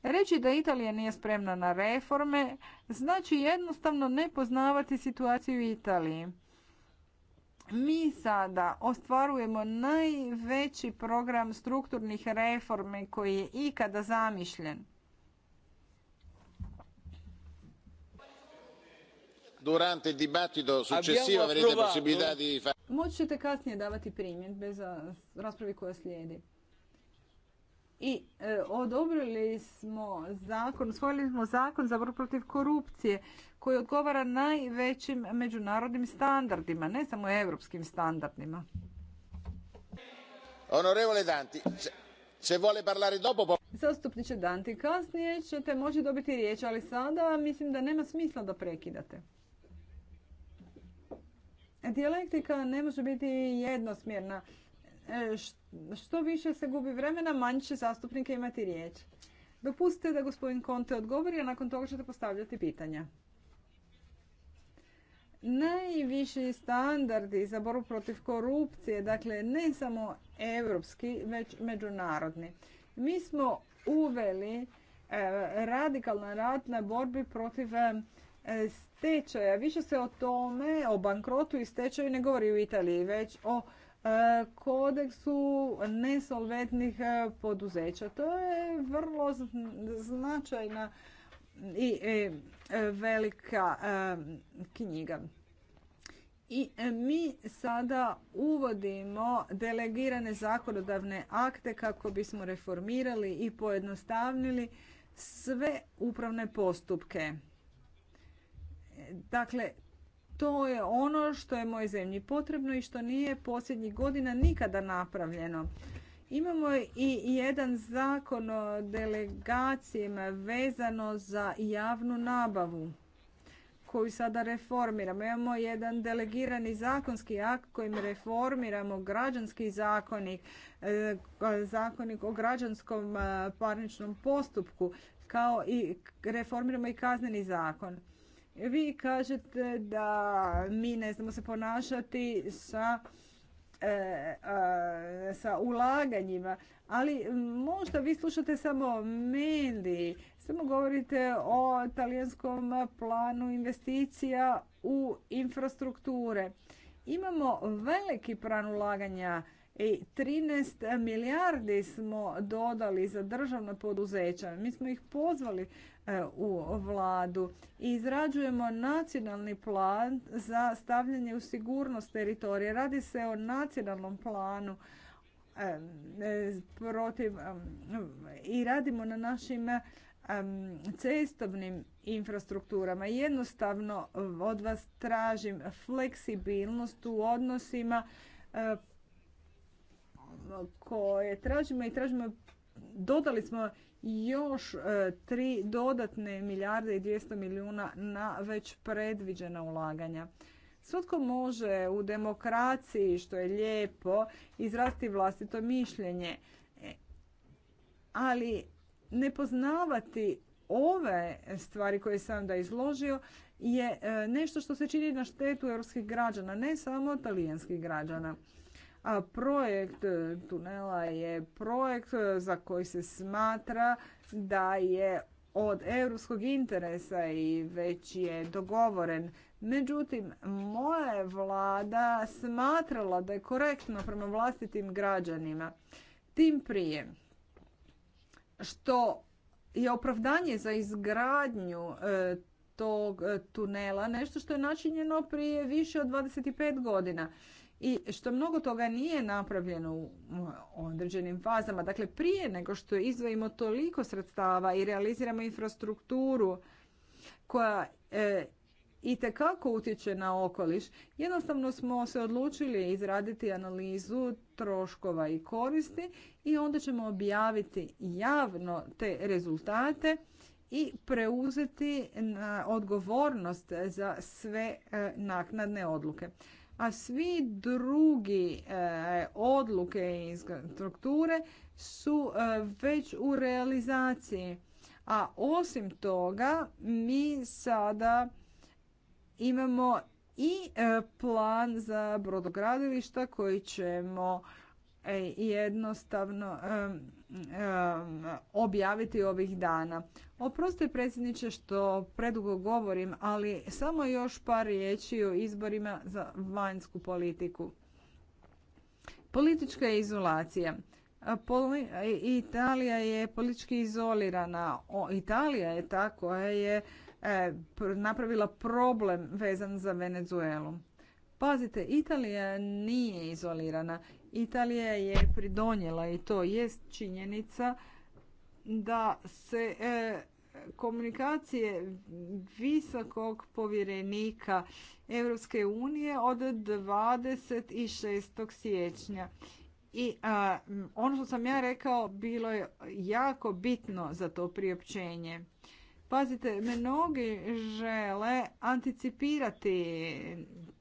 Reći da Italija nije spremna na reforme znači jednostavno ne poznavati situaciju u Italiji. Mi sada ostvarujemo najveći program strukturnih reforme koji je ikada zamišljen. durante il dibattito successivo avrete possibilità di Moći ćete kasnije davati primjedbe za raspravi koja slijedi. I e, odobrili smo zakon, usvojili smo zakon za borbu protiv korupcije koji odgovara najvećim međunarodnim standardima, ne samo europskim standardima. Onorevole Danti, se vuole parlare dopo... Zastupniče Danti, kasnije ćete moći dobiti riječ, ali sada mislim da nema smisla da prekidate. Dijalektika ne može biti jednosmjerna. E, što više se gubi vremena, manje će zastupnike imati riječ. Dopustite da gospodin Konte odgovori, a nakon toga ćete postavljati pitanja. Najviši standardi za borbu protiv korupcije, dakle ne samo europski, već međunarodni. Mi smo uveli e, radikalna rad na borbi protiv e, E, stečaja. Više se o tome, o bankrotu i stečaju ne govori u Italiji, već o e, kodeksu nesolventnih e, poduzeća. To je vrlo značajna i velika knjiga. I mi sada uvodimo delegirane zakonodavne akte kako bismo reformirali i pojednostavnili sve upravne postupke. Dakle, to je ono što je moje zemlji potrebno i što nije posljednjih godina nikada napravljeno. Imamo i jedan zakon o delegacijama vezano za javnu nabavu koju sada reformiramo. Imamo jedan delegirani zakonski akt kojim reformiramo građanski zakonik, e, zakonik o građanskom e, parničnom postupku, kao i reformiramo i kazneni zakon. Vi kažete da mi ne znamo se ponašati sa e, sa ulaganjima, ali možda vi slušate samo mediji, samo govorite o talijanskom planu investicija u infrastrukture. Imamo veliki plan ulaganja i 13 milijardi smo dodali za državna poduzeća. Mi smo ih pozvali E, u vladu. I izrađujemo nacionalni plan za stavljanje u sigurnost teritorije. Radi se o nacionalnom planu e, e, protiv i radimo na našim cestovnim infrastrukturama. Jednostavno od vas tražim fleksibilnost u odnosima koje tražimo i tražimo dodali smo još e, tri dodatne milijarde i 200 milijuna na već predviđena ulaganja. Svatko može u demokraciji, što je lijepo, izrasti vlastito mišljenje, e, ali ne poznavati ove stvari koje sam da izložio je e, nešto što se čini na štetu europskih građana, ne samo talijanskih građana. A projekt e, tunela je projekt e, za koji se smatra da je od europskog interesa i već je dogovoren. Međutim, moja je vlada smatrala da je korektno prema vlastitim građanima. Tim prije što je opravdanje za izgradnju e, tog tunela nešto što je načinjeno prije više od 25 godina i što mnogo toga nije napravljeno u određenim fazama. Dakle, prije nego što izdvojimo toliko sredstava i realiziramo infrastrukturu koja e, i tekako utječe na okoliš, jednostavno smo se odlučili izraditi analizu troškova i koristi i onda ćemo objaviti javno te rezultate i preuzeti odgovornost za sve e, naknadne odluke a svi drugi e, odluke i strukture su e, već u realizaciji. A osim toga, mi sada imamo i e, plan za brodogradilišta koji ćemo E, jednostavno e, e, objaviti ovih dana. Oprosti predsjedniče što predugo govorim, ali samo još par riječi o izborima za vanjsku politiku. Politička izolacija. Italija je politički izolirana. O, Italija je ta koja je napravila problem vezan za Venezuelu. Pazite, Italija nije izolirana. Italija je pridonijela i to jest činjenica da se e, komunikacije visokog povjerenika Europske unije od 26. siječnja. I ono što sam ja rekao bilo je jako bitno za to priopćenje. Pazite, mnogi žele anticipirati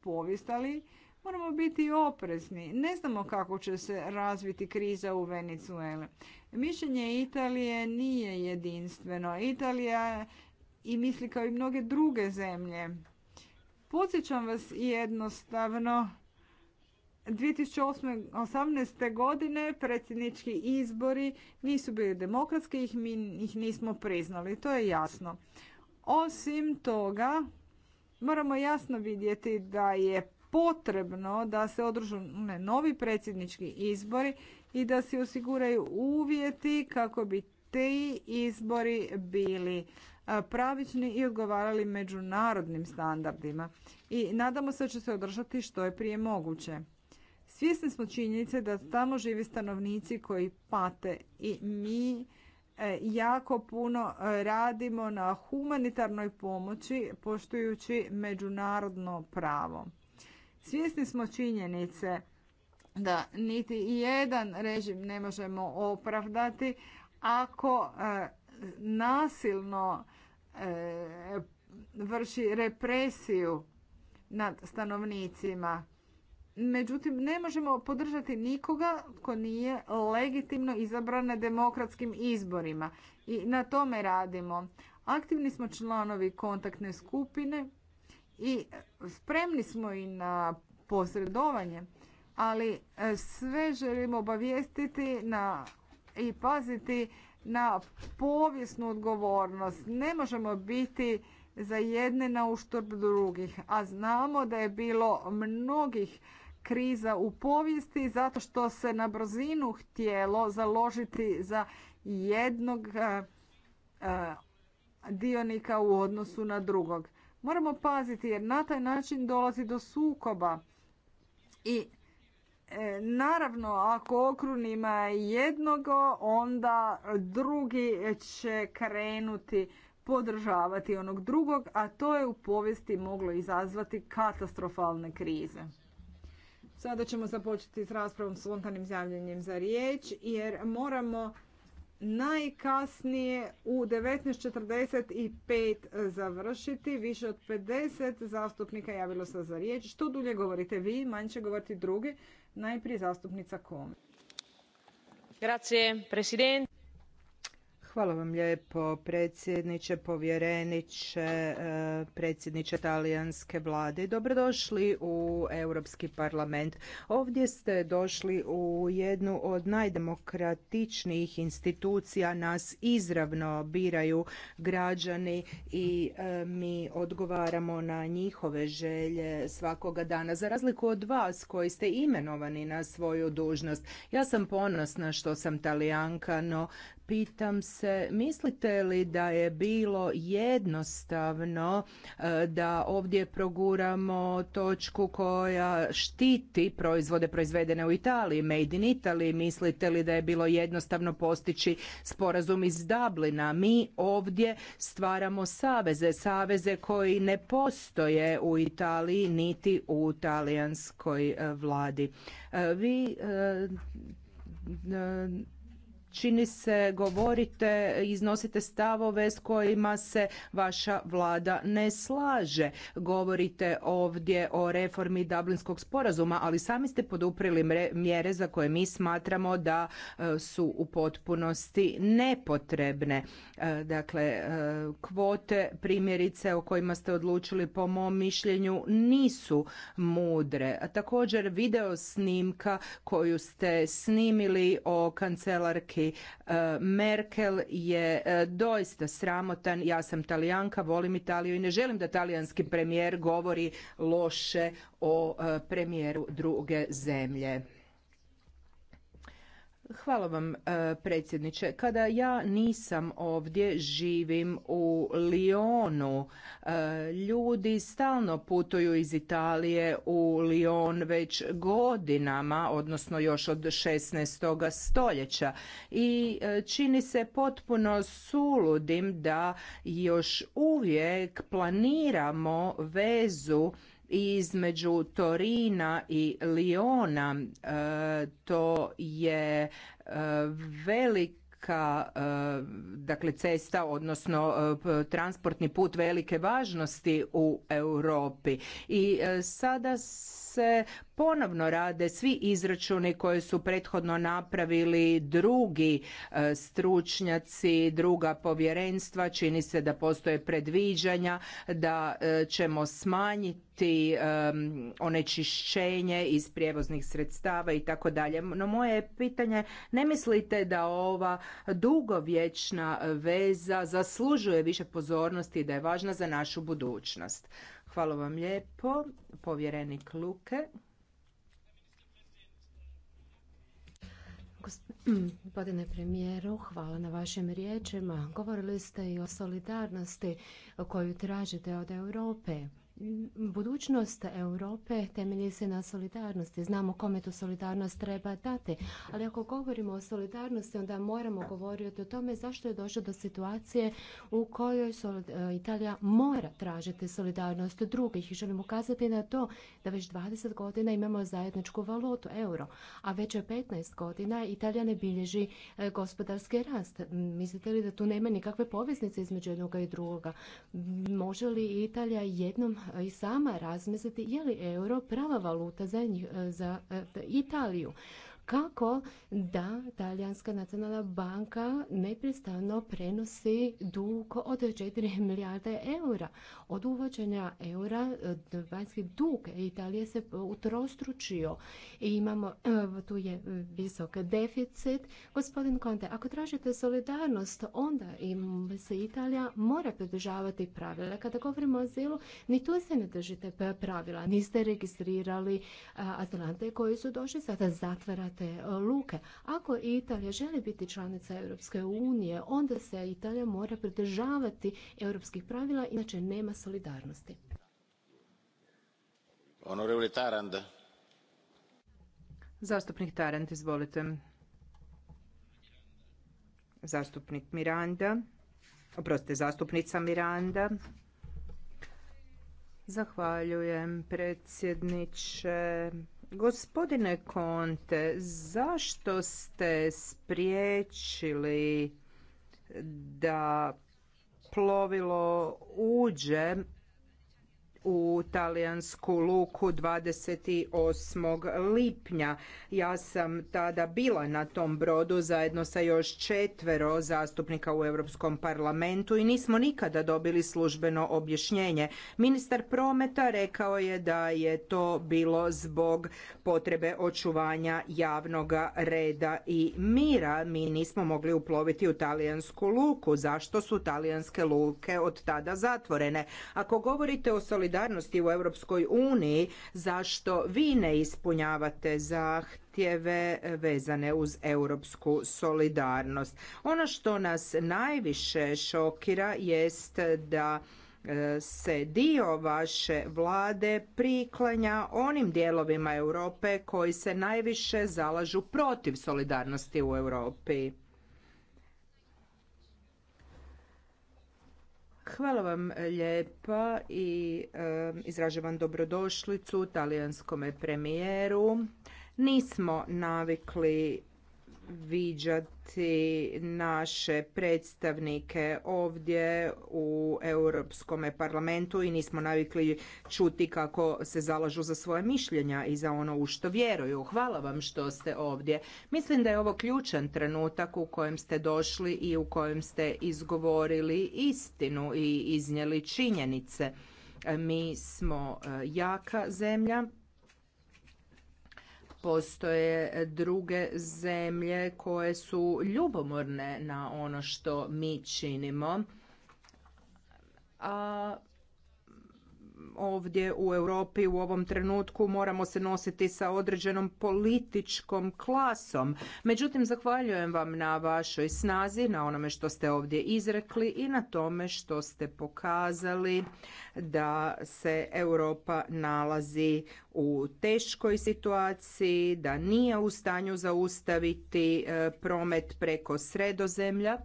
povijest, ali moramo biti oprezni. Ne znamo kako će se razviti kriza u Venezueli. Mišljenje Italije nije jedinstveno. Italija i misli kao i mnoge druge zemlje. Podsjećam vas jednostavno 2018. godine predsjednički izbori nisu bili demokratski, ih mi ih nismo priznali, to je jasno. Osim toga, moramo jasno vidjeti da je potrebno da se održu novi predsjednički izbori i da se osiguraju uvjeti kako bi ti izbori bili e, pravični i odgovarali međunarodnim standardima. I nadamo se da će se održati što je prije moguće. Svjesni smo činjenice da tamo živi stanovnici koji pate i mi e, jako puno e, radimo na humanitarnoj pomoći poštujući međunarodno pravo. Svjesni smo činjenice da niti jedan režim ne možemo opravdati ako e, nasilno e, vrši represiju nad stanovnicima. Međutim, ne možemo podržati nikoga ko nije legitimno izabran na demokratskim izborima. I na tome radimo. Aktivni smo članovi kontaktne skupine i spremni smo i na posredovanje, ali e, sve želimo obavijestiti na, i paziti na povijesnu odgovornost. Ne možemo biti za jedne na uštrb drugih, a znamo da je bilo mnogih kriza u povijesti zato što se na brzinu htjelo založiti za jednog e, e, dionika u odnosu na drugog. Moramo paziti jer na taj način dolazi do sukoba. I e, naravno ako okrunima jednog onda drugi će krenuti podržavati onog drugog, a to je u povijesti moglo izazvati katastrofalne krize. Sada ćemo započeti s raspravom s spontanim javljanjem za riječ jer moramo najkasnije u 19.45 završiti. Više od 50 zastupnika javilo se za riječ. Što dulje govorite vi, manje će govoriti drugi. Najprije zastupnica Kome. Grazie, presidente. Hvala vam lijepo predsjedniče, povjereniče, e, predsjedniče talijanske vlade. Dobrodošli u Europski parlament. Ovdje ste došli u jednu od najdemokratičnijih institucija. Nas izravno biraju građani i e, mi odgovaramo na njihove želje svakoga dana. Za razliku od vas koji ste imenovani na svoju dužnost. Ja sam ponosna što sam talijanka, no pitam se mislite li da je bilo jednostavno e, da ovdje proguramo točku koja štiti proizvode proizvedene u Italiji, made in Italy? Mislite li da je bilo jednostavno postići sporazum iz Dublina? Mi ovdje stvaramo saveze, saveze koji ne postoje u Italiji niti u talijanskoj e, vladi. E, vi čini se govorite, iznosite stavove s kojima se vaša vlada ne slaže. Govorite ovdje o reformi Dublinskog sporazuma, ali sami ste poduprili mjere za koje mi smatramo da e, su u potpunosti nepotrebne. E, dakle, e, kvote primjerice o kojima ste odlučili po mom mišljenju nisu mudre. također video snimka koju ste snimili o kancelarki E, Merkel je e, doista sramotan, ja sam talijanka, volim Italiju i ne želim da talijanski premijer govori loše o e, premijeru druge zemlje. Hvala vam e, predsjedniče. Kada ja nisam ovdje, živim u Lionu. E, ljudi stalno putuju iz Italije u Lion već godinama, odnosno još od 16. stoljeća. I e, čini se potpuno suludim da još uvijek planiramo vezu između Torina i Liona. E, to je e, velika e, dakle cesta odnosno transportni put velike važnosti u Europi i sada se ponovno rade svi izračuni koje su prethodno napravili drugi e, stručnjaci, druga povjerenstva. Čini se da postoje predviđanja da e, ćemo smanjiti e, onečišćenje iz prijevoznih sredstava i tako dalje. No moje pitanje, ne mislite da ova dugovječna veza zaslužuje više pozornosti i da je važna za našu budućnost? Hvala vam lijepo, povjerenik Luke. Gospodine premijeru, hvala na vašim riječima. Govorili ste i o solidarnosti koju tražite od Europe. Budućnost Europe temelji se na solidarnosti. Znamo kome tu solidarnost treba dati. Ali ako govorimo o solidarnosti, onda moramo govoriti o tome zašto je došlo do situacije u kojoj e, Italija mora tražiti solidarnost drugih. I želim ukazati na to da već 20 godina imamo zajedničku valutu, euro. A već 15 godina Italija ne bilježi e, gospodarski rast. Mislite li da tu nema nikakve poveznice između jednoga i drugoga? Može li Italija jednom i sama razmisliti je li euro prava valuta za, e, za Italiju kako da Talijanska nacionalna banka neprestano prenosi dug od 4 milijarde eura. Od uvođenja eura e, vanjski dug Italije se utrostručio i imamo, e, tu je visok deficit. Gospodin Conte, ako tražite solidarnost, onda se Italija mora pridržavati pravila. Kada govorimo o azilu, ni tu se ne držite pravila. Niste registrirali azilante koji su došli, sada zatvarate E, luke. Ako Italija želi biti članica Europske unije, onda se Italija mora pridržavati europskih pravila, inače nema solidarnosti. Honorable Tarand. Zastupnik Tarand, izvolite. Zastupnik Miranda. Oprostite, zastupnica Miranda. Zahvaljujem predsjedniče. Gospodine Konte, zašto ste spriječili da plovilo uđe u talijansku luku 28. lipnja. Ja sam tada bila na tom brodu zajedno sa još četvero zastupnika u Europskom parlamentu i nismo nikada dobili službeno objašnjenje. Ministar prometa rekao je da je to bilo zbog potrebe očuvanja javnog reda i mira. Mi nismo mogli uploviti u talijansku luku. Zašto su talijanske luke od tada zatvorene? Ako govorite o solidarnosti solidarnosti u Europskoj uniji zašto vi ne ispunjavate zahtjeve vezane uz europsku solidarnost. Ono što nas najviše šokira jest da e, se dio vaše vlade priklanja onim dijelovima Europe koji se najviše zalažu protiv solidarnosti u Europi. Hvala vam lijepa i izražavam dobrodošlicu talijanskome premijeru. Nismo navikli viđati imati naše predstavnike ovdje u Europskom parlamentu i nismo navikli čuti kako se zalažu za svoje mišljenja i za ono u što vjeruju. Hvala vam što ste ovdje. Mislim da je ovo ključan trenutak u kojem ste došli i u kojem ste izgovorili istinu i iznijeli činjenice. Mi smo e, jaka zemlja postoje druge zemlje koje su ljubomorne na ono što mi činimo a ovdje u Europi u ovom trenutku moramo se nositi sa određenom političkom klasom. Međutim, zahvaljujem vam na vašoj snazi, na onome što ste ovdje izrekli i na tome što ste pokazali da se Europa nalazi u teškoj situaciji, da nije u stanju zaustaviti e, promet preko sredozemlja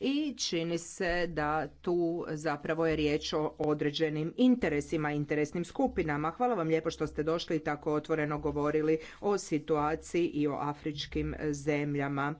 i čini se da tu zapravo je riječ o određenim interesima, interesnim skupinama. Hvala vam lijepo što ste došli i tako otvoreno govorili o situaciji i o afričkim zemljama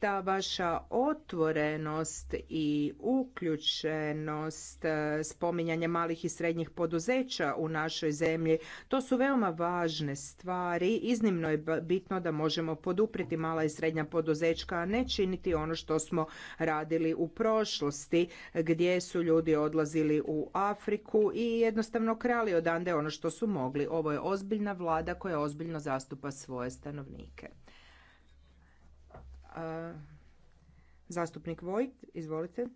ta vaša otvorenost i uključenost e, spominjanje malih i srednjih poduzeća u našoj zemlji, to su veoma važne stvari. Iznimno je bitno da možemo poduprijeti mala i srednja poduzeća, a ne činiti ono što smo radili u prošlosti gdje su ljudi odlazili u Afriku i jednostavno krali odande ono što su mogli. Ovo je ozbiljna vlada koja ozbiljno zastupa svoje stanovnike. Zastupnik Vojt, izvolite.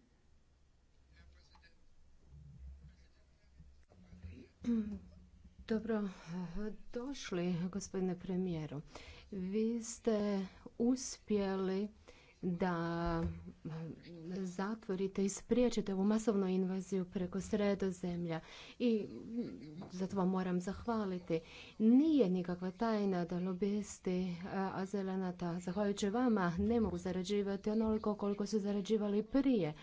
Dobro, došli gospodine premijeru. Vi ste uspjeli da mm, zatvorite i spriječite ovu masovnu invaziju preko sredozemlja i mm, zato vam moram zahvaliti. Nije nikakva tajna da lobisti azelanata, zahvaljujući vama, ne mogu zarađivati onoliko koliko su zarađivali prije.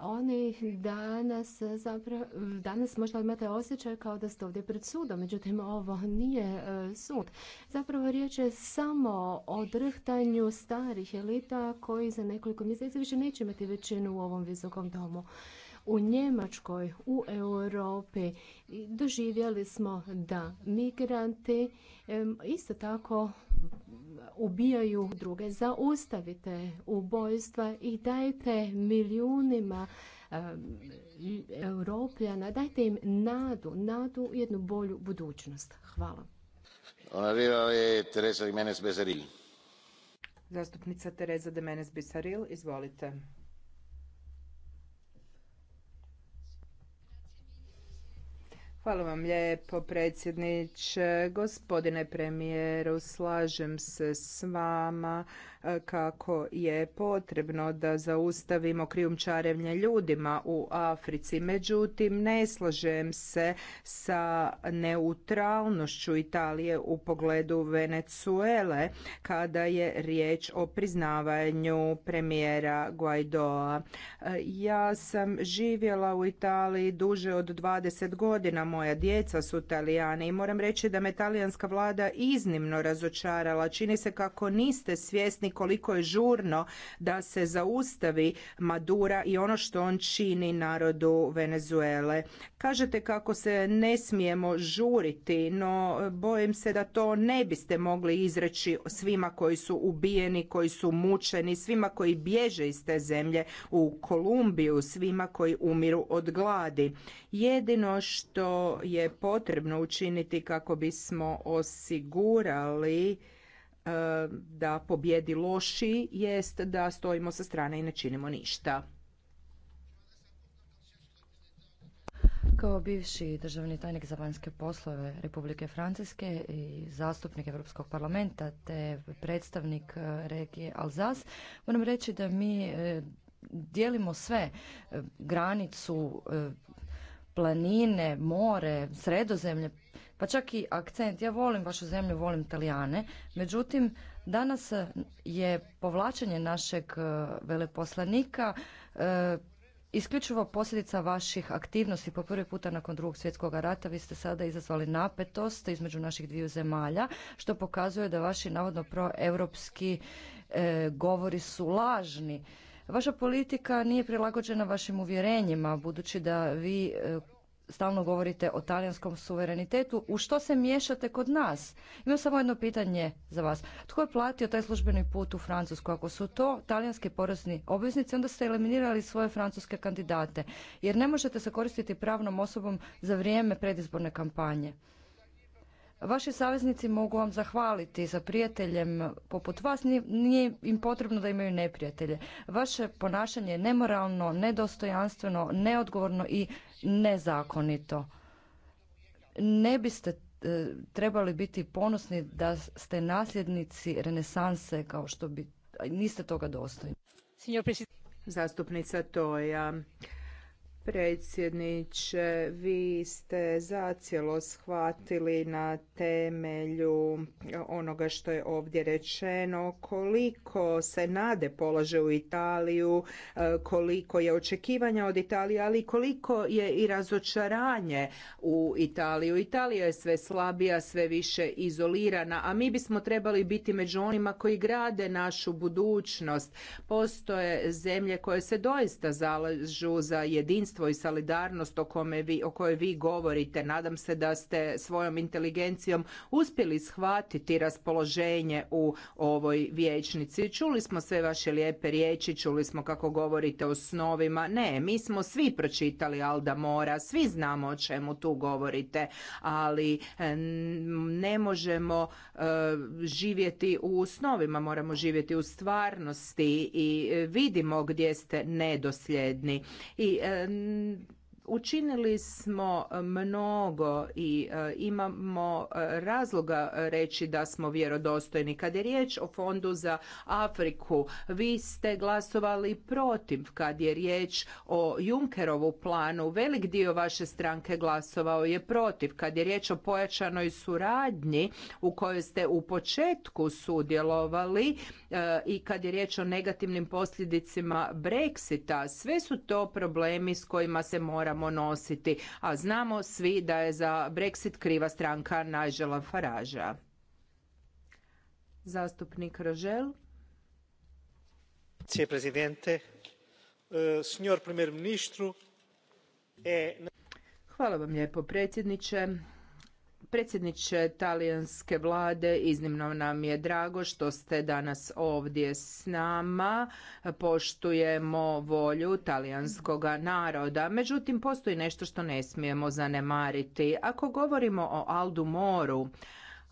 Oni danas zapravo, danas možda imate osjećaj kao da ste ovdje pred sudom, međutim ovo nije e, sud. Zapravo riječ je samo o drhtanju starih elita koji za nekoliko mjeseci više neće imati većinu u ovom visokom domu u Njemačkoj, u Europi doživjeli smo da migranti isto tako ubijaju druge. Zaustavite ubojstva i dajte milijunima europljana, dajte im nadu, nadu u jednu bolju budućnost. Hvala. Teresa Zastupnica Teresa de izvolite. Hvala vam lijepo, predsjedniče. Gospodine premijeru, slažem se s vama kako je potrebno da zaustavimo krijumčarenje ljudima u Africi. Međutim, ne slažem se sa neutralnošću Italije u pogledu Venezuele kada je riječ o priznavanju premijera Guaidoa. Ja sam živjela u Italiji duže od 20 godina, moja djeca su Italijani i moram reći da me italijanska vlada iznimno razočarala. Čini se kako niste svjesni koliko je žurno da se zaustavi Madura i ono što on čini narodu Venezuele. Kažete kako se ne smijemo žuriti, no bojim se da to ne biste mogli izreći svima koji su ubijeni, koji su mučeni, svima koji bježe iz te zemlje u Kolumbiju, svima koji umiru od gladi. Jedino što je potrebno učiniti kako bismo osigurali E, da pobjedi loši jest da stojimo sa strane i ne činimo ništa. Kao bivši državni tajnik za vanjske poslove Republike Francuske i zastupnik Europskog parlamenta te predstavnik e, regije Alzas, moram reći da mi e, dijelimo sve granicu planine, more, sredozemlje, pa čak i akcent. Ja volim vašu zemlju, volim Talijane. Međutim, danas je povlačenje našeg e, veleposlanika e, isključivo posljedica vaših aktivnosti po prvi puta nakon drugog svjetskog rata vi ste sada izazvali napetost između naših dviju zemalja što pokazuje da vaši navodno proeuropski e, govori su lažni Vaša politika nije prilagođena vašim uvjerenjima, budući da vi e, stalno govorite o talijanskom suverenitetu. U što se miješate kod nas? Imam samo jedno pitanje za vas. Tko je platio taj službeni put u Francusku? Ako su to talijanski porezni obveznici, onda ste eliminirali svoje francuske kandidate. Jer ne možete se koristiti pravnom osobom za vrijeme predizborne kampanje. Vaši saveznici mogu vam zahvaliti za prijateljem poput vas, nije im potrebno da imaju neprijatelje. Vaše ponašanje je nemoralno, nedostojanstveno, neodgovorno i nezakonito. Ne biste e, trebali biti ponosni da ste nasljednici renesanse kao što bi niste toga dostojni. Zastupnica Toja, predsjedniče, vi ste zacijelo shvatili na temelju onoga što je ovdje rečeno koliko se nade polaže u Italiju, koliko je očekivanja od Italije, ali koliko je i razočaranje u Italiju. Italija je sve slabija, sve više izolirana, a mi bismo trebali biti među onima koji grade našu budućnost. Postoje zemlje koje se doista zalažu za jedinstvo jedinstvo i solidarnost o, kome vi, o kojoj vi govorite. Nadam se da ste svojom inteligencijom uspjeli shvatiti raspoloženje u ovoj vijećnici. Čuli smo sve vaše lijepe riječi, čuli smo kako govorite o snovima. Ne, mi smo svi pročitali Alda Mora, svi znamo o čemu tu govorite, ali ne možemo e, živjeti u snovima, moramo živjeti u stvarnosti i e, vidimo gdje ste nedosljedni. I e, m Učinili smo e, mnogo i e, imamo e, razloga reći da smo vjerodostojni. Kad je riječ o fondu za Afriku, vi ste glasovali protiv. Kad je riječ o Junkerovu planu, velik dio vaše stranke glasovao je protiv. Kad je riječ o pojačanoj suradnji u kojoj ste u početku sudjelovali i kad je riječ o negativnim posljedicima Brexita, sve su to problemi s kojima se moramo moramo nositi, a znamo svi da je za Brexit kriva stranka Nigela Faraža. Zastupnik Rožel. Cije prezidente, eh, premijer ministru. Hvala vam lijepo predsjedniče. Predsjedniče talijanske vlade, iznimno nam je drago što ste danas ovdje s nama. Poštujemo volju talijanskog naroda. Međutim, postoji nešto što ne smijemo zanemariti. Ako govorimo o Aldu Moru,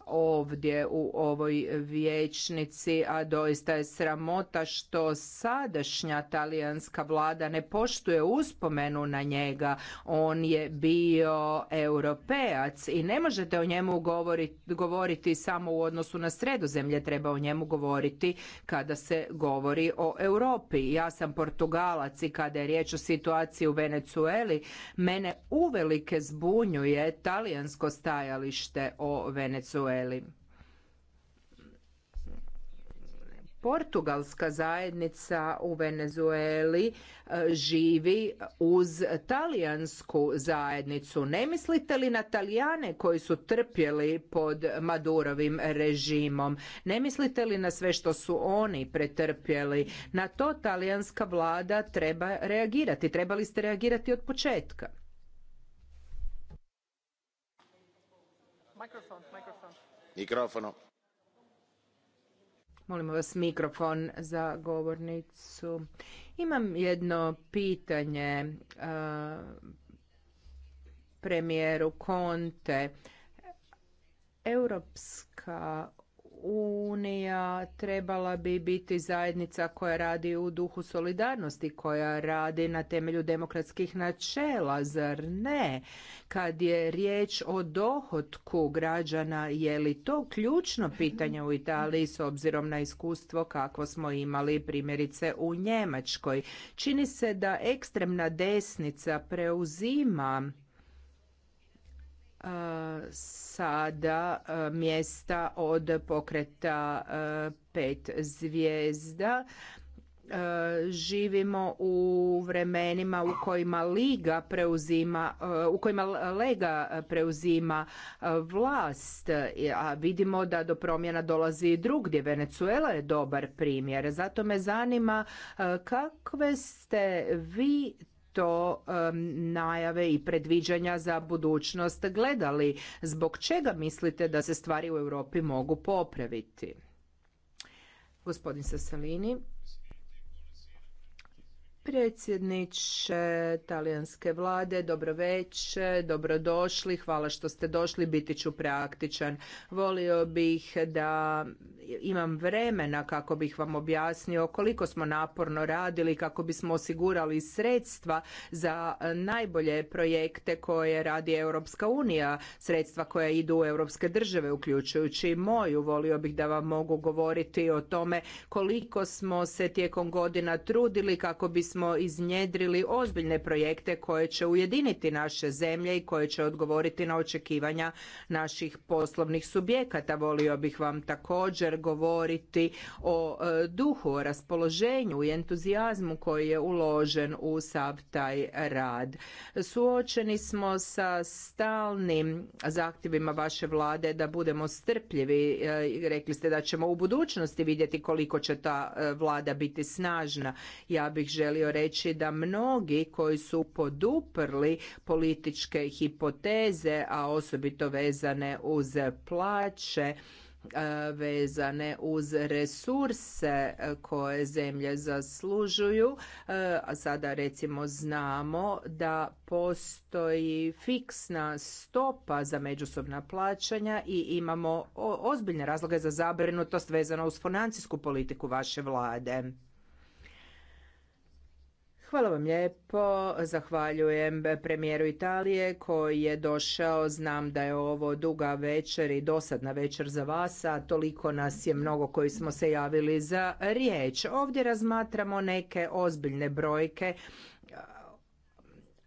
ovdje u ovoj vijećnici, a doista je sramota što sadašnja talijanska vlada ne poštuje uspomenu na njega. On je bio europejac i ne možete o njemu govoriti, govoriti samo u odnosu na sredozemlje, treba o njemu govoriti kada se govori o Europi. Ja sam Portugalac i kada je riječ o situaciji u Venecueli, mene uvelike zbunjuje talijansko stajalište o Venecueli. Portugalska zajednica u Venezueli e, živi uz talijansku zajednicu. Ne mislite li na Talijane koji su trpjeli pod Madurovim režimom? Ne mislite li na sve što su oni pretrpjeli? Na to talijanska vlada treba reagirati. Trebali ste reagirati od početka. Mikrofonu. Molim vas mikrofon za govornicu. Imam jedno pitanje e, premijeru Conte. Europska unija trebala bi biti zajednica koja radi u duhu solidarnosti, koja radi na temelju demokratskih načela, zar ne? Kad je riječ o dohotku građana, je li to ključno pitanje u Italiji s obzirom na iskustvo kakvo smo imali primjerice u Njemačkoj? Čini se da ekstremna desnica preuzima E, sada e, mjesta od pokreta e, pet zvijezda. Živimo u vremenima u kojima liga preuzima, u kojima lega preuzima vlast, a vidimo da do promjena dolazi i drugdje. Venezuela je dobar primjer. Zato me zanima kakve ste vi to najave i predviđanja za budućnost gledali? Zbog čega mislite da se stvari u Europi mogu popraviti? Gospodin Sasalini. Predsjedniče talijanske vlade, dobro veče dobrodošli, hvala što ste došli, biti ću praktičan. Volio bih da imam vremena kako bih vam objasnio koliko smo naporno radili kako bismo osigurali sredstva za najbolje projekte koje radi Europska unija, sredstva koja idu u europske države, uključujući i moju. Volio bih da vam mogu govoriti o tome koliko smo se tijekom godina trudili kako bi smo iznjedrili ozbiljne projekte koje će ujediniti naše zemlje i koje će odgovoriti na očekivanja naših poslovnih subjekata. Volio bih vam također govoriti o e, duhu, o raspoloženju i entuzijazmu koji je uložen u sav taj rad. Suočeni smo sa stalnim zahtjevima vaše vlade da budemo strpljivi. E, rekli ste da ćemo u budućnosti vidjeti koliko će ta e, vlada biti snažna. Ja bih želio reći da mnogi koji su poduprli političke hipoteze, a osobito vezane uz plaće, e, vezane uz resurse e, koje zemlje zaslužuju. E, a sada recimo znamo da postoji fiksna stopa za međusobna plaćanja i imamo ozbiljne razloge za zabrinutost vezano uz financijsku politiku vaše vlade. Hvala vam lijepo. Zahvaljujem premijeru Italije koji je došao. Znam da je ovo duga večer i dosadna večer za vas, a toliko nas je mnogo koji smo se javili za riječ. Ovdje razmatramo neke ozbiljne brojke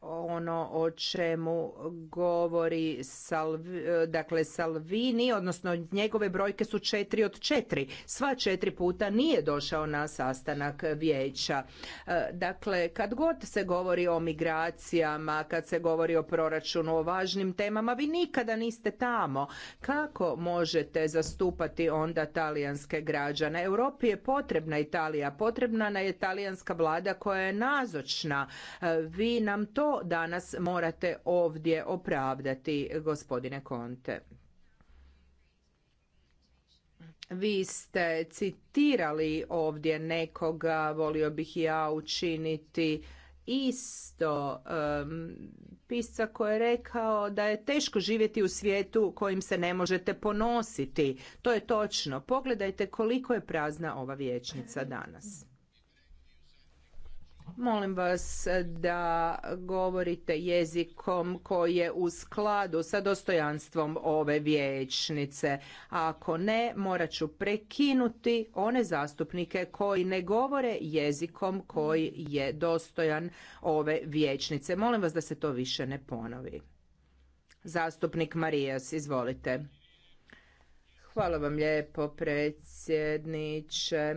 ono o čemu govori Salvi, dakle Salvini, odnosno njegove brojke su četiri od četiri. Sva četiri puta nije došao na sastanak vijeća. E, dakle, kad god se govori o migracijama, kad se govori o proračunu, o važnim temama, vi nikada niste tamo. Kako možete zastupati onda talijanske građane? Europi je potrebna Italija, potrebna je talijanska vlada koja je nazočna. E, vi nam to danas morate ovdje opravdati, gospodine Konte. Vi ste citirali ovdje nekoga, volio bih ja učiniti isto um, pisca koji je rekao da je teško živjeti u svijetu kojim se ne možete ponositi. To je točno. Pogledajte koliko je prazna ova vijećnica danas. Molim vas da govorite jezikom koji je u skladu sa dostojanstvom ove vijećnice. Ako ne, morat ću prekinuti one zastupnike koji ne govore jezikom koji je dostojan ove vijećnice. Molim vas da se to više ne ponovi. Zastupnik Marijas, izvolite. Hvala vam lijepo, predsjedniče.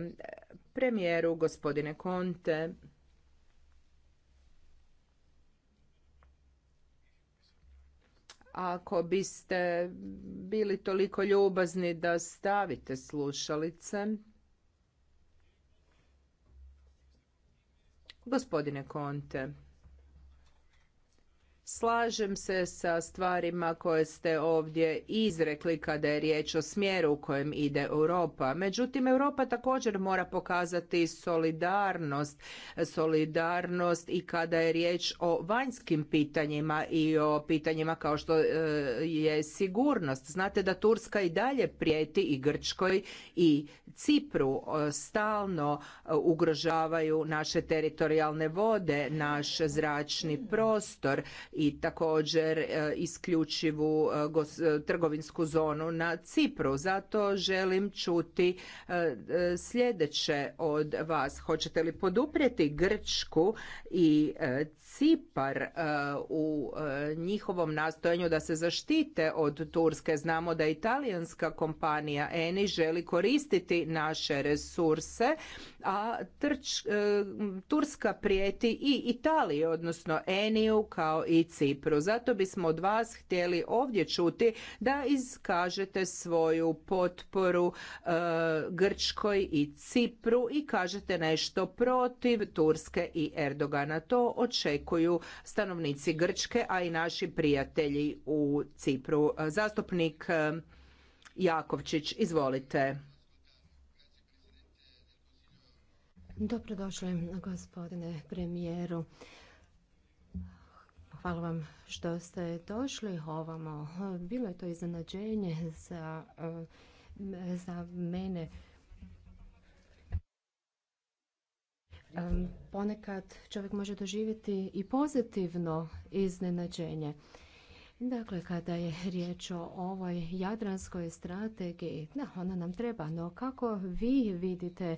Premijeru, gospodine Konte, Ako biste bili toliko ljubazni da stavite slušalice. Gospodine Konte, Slažem se sa stvarima koje ste ovdje izrekli kada je riječ o smjeru u kojem ide Europa. Međutim, Europa također mora pokazati solidarnost, solidarnost i kada je riječ o vanjskim pitanjima i o pitanjima kao što e, je sigurnost. Znate da Turska i dalje prijeti i Grčkoj i Cipru e, stalno e, ugrožavaju naše teritorijalne vode, naš zračni prostor i također e, isključivu e, e, trgovinsku zonu na Cipru. Zato želim čuti sljedeće od vas. Hoćete li poduprijeti Grčku i Cipar u njihovom nastojanju da se zaštite od Turske? Znamo da italijanska kompanija Eni želi koristiti naše resurse, a Turska prijeti i Italiji, odnosno Eniju kao i Cipru. Zato bismo od vas htjeli ovdje čuti da iskažete svoju potporu e, Grčkoj i Cipru i kažete nešto protiv Turske i Erdogana. To očekuju stanovnici Grčke, a i naši prijatelji u Cipru. Zastupnik e, Jakovčić, izvolite. Dobrodošli, gospodine premijeru. Hvala vam što ste došli ovamo. Bilo je to iznenađenje za, eh, za mene. Ponekad čovjek može doživjeti i pozitivno iznenađenje. Dakle, kada je riječ o ovoj jadranskoj strategiji, da, ona nam treba, no kako vi vidite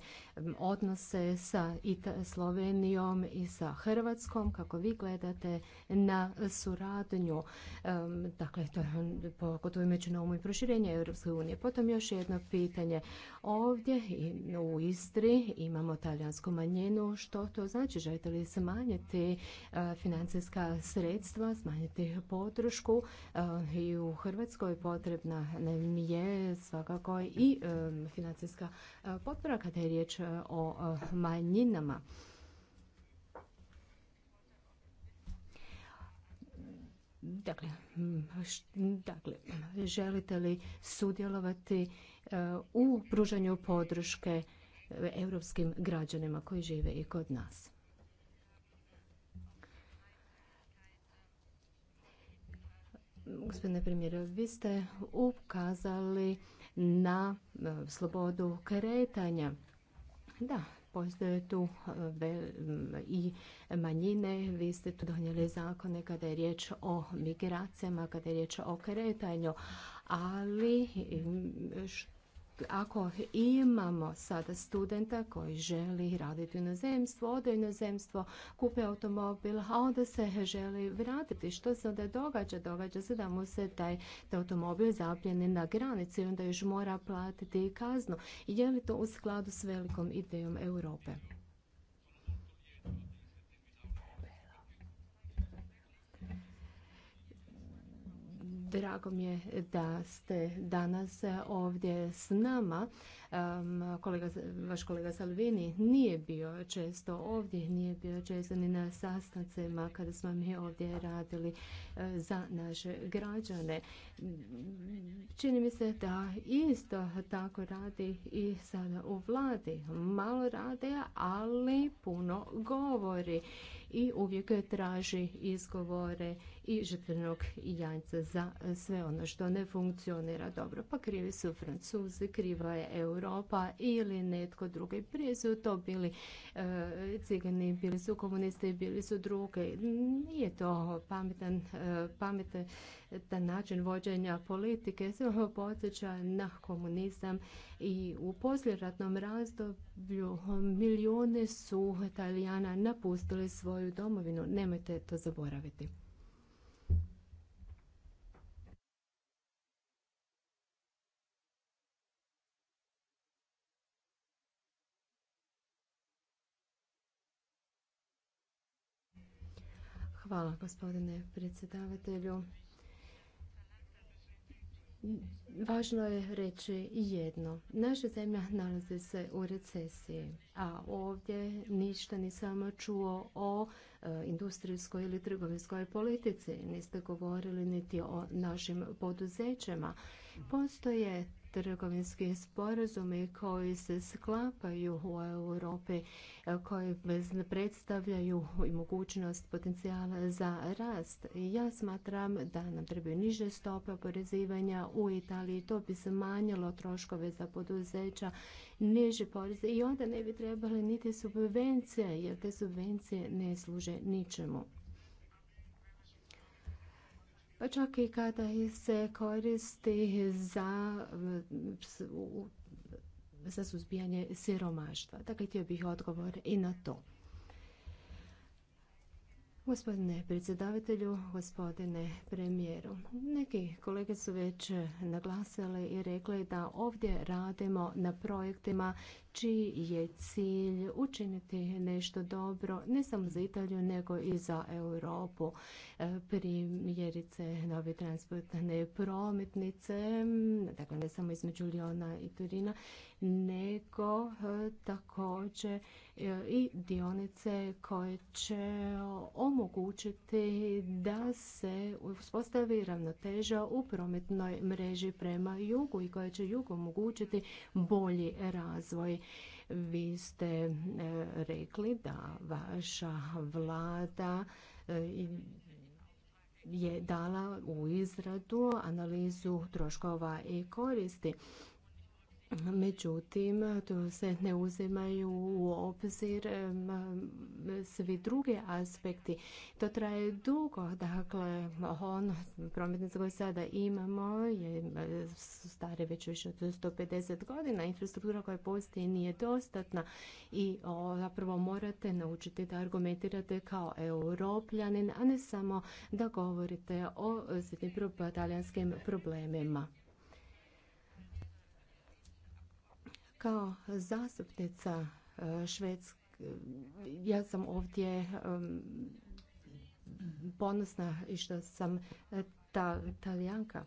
odnose sa Ita Slovenijom i sa Hrvatskom, kako vi gledate na suradnju, um, dakle, to je na umu i proširenje Europske unije. Potom još jedno pitanje. Ovdje u Istri imamo talijansku manjinu. Što to znači? Želite li smanjiti e, financijska sredstva, smanjiti podršku? E, i u Hrvatskoj potrebna je svakako i e, financijska e, potpora kada je riječ o manjinama. Dakle, dakle, želite li sudjelovati u pružanju podrške europskim građanima koji žive i kod nas? Gospodine premijeru, vi ste ukazali na e, slobodu kretanja. Da, postoje tu e, i manjine. Vi ste tu donijeli zakone kada je riječ o migracijama, kada je riječ o kretanju. Ali što ako imamo sada studenta koji želi raditi u inozemstvu, ode u inozemstvo, kupe automobil, a onda se želi vratiti. Što se onda događa? Događa se da mu se taj, automobil zapljeni na granici i onda još mora platiti kaznu. Je li to u skladu s velikom idejom Europe? Drago mi je da ste danas ovdje s nama Um, kolega, vaš kolega Salvini nije bio često ovdje, nije bio često ni na sastancima kada smo mi ovdje radili e, za naše građane. Čini mi se da isto tako radi i sada u vladi. Malo rade, ali puno govori i uvijek traži izgovore i žrtvenog janjca za sve ono što ne funkcionira dobro. Pa krivi su Francuzi, kriva je Europa ili netko drugi. Prije su to bili e, cigani, bili su komunisti, bili su druge. Nije to pametan, e, pametan način vođenja politike. Sve ovo podsjeća na komunizam i u posljeratnom razdoblju milijune su Italijana napustili svoju domovinu. Nemojte to zaboraviti. Hvala gospodine predsjedavatelju. Važno je reći jedno. Naša zemlja nalazi se u recesiji, a ovdje ništa nisam čuo o e, industrijskoj ili trgovinskoj politici. Niste govorili niti o našim poduzećima. Postoje trgovinski sporazumi koji se sklapaju u Europi, koji predstavljaju i mogućnost potencijala za rast. Ja smatram da nam trebaju niže stope oporezivanja u Italiji. To bi smanjilo troškove za poduzeća, niže poreze i onda ne bi trebale niti subvencije, jer te subvencije ne služe ničemu pa čak i kada se koristi za, za suzbijanje siromaštva. Dakle, htio bih odgovor i na to. Gospodine predsjedavatelju, gospodine premijeru, neki kolege su već naglasili i rekli da ovdje radimo na projektima čiji znači je cilj učiniti nešto dobro ne samo za Italiju nego i za Europu. E, primjerice nove transportne prometnice, dakle ne samo između Liona i Turina, nego e, također e, i dionice koje će omogućiti da se uspostavi ravnoteža u prometnoj mreži prema jugu i koja će jugu omogućiti bolji razvoj. Vi ste e, rekli da vaša vlada e, je dala u izradu analizu troškova i koristi. Međutim, to se ne uzimaju u obzir svi drugi aspekti. To traje dugo, dakle, ono prometnice koje sada imamo je, su stare već više od 150 godina, infrastruktura koja postoji nije dostatna i zapravo morate naučiti da argumentirate kao europljanin, a ne samo da govorite o sitnim talijanskim problemima. Kao zastupnica e, Švedske, ja sam ovdje e, ponosna i što sam e, ta talijanka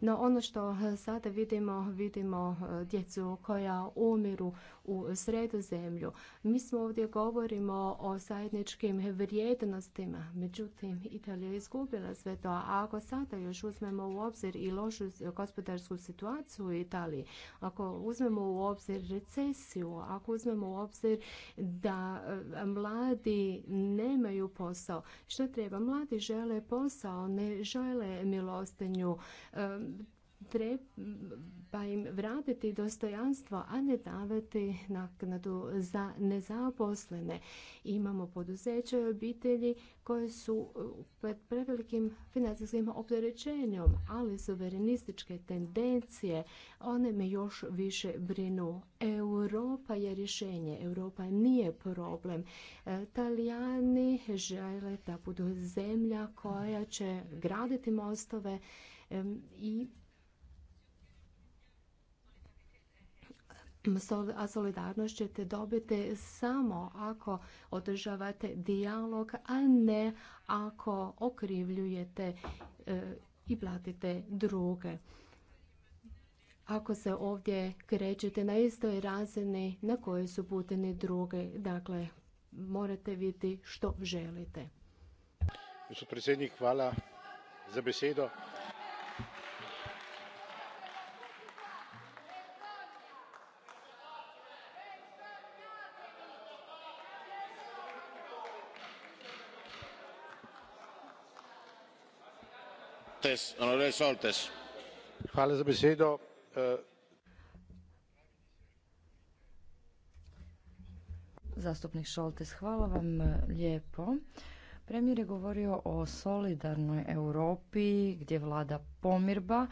No ono što eh, sada vidimo, vidimo eh, djecu koja umiru u sredozemlju. Mi smo ovdje govorimo o zajedničkim vrijednostima, međutim Italija je izgubila sve to, a ako sada još uzmemo u obzir i lošu gospodarsku situaciju u Italiji, ako uzmemo u obzir recesiju, ako uzmemo u obzir da eh, mladi nemaju posao, što treba? Mladi žele posao, ne žele milostinju, treba pa im vratiti dostojanstvo, a ne davati naknadu za nezaposlene. Imamo poduzeće i obitelji koje su e, pred prevelikim financijskim opterećenjem, ali suverenističke tendencije, one me još više brinu. Europa je rješenje, Europa nije problem. Italijani e, žele da budu zemlja koja će graditi mostove i a solidarnost ćete dobiti samo ako održavate dijalog, a ne ako okrivljujete e, i platite druge. Ako se ovdje krećete na istoj razini na kojoj su puteni druge, dakle, morate vidjeti što želite. hvala za besedo. E, zastupnik Šoltes, hvala vam e, lijepo. Premijer je govorio o solidarnoj Europi gdje vlada pomirba,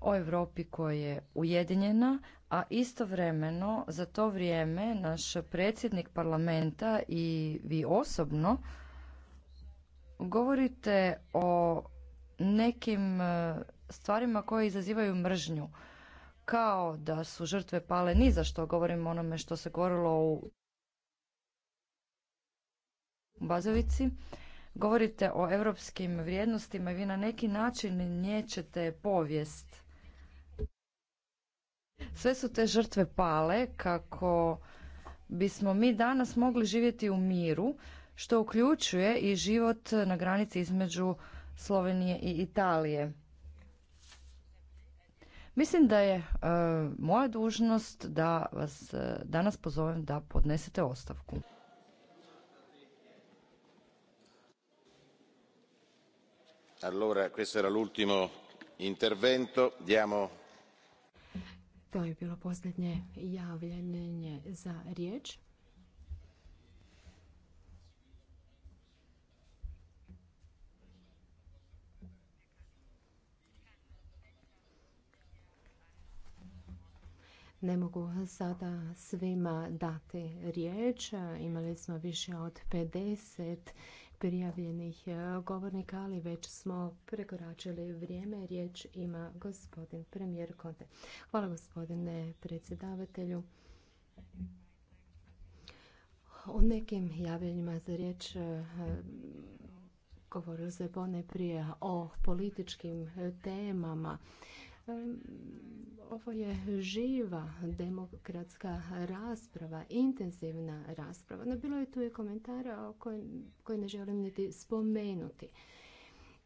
o Europi koja je ujedinjena, a istovremeno za to vrijeme naš predsjednik parlamenta i vi osobno govorite o nekim e, stvarima koje izazivaju mržnju. Kao da su žrtve pale ni za što, govorim onome što se govorilo u Bazovici. Govorite o europskim vrijednostima i vi na neki način nječete povijest. Sve su te žrtve pale kako bismo mi danas mogli živjeti u miru, što uključuje i život na granici između Slovenije i Italije. Mislim da je e, moja dužnost da vas e, danas pozovem da podnesete ostavku. Allora, questo era l'ultimo intervento. Diamo to je bilo posljednje javljanje za riječ. Ne mogu sada svima dati riječ. Imali smo više od 50 prijavljenih govornika, ali već smo prekoračili vrijeme. Riječ ima gospodin premijer Konte. Hvala gospodine predsjedavatelju. O nekim javljanjima za riječ eh, govorio se pone prije o političkim temama ovo je živa demokratska rasprava, intenzivna rasprava. No, bilo je tu i komentara koje ne želim niti spomenuti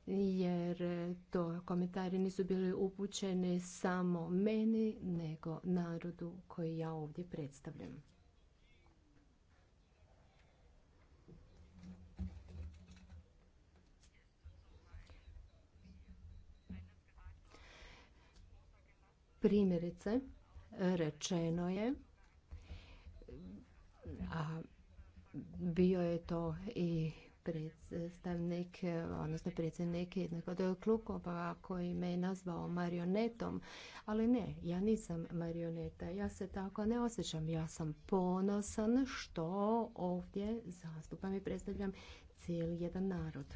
jer e, to komentari nisu bili upućeni samo meni, nego narodu koji ja ovdje predstavljam. Primjerice, rečeno je, a bio je to i predstavnik, odnosno predsjednik jednog od klukova koji me je nazvao marionetom, ali ne, ja nisam marioneta, ja se tako ne osjećam, ja sam ponosan što ovdje zastupam i predstavljam cijeli jedan narod.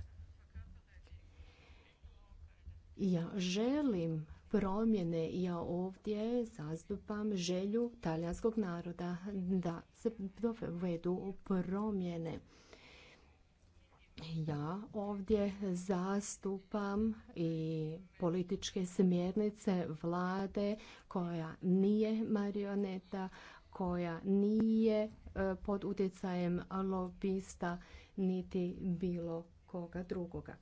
Ja želim promjene. Ja ovdje zastupam želju talijanskog naroda da se dovedu promjene. Ja ovdje zastupam i političke smjernice vlade koja nije marioneta, koja nije e, pod utjecajem lobista niti bilo koga drugoga.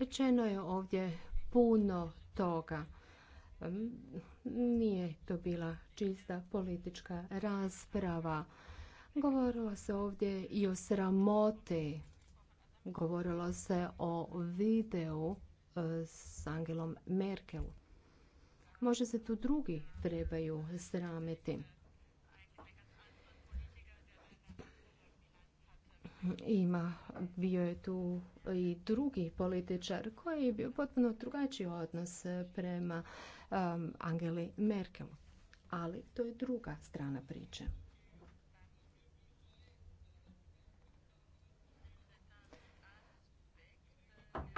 Rečeno je ovdje puno toga. Nije to bila čista politička rasprava. Govorilo se ovdje i o sramoti. Govorilo se o videu e, s Angelom Merkel. Može se tu drugi trebaju sramiti. Ima bio je tu i drugi političar koji je bio potpuno drugačiji odnos prema um, Angeli Merkel. Ali to je druga strana priče.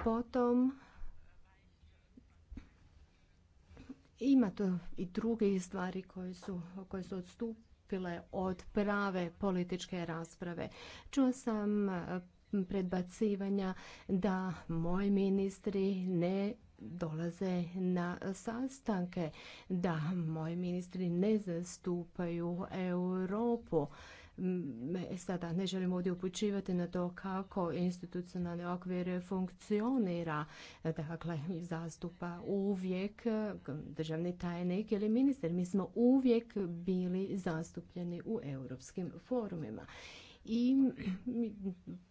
Potom ima to i druge stvari koje su, koje su odstupile od prave političke rasprave. Čuo sam predbacivanja da moji ministri ne dolaze na sastanke, da moji ministri ne zastupaju Europu. Mm, e, sada ne želim ovdje upućivati na to kako institucionalni okvir funkcionira. Dakle, zastupa uvijek mm, državni tajnik ili ministar. Mi smo uvijek bili zastupljeni u europskim forumima i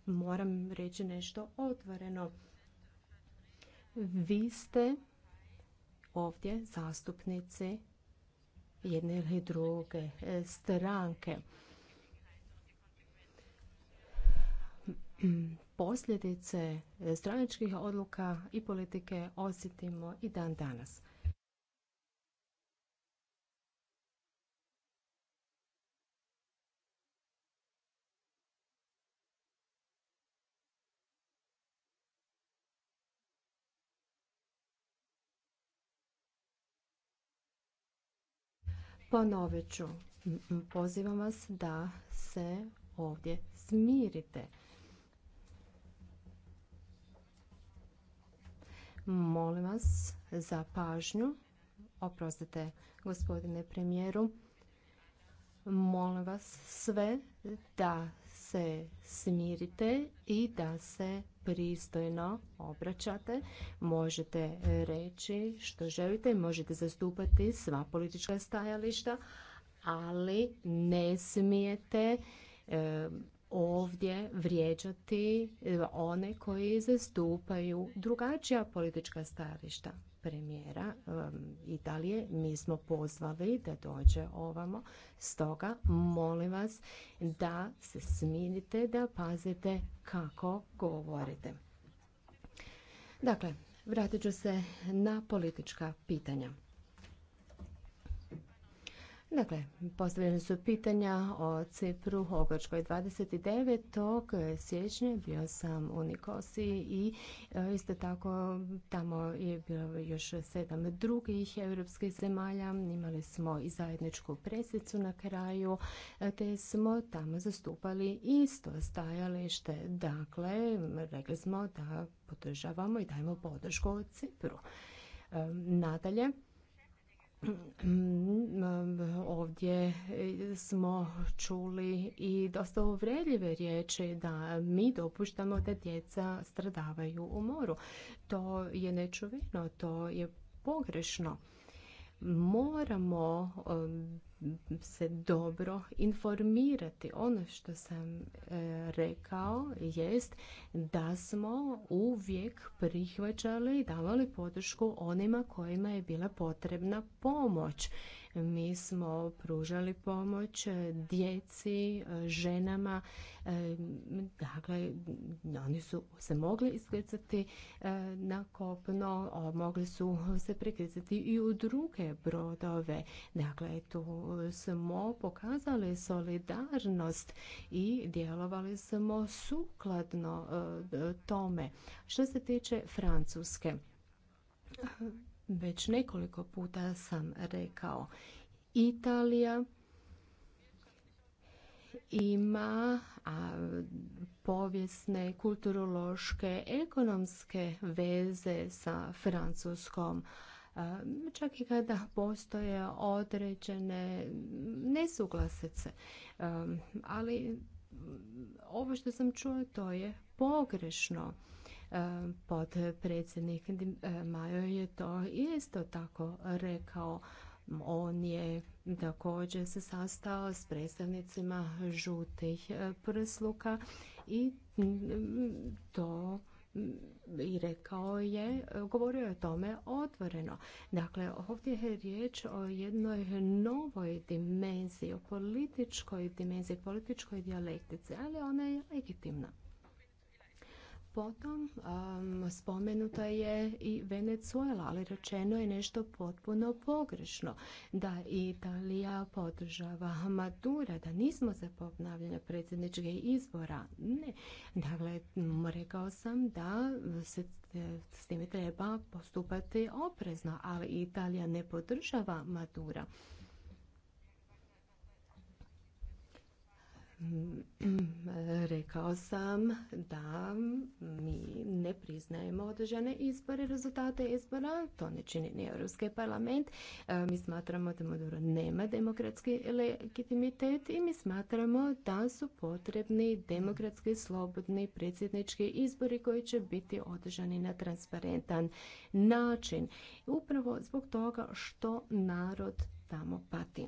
moram reći nešto otvoreno. Vi ste ovdje zastupnici jedne ili druge stranke. Posljedice stranačkih odluka i politike osjetimo i dan danas. Ponovit ću, pozivam vas da se ovdje smirite. Molim vas za pažnju. Oprostite, gospodine premijeru. Molim vas sve da se smirite i da se pristojno obraćate, možete reći što želite, možete zastupati sva politička stajališta, ali ne smijete ovdje vrijeđati one koji zastupaju drugačija politička stajališta premijera Italije, mi smo pozvali da dođe ovamo. Stoga molim vas da se smirite, da pazite kako govorite. Dakle, vratit ću se na politička pitanja. Dakle, postavljene su pitanja o Cipru, o Grčkoj 29. siječnja bio sam u Nikosi i e, isto tako tamo je bilo još sedam drugih europskih zemalja. Imali smo i zajedničku presicu na kraju, e, te smo tamo zastupali isto stajalište. Dakle, rekli smo da podržavamo i dajemo podršku Cipru. E, nadalje, [clears throat] Ovdje smo čuli i dosta uvredljive riječi da mi dopuštamo da djeca stradavaju u moru. To je nečuveno, to je pogrešno. Moramo um, se dobro informirati. Ono što sam e, rekao jest da smo uvijek prihvaćali i davali podršku onima kojima je bila potrebna pomoć mi smo pružali pomoć e, djeci, e, ženama, e, dakle oni su se mogli iskrcati na kopno, mogli su se prikrcati i u druge brodove. Dakle, tu smo pokazali solidarnost i djelovali smo sukladno tome. Što se tiče Francuske, već nekoliko puta sam rekao. Italija ima a, povijesne, kulturološke, ekonomske veze sa Francuskom. A, čak i kada postoje određene nesuglasice. Ali ovo što sam čuo to je pogrešno. Podpredsjednik Majo je to isto tako rekao. On je također se sastao s predstavnicima žutih prsluka i to i rekao je, govorio je o tome otvoreno. Dakle, ovdje je riječ o jednoj novoj dimenziji, o političkoj dimenziji, političkoj dijalektici, ali ona je legitimna. Potom spomenuta je i Venezuela, ali rečeno je nešto potpuno pogrešno. Da Italija podržava Madura, da nismo za popnavljanje predsjedničke izbora. Ne. Dakle, rekao sam da se s time treba postupati oprezno, ali Italija ne podržava Madura. Mm, [clears throat] rekao sam da mi ne priznajemo održane izbore, rezultate izbora, to ne čini ni Europski parlament. E, mi smatramo da nema demokratski legitimitet i mi smatramo da su potrebni demokratski, slobodni predsjednički izbori koji će biti održani na transparentan način. Upravo zbog toga što narod tamo pati.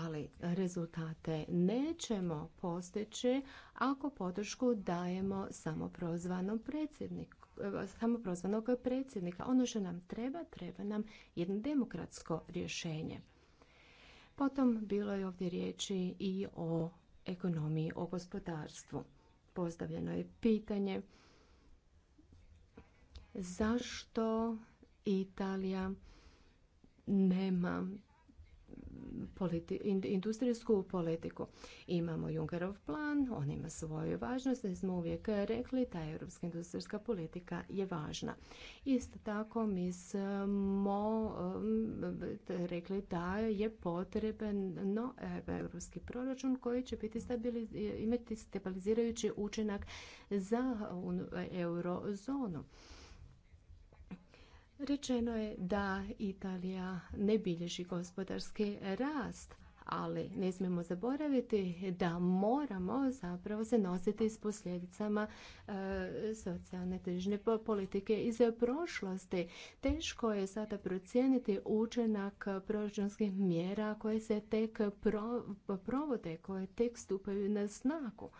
ali rezultate nećemo postići ako podršku dajemo samoprozvanom predsjedniku samoprozvanog predsjednika. Ono što nam treba, treba nam jedno demokratsko rješenje. Potom bilo je ovdje riječi i o ekonomiji, o gospodarstvu. Postavljeno je pitanje zašto Italija nema politi industrijsku politiku. Imamo Junkerov plan, on ima svoju važnost, jer smo uvijek rekli ta europska industrijska politika je važna. Isto tako mi smo um, rekli da je potreben no, e, europski proračun koji će biti imati stabilizirajući učinak za eurozonu. Rečeno je da Italija ne bilježi gospodarski rast, ali ne smijemo zaboraviti da moramo zapravo se nositi s posljedicama e, socijalne težne politike iz prošlosti. Teško je sada procijeniti učenak proračunskih mjera koje se tek provode, koje tek stupaju na snagu.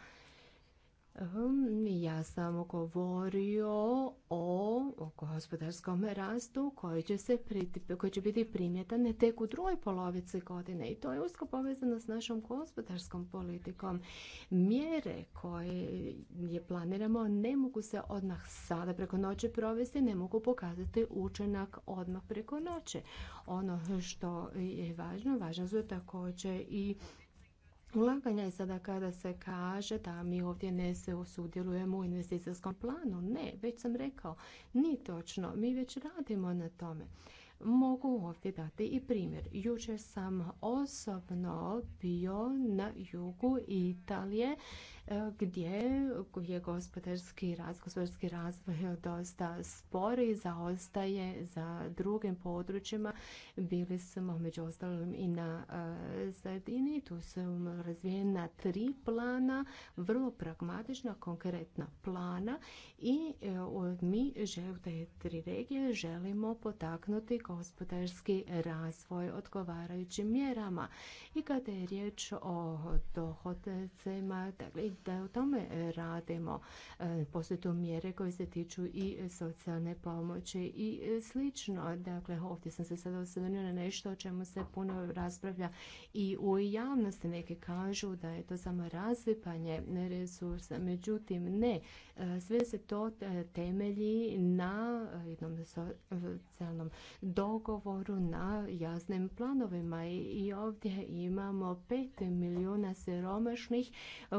Ehm, ja sam govorio o gospodarskom rastu koji će, se koji će biti primjetan tek u drugoj polovici godine i to je usko povezano s našom gospodarskom politikom. Mjere koje je planiramo ne mogu se odmah sada preko noći provesti, ne mogu pokazati učinak odmah preko noći. Ono što je važno, važno su također i ulaganja je sada kada se kaže da mi ovdje ne se osudjelujemo u investicijskom planu. Ne, već sam rekao, Ni točno, mi već radimo na tome. Mogu ovdje dati i primjer. Jučer sam osobno bio na jugu Italije E, gdje je gospodarski raz, gospodarski razvoj dosta spori, zaostaje za drugim područjima. Bili smo među ostalim i na e, sredini, tu su razvijena tri plana, vrlo pragmatična, konkretna plana i e, mi u te tri regije želimo potaknuti gospodarski razvoj odgovarajućim mjerama. I kada je riječ o dohodcima, dakle da o tome e, radimo. E, postoje tu mjere koje se tiču i socijalne pomoći i e, slično. Dakle, ovdje sam se sada osvrnula na nešto o čemu se puno raspravlja i u javnosti. neke kažu da je to samo razvipanje resursa. Međutim, ne. Sve se to temelji na jednom socijalnom dogovoru, na jasnim planovima. I ovdje imamo pet milijuna siromašnih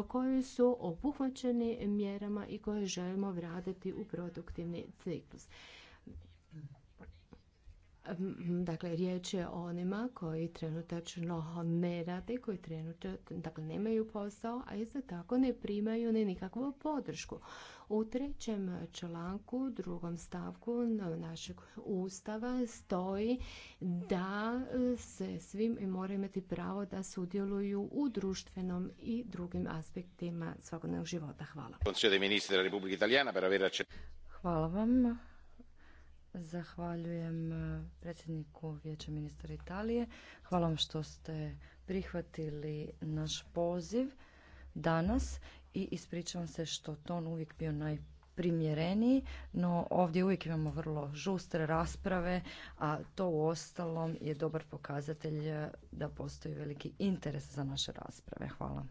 koji su obuhvaćeni mjerama i koje želimo vratiti u produktivni ciklus. Dakle, riječ je o onima koji trenutačno ne rade, koji trenutačno dakle, nemaju posao, a isto tako ne primaju ni nikakvu podršku. U trećem članku, drugom stavku našeg ustava stoji da se svi moraju imati pravo da sudjeluju u društvenom i drugim aspektima svakodnevnog života. Hvala. Hvala vam Zahvaljujem e, predsjedniku Vijeća ministra Italije. Hvala vam što ste prihvatili naš poziv danas i ispričavam se što ton uvijek bio najprimjereniji, no ovdje uvijek imamo vrlo žustre rasprave, a to u ostalom je dobar pokazatelj e, da postoji veliki interes za naše rasprave. Hvala.